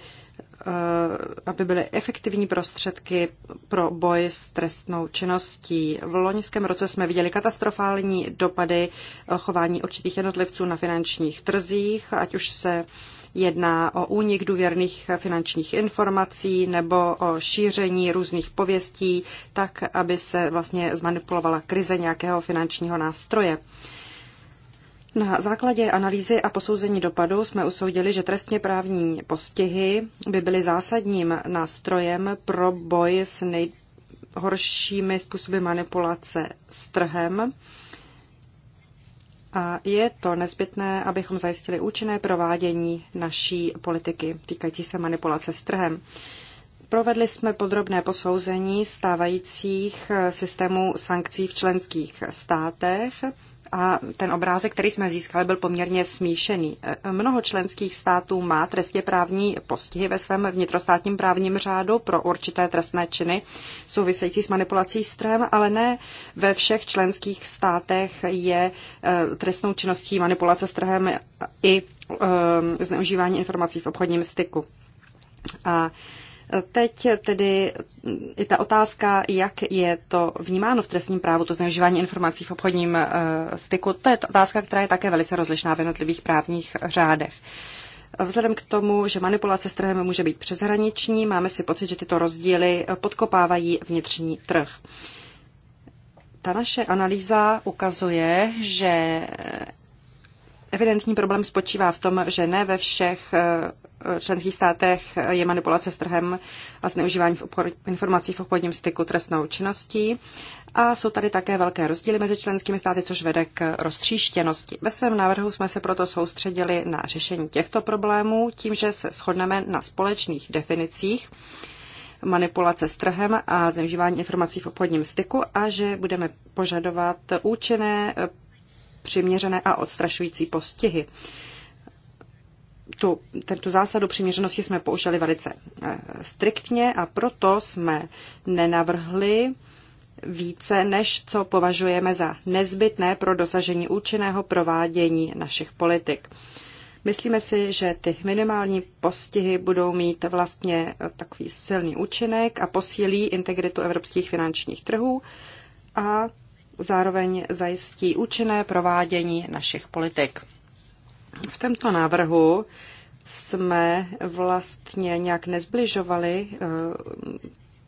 Eh, aby byly efektivní prostředky pro boj s trestnou činností. V loňském roce jsme viděli katastrofální dopady eh, chování určitých jednotlivců na finančních trzích, ať už se jedná o únik důvěrných finančních informací nebo o šíření různých pověstí, tak aby se vlastně zmanipulovala krize nějakého finančního nástroje. Na základě analýzy a posouzení dopadu jsme usoudili, že trestně právní postihy by byly zásadním nástrojem pro boj s nejhoršími způsoby manipulace s trhem. A je to nezbytné, abychom zajistili účinné provádění naší politiky týkající se manipulace s trhem. Provedli jsme podrobné posouzení stávajících systémů sankcí v členských státech a ten obrázek, který jsme získali, byl poměrně smíšený. Mnoho členských států má trestně právní postihy ve svém vnitrostátním právním řádu pro určité trestné činy související s manipulací strém, ale ne ve všech členských státech je e, trestnou činností manipulace s trhem i e, zneužívání informací v obchodním styku. A Teď tedy i ta otázka, jak je to vnímáno v trestním právu, to zneužívání informací v obchodním eh, styku, to je otázka, která je také velice rozlišná v jednotlivých právních řádech. Vzhledem k tomu, že manipulace s trhem může být přeshraniční, máme si pocit, že tyto rozdíly podkopávají vnitřní trh. Ta naše analýza ukazuje, že Evidentní problém spočívá v tom, že ne ve všech eh, členských státech je manipulace s trhem a zneužívání v obchod, informací v obchodním styku trestnou činností. A jsou tady také velké rozdíly mezi členskými státy, což vede k roztříštěnosti. Ve svém návrhu jsme se proto soustředili na řešení těchto problémů tím, že se shodneme na společných definicích manipulace s trhem a zneužívání informací v obchodním styku a že budeme požadovat účinné přiměřené a odstrašující postihy. Tu, tu zásadu přiměřenosti jsme použili velice eh, striktně a proto jsme nenavrhli více, než co považujeme za nezbytné pro dosažení účinného provádění našich politik. Myslíme si, že ty minimální postihy budou mít vlastně eh, takový silný účinek a posílí integritu evropských finančních trhů a zároveň zajistí účinné provádění našich politik. V tomto návrhu jsme vlastně nějak nezbližovali eh,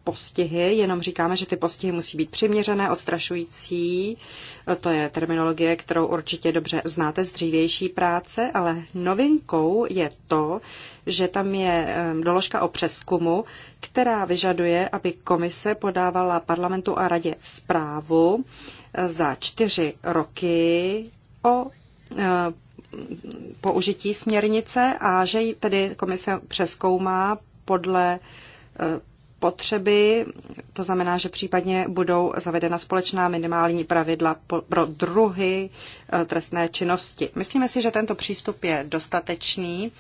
postihy, jenom říkáme, že ty postihy musí být přiměřené, odstrašující. Eh, to je terminologie, kterou určitě dobře znáte z dřívější práce, ale novinkou je to, že tam je eh, doložka o přeskumu, která vyžaduje, aby komise podávala parlamentu a radě zprávu za čtyři roky o e, použití směrnice a že ji tedy komise přeskoumá podle e, potřeby, to znamená, že případně budou zavedena společná minimální pravidla pro druhy e, trestné činnosti. Myslíme si, že tento přístup je dostatečný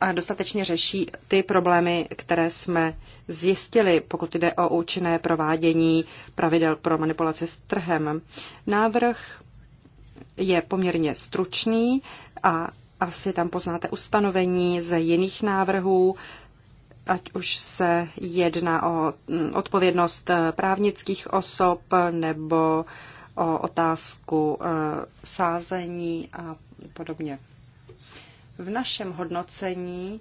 a dostatečně řeší ty problémy, které jsme zjistili, pokud jde o účinné provádění pravidel pro manipulaci s trhem. Návrh je poměrně stručný a asi tam poznáte ustanovení ze jiných návrhů, ať už se jedná o mm, odpovědnost eh, právnických osob nebo o otázku eh, sázení a podobně. V našem hodnocení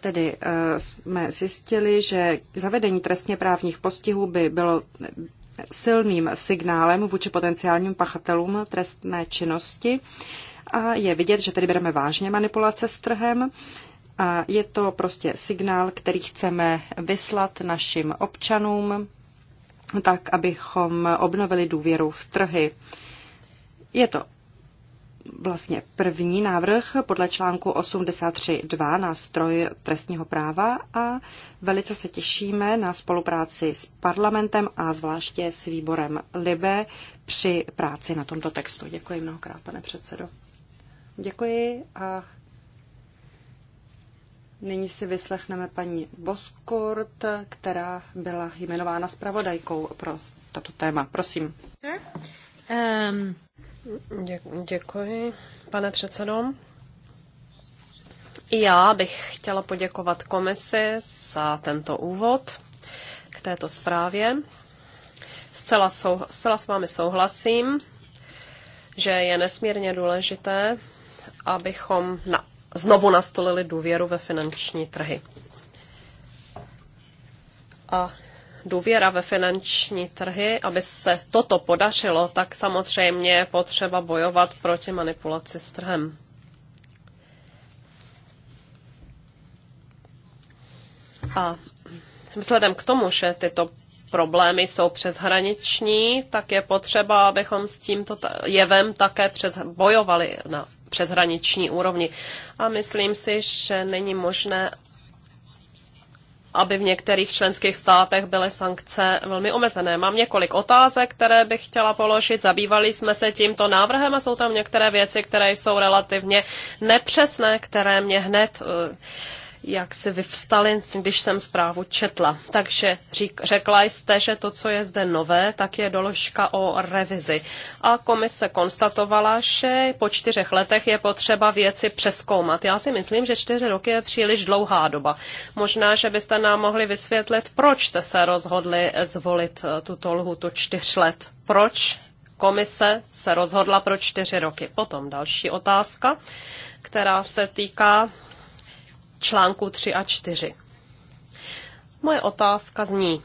tedy eh, jsme zjistili, že zavedení trestně právních postihů by bylo silným signálem vůči potenciálním pachatelům trestné činnosti a je vidět, že tedy bereme vážně manipulace s trhem a je to prostě signál, který chceme vyslat našim občanům, tak abychom obnovili důvěru v trhy. Je to vlastně první návrh podle článku 83.2 nástroj trestního práva a velice se těšíme na spolupráci s parlamentem a zvláště s výborem LIBE při práci na tomto textu. Děkuji mnohokrát, pane předsedo. Děkuji a nyní si vyslechneme paní Boskurt, která byla jmenována zpravodajkou pro tato téma. Prosím. Um. Děkuji, pane předsedo. Já bych chtěla poděkovat komisi za tento úvod k této zprávě. Zcela, sou, zcela s vámi souhlasím, že je nesmírně důležité, abychom na, znovu nastolili důvěru ve finanční trhy. A důvěra ve finanční trhy, aby se toto podařilo, tak samozřejmě je potřeba bojovat proti manipulaci s trhem. A vzhledem k tomu, že tyto problémy jsou přeshraniční, tak je potřeba, abychom s tímto jevem také přes, bojovali na přeshraniční úrovni. A myslím si, že není možné, aby v některých členských státech byly sankce velmi omezené. Mám několik otázek, které bych chtěla položit. Zabývali jsme se tímto návrhem a jsou tam některé věci, které jsou relativně nepřesné, které mě hned uh, jak se vyvstali, když jsem zprávu četla. Takže řík, řekla jste, že to, co je zde nové, tak je doložka o revizi. A komise konstatovala, že po čtyřech letech je potřeba věci přeskoumat. Já si myslím, že čtyři roky je příliš dlouhá doba. Možná, že byste nám mohli vysvětlit, proč jste se rozhodli zvolit eh, tuto lhutu čtyř let. Proč komise se rozhodla pro čtyři roky. Potom další otázka, která se týká článku 3 a 4. Moje otázka zní,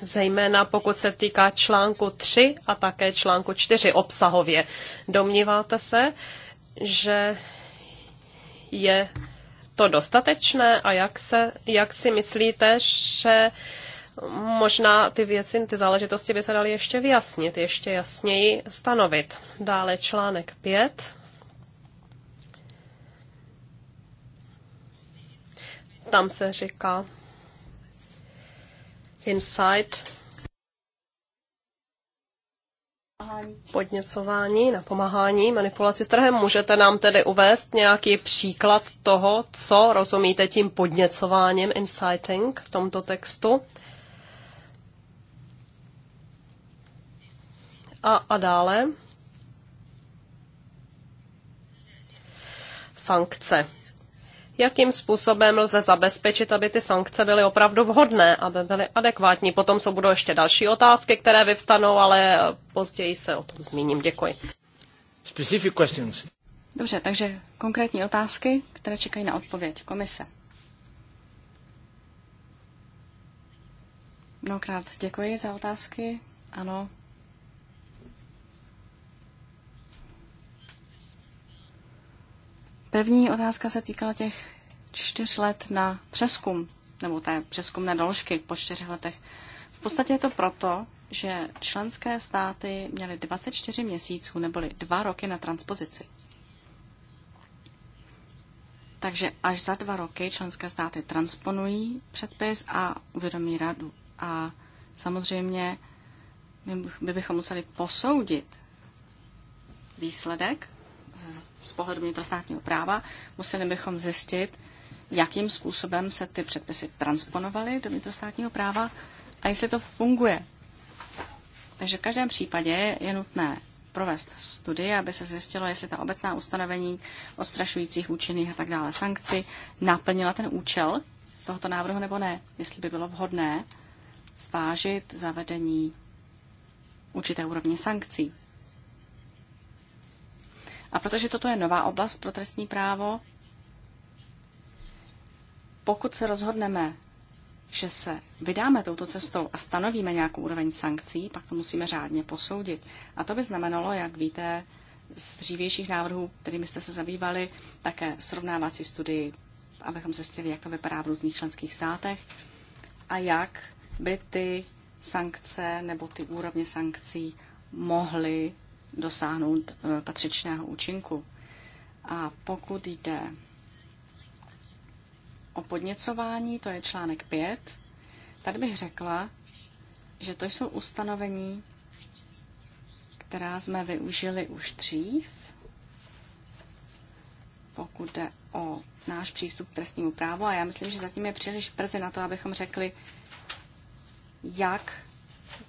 zejména pokud se týká článku 3 a také článku 4 obsahově. Domníváte se, že je to dostatečné a jak, se, jak si myslíte, že možná ty věci, ty záležitosti by se daly ještě vyjasnit, ještě jasněji stanovit. Dále článek 5 Tam se říká insight, podněcování, napomáhání, manipulaci s trhem. Můžete nám tedy uvést nějaký příklad toho, co rozumíte tím podněcováním, inciting v tomto textu? A, a dále. Sankce jakým způsobem lze zabezpečit, aby ty sankce byly opravdu vhodné, aby byly adekvátní. Potom jsou budou ještě další otázky, které vyvstanou, ale eh, později se o tom zmíním. Děkuji. Specific questions. Dobře, takže konkrétní otázky, které čekají na odpověď komise. Mnohokrát děkuji za otázky. Ano, První otázka se týkala těch čtyř let na přeskum, nebo té přeskumné doložky po čtyřech letech. V podstatě je to proto, že členské státy měly 24 měsíců neboli dva roky na transpozici. Takže až za dva roky členské státy transponují předpis a uvědomí radu. A samozřejmě my bychom museli posoudit výsledek z pohledu vnitrostátního práva, museli bychom zjistit, jakým způsobem se ty předpisy transponovaly do vnitrostátního práva a jestli to funguje. Takže v každém případě je nutné provést studii, aby se zjistilo, jestli ta obecná ustanovení odstrašujících účinných a tak dále sankci naplnila ten účel tohoto návrhu nebo ne. Jestli by bylo vhodné zvážit zavedení určité úrovně sankcí. A protože toto je nová oblast pro trestní právo, pokud se rozhodneme, že se vydáme touto cestou a stanovíme nějakou úroveň sankcí, pak to musíme řádně posoudit. A to by znamenalo, jak víte, z dřívějších návrhů, kterými jste se zabývali, také srovnávací studii, abychom zjistili, jak to vypadá v různých členských státech a jak by ty sankce nebo ty úrovně sankcí mohly dosáhnout eh, patřičného účinku. A pokud jde o podněcování, to je článek 5, tady bych řekla, že to jsou ustanovení, která jsme využili už dřív, pokud jde o náš přístup k trestnímu právu. A já myslím, že zatím je příliš brzy na to, abychom řekli, jak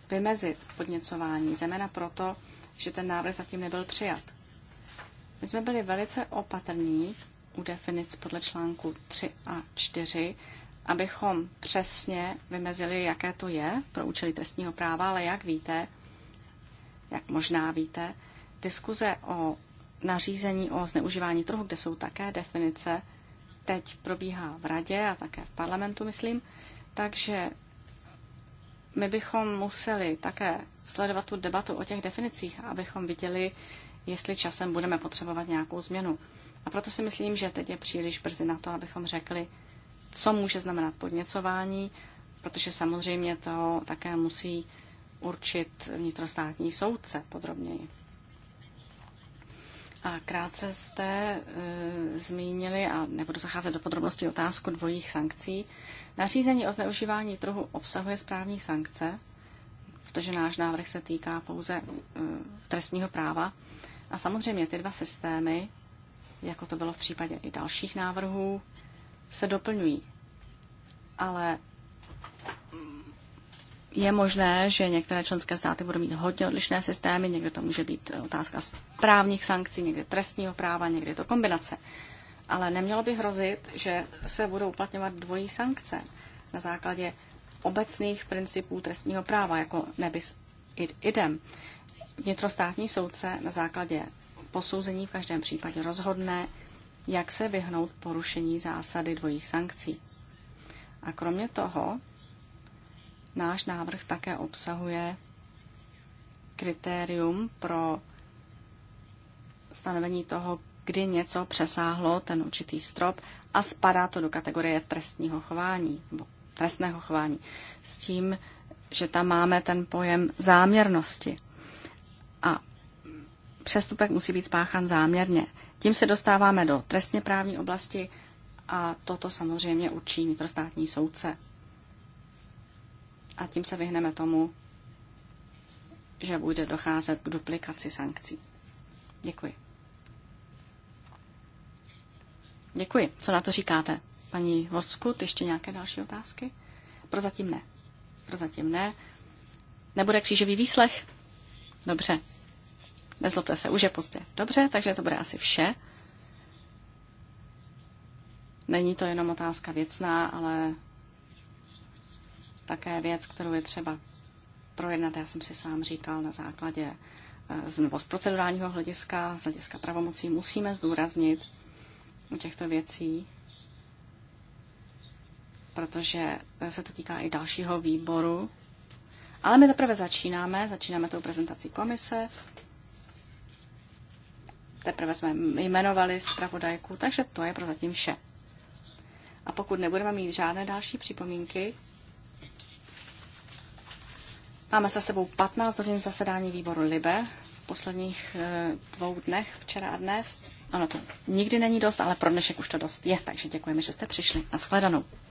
vymezit podněcování, zejména proto, že ten návrh zatím nebyl přijat. My jsme byli velice opatrní u definic podle článku 3 a 4, abychom přesně vymezili, jaké to je pro účely trestního práva, ale jak víte, jak možná víte, diskuze o nařízení o zneužívání trhu, kde jsou také definice, teď probíhá v radě a také v parlamentu, myslím. Takže my bychom museli také sledovat tu debatu o těch definicích, abychom viděli, jestli časem budeme potřebovat nějakou změnu. A proto si myslím, že teď je příliš brzy na to, abychom řekli, co může znamenat podněcování, protože samozřejmě to také musí určit vnitrostátní soudce podrobněji. A krátce jste e, zmínili, a nebudu zacházet do podrobností otázku dvojích sankcí, nařízení o zneužívání trhu obsahuje správní sankce, protože náš návrh se týká pouze uh, trestního práva. A samozřejmě ty dva systémy, jako to bylo v případě i dalších návrhů, se doplňují. Ale mm, je možné, že některé členské státy budou mít hodně odlišné systémy, někde to může být otázka správních sankcí, někde trestního práva, někde je to kombinace. Ale nemělo by hrozit, že se budou uplatňovat dvojí sankce na základě obecných principů trestního práva, jako nebis id idem. Vnitrostátní soudce na základě posouzení v každém případě rozhodne, jak se vyhnout porušení zásady dvojích sankcí. A kromě toho, náš návrh také obsahuje kritérium pro stanovení toho, kdy něco přesáhlo ten určitý strop a spadá to do kategorie trestního chování nebo trestného chování. S tím, že tam máme ten pojem záměrnosti. A přestupek musí být spáchan záměrně. Tím se dostáváme do trestně právní oblasti a toto samozřejmě určí vnitrostátní soudce. A tím se vyhneme tomu, že bude docházet k duplikaci sankcí. Děkuji. Děkuji. Co na to říkáte? Paní Voskut, ještě nějaké další otázky? Prozatím ne. Prozatím ne. Nebude křížový výslech? Dobře. Nezlobte se, už je pozdě. Dobře, takže to bude asi vše. Není to jenom otázka věcná, ale také věc, kterou je třeba projednat. Já jsem si sám říkal na základě eh, nebo z procedurálního hlediska, z hlediska pravomocí musíme zdůraznit u těchto věcí, protože se to týká i dalšího výboru. Ale my teprve začínáme, začínáme tou prezentací komise. Teprve jsme jmenovali zpravodajku, takže to je prozatím vše. A pokud nebudeme mít žádné další připomínky, máme za sebou 15 hodin zasedání výboru LIBE v posledních eh, dvou dnech, včera a dnes. Ono to nikdy není dost, ale pro dnešek už to dost je, takže děkujeme, že jste přišli. Naschledanou.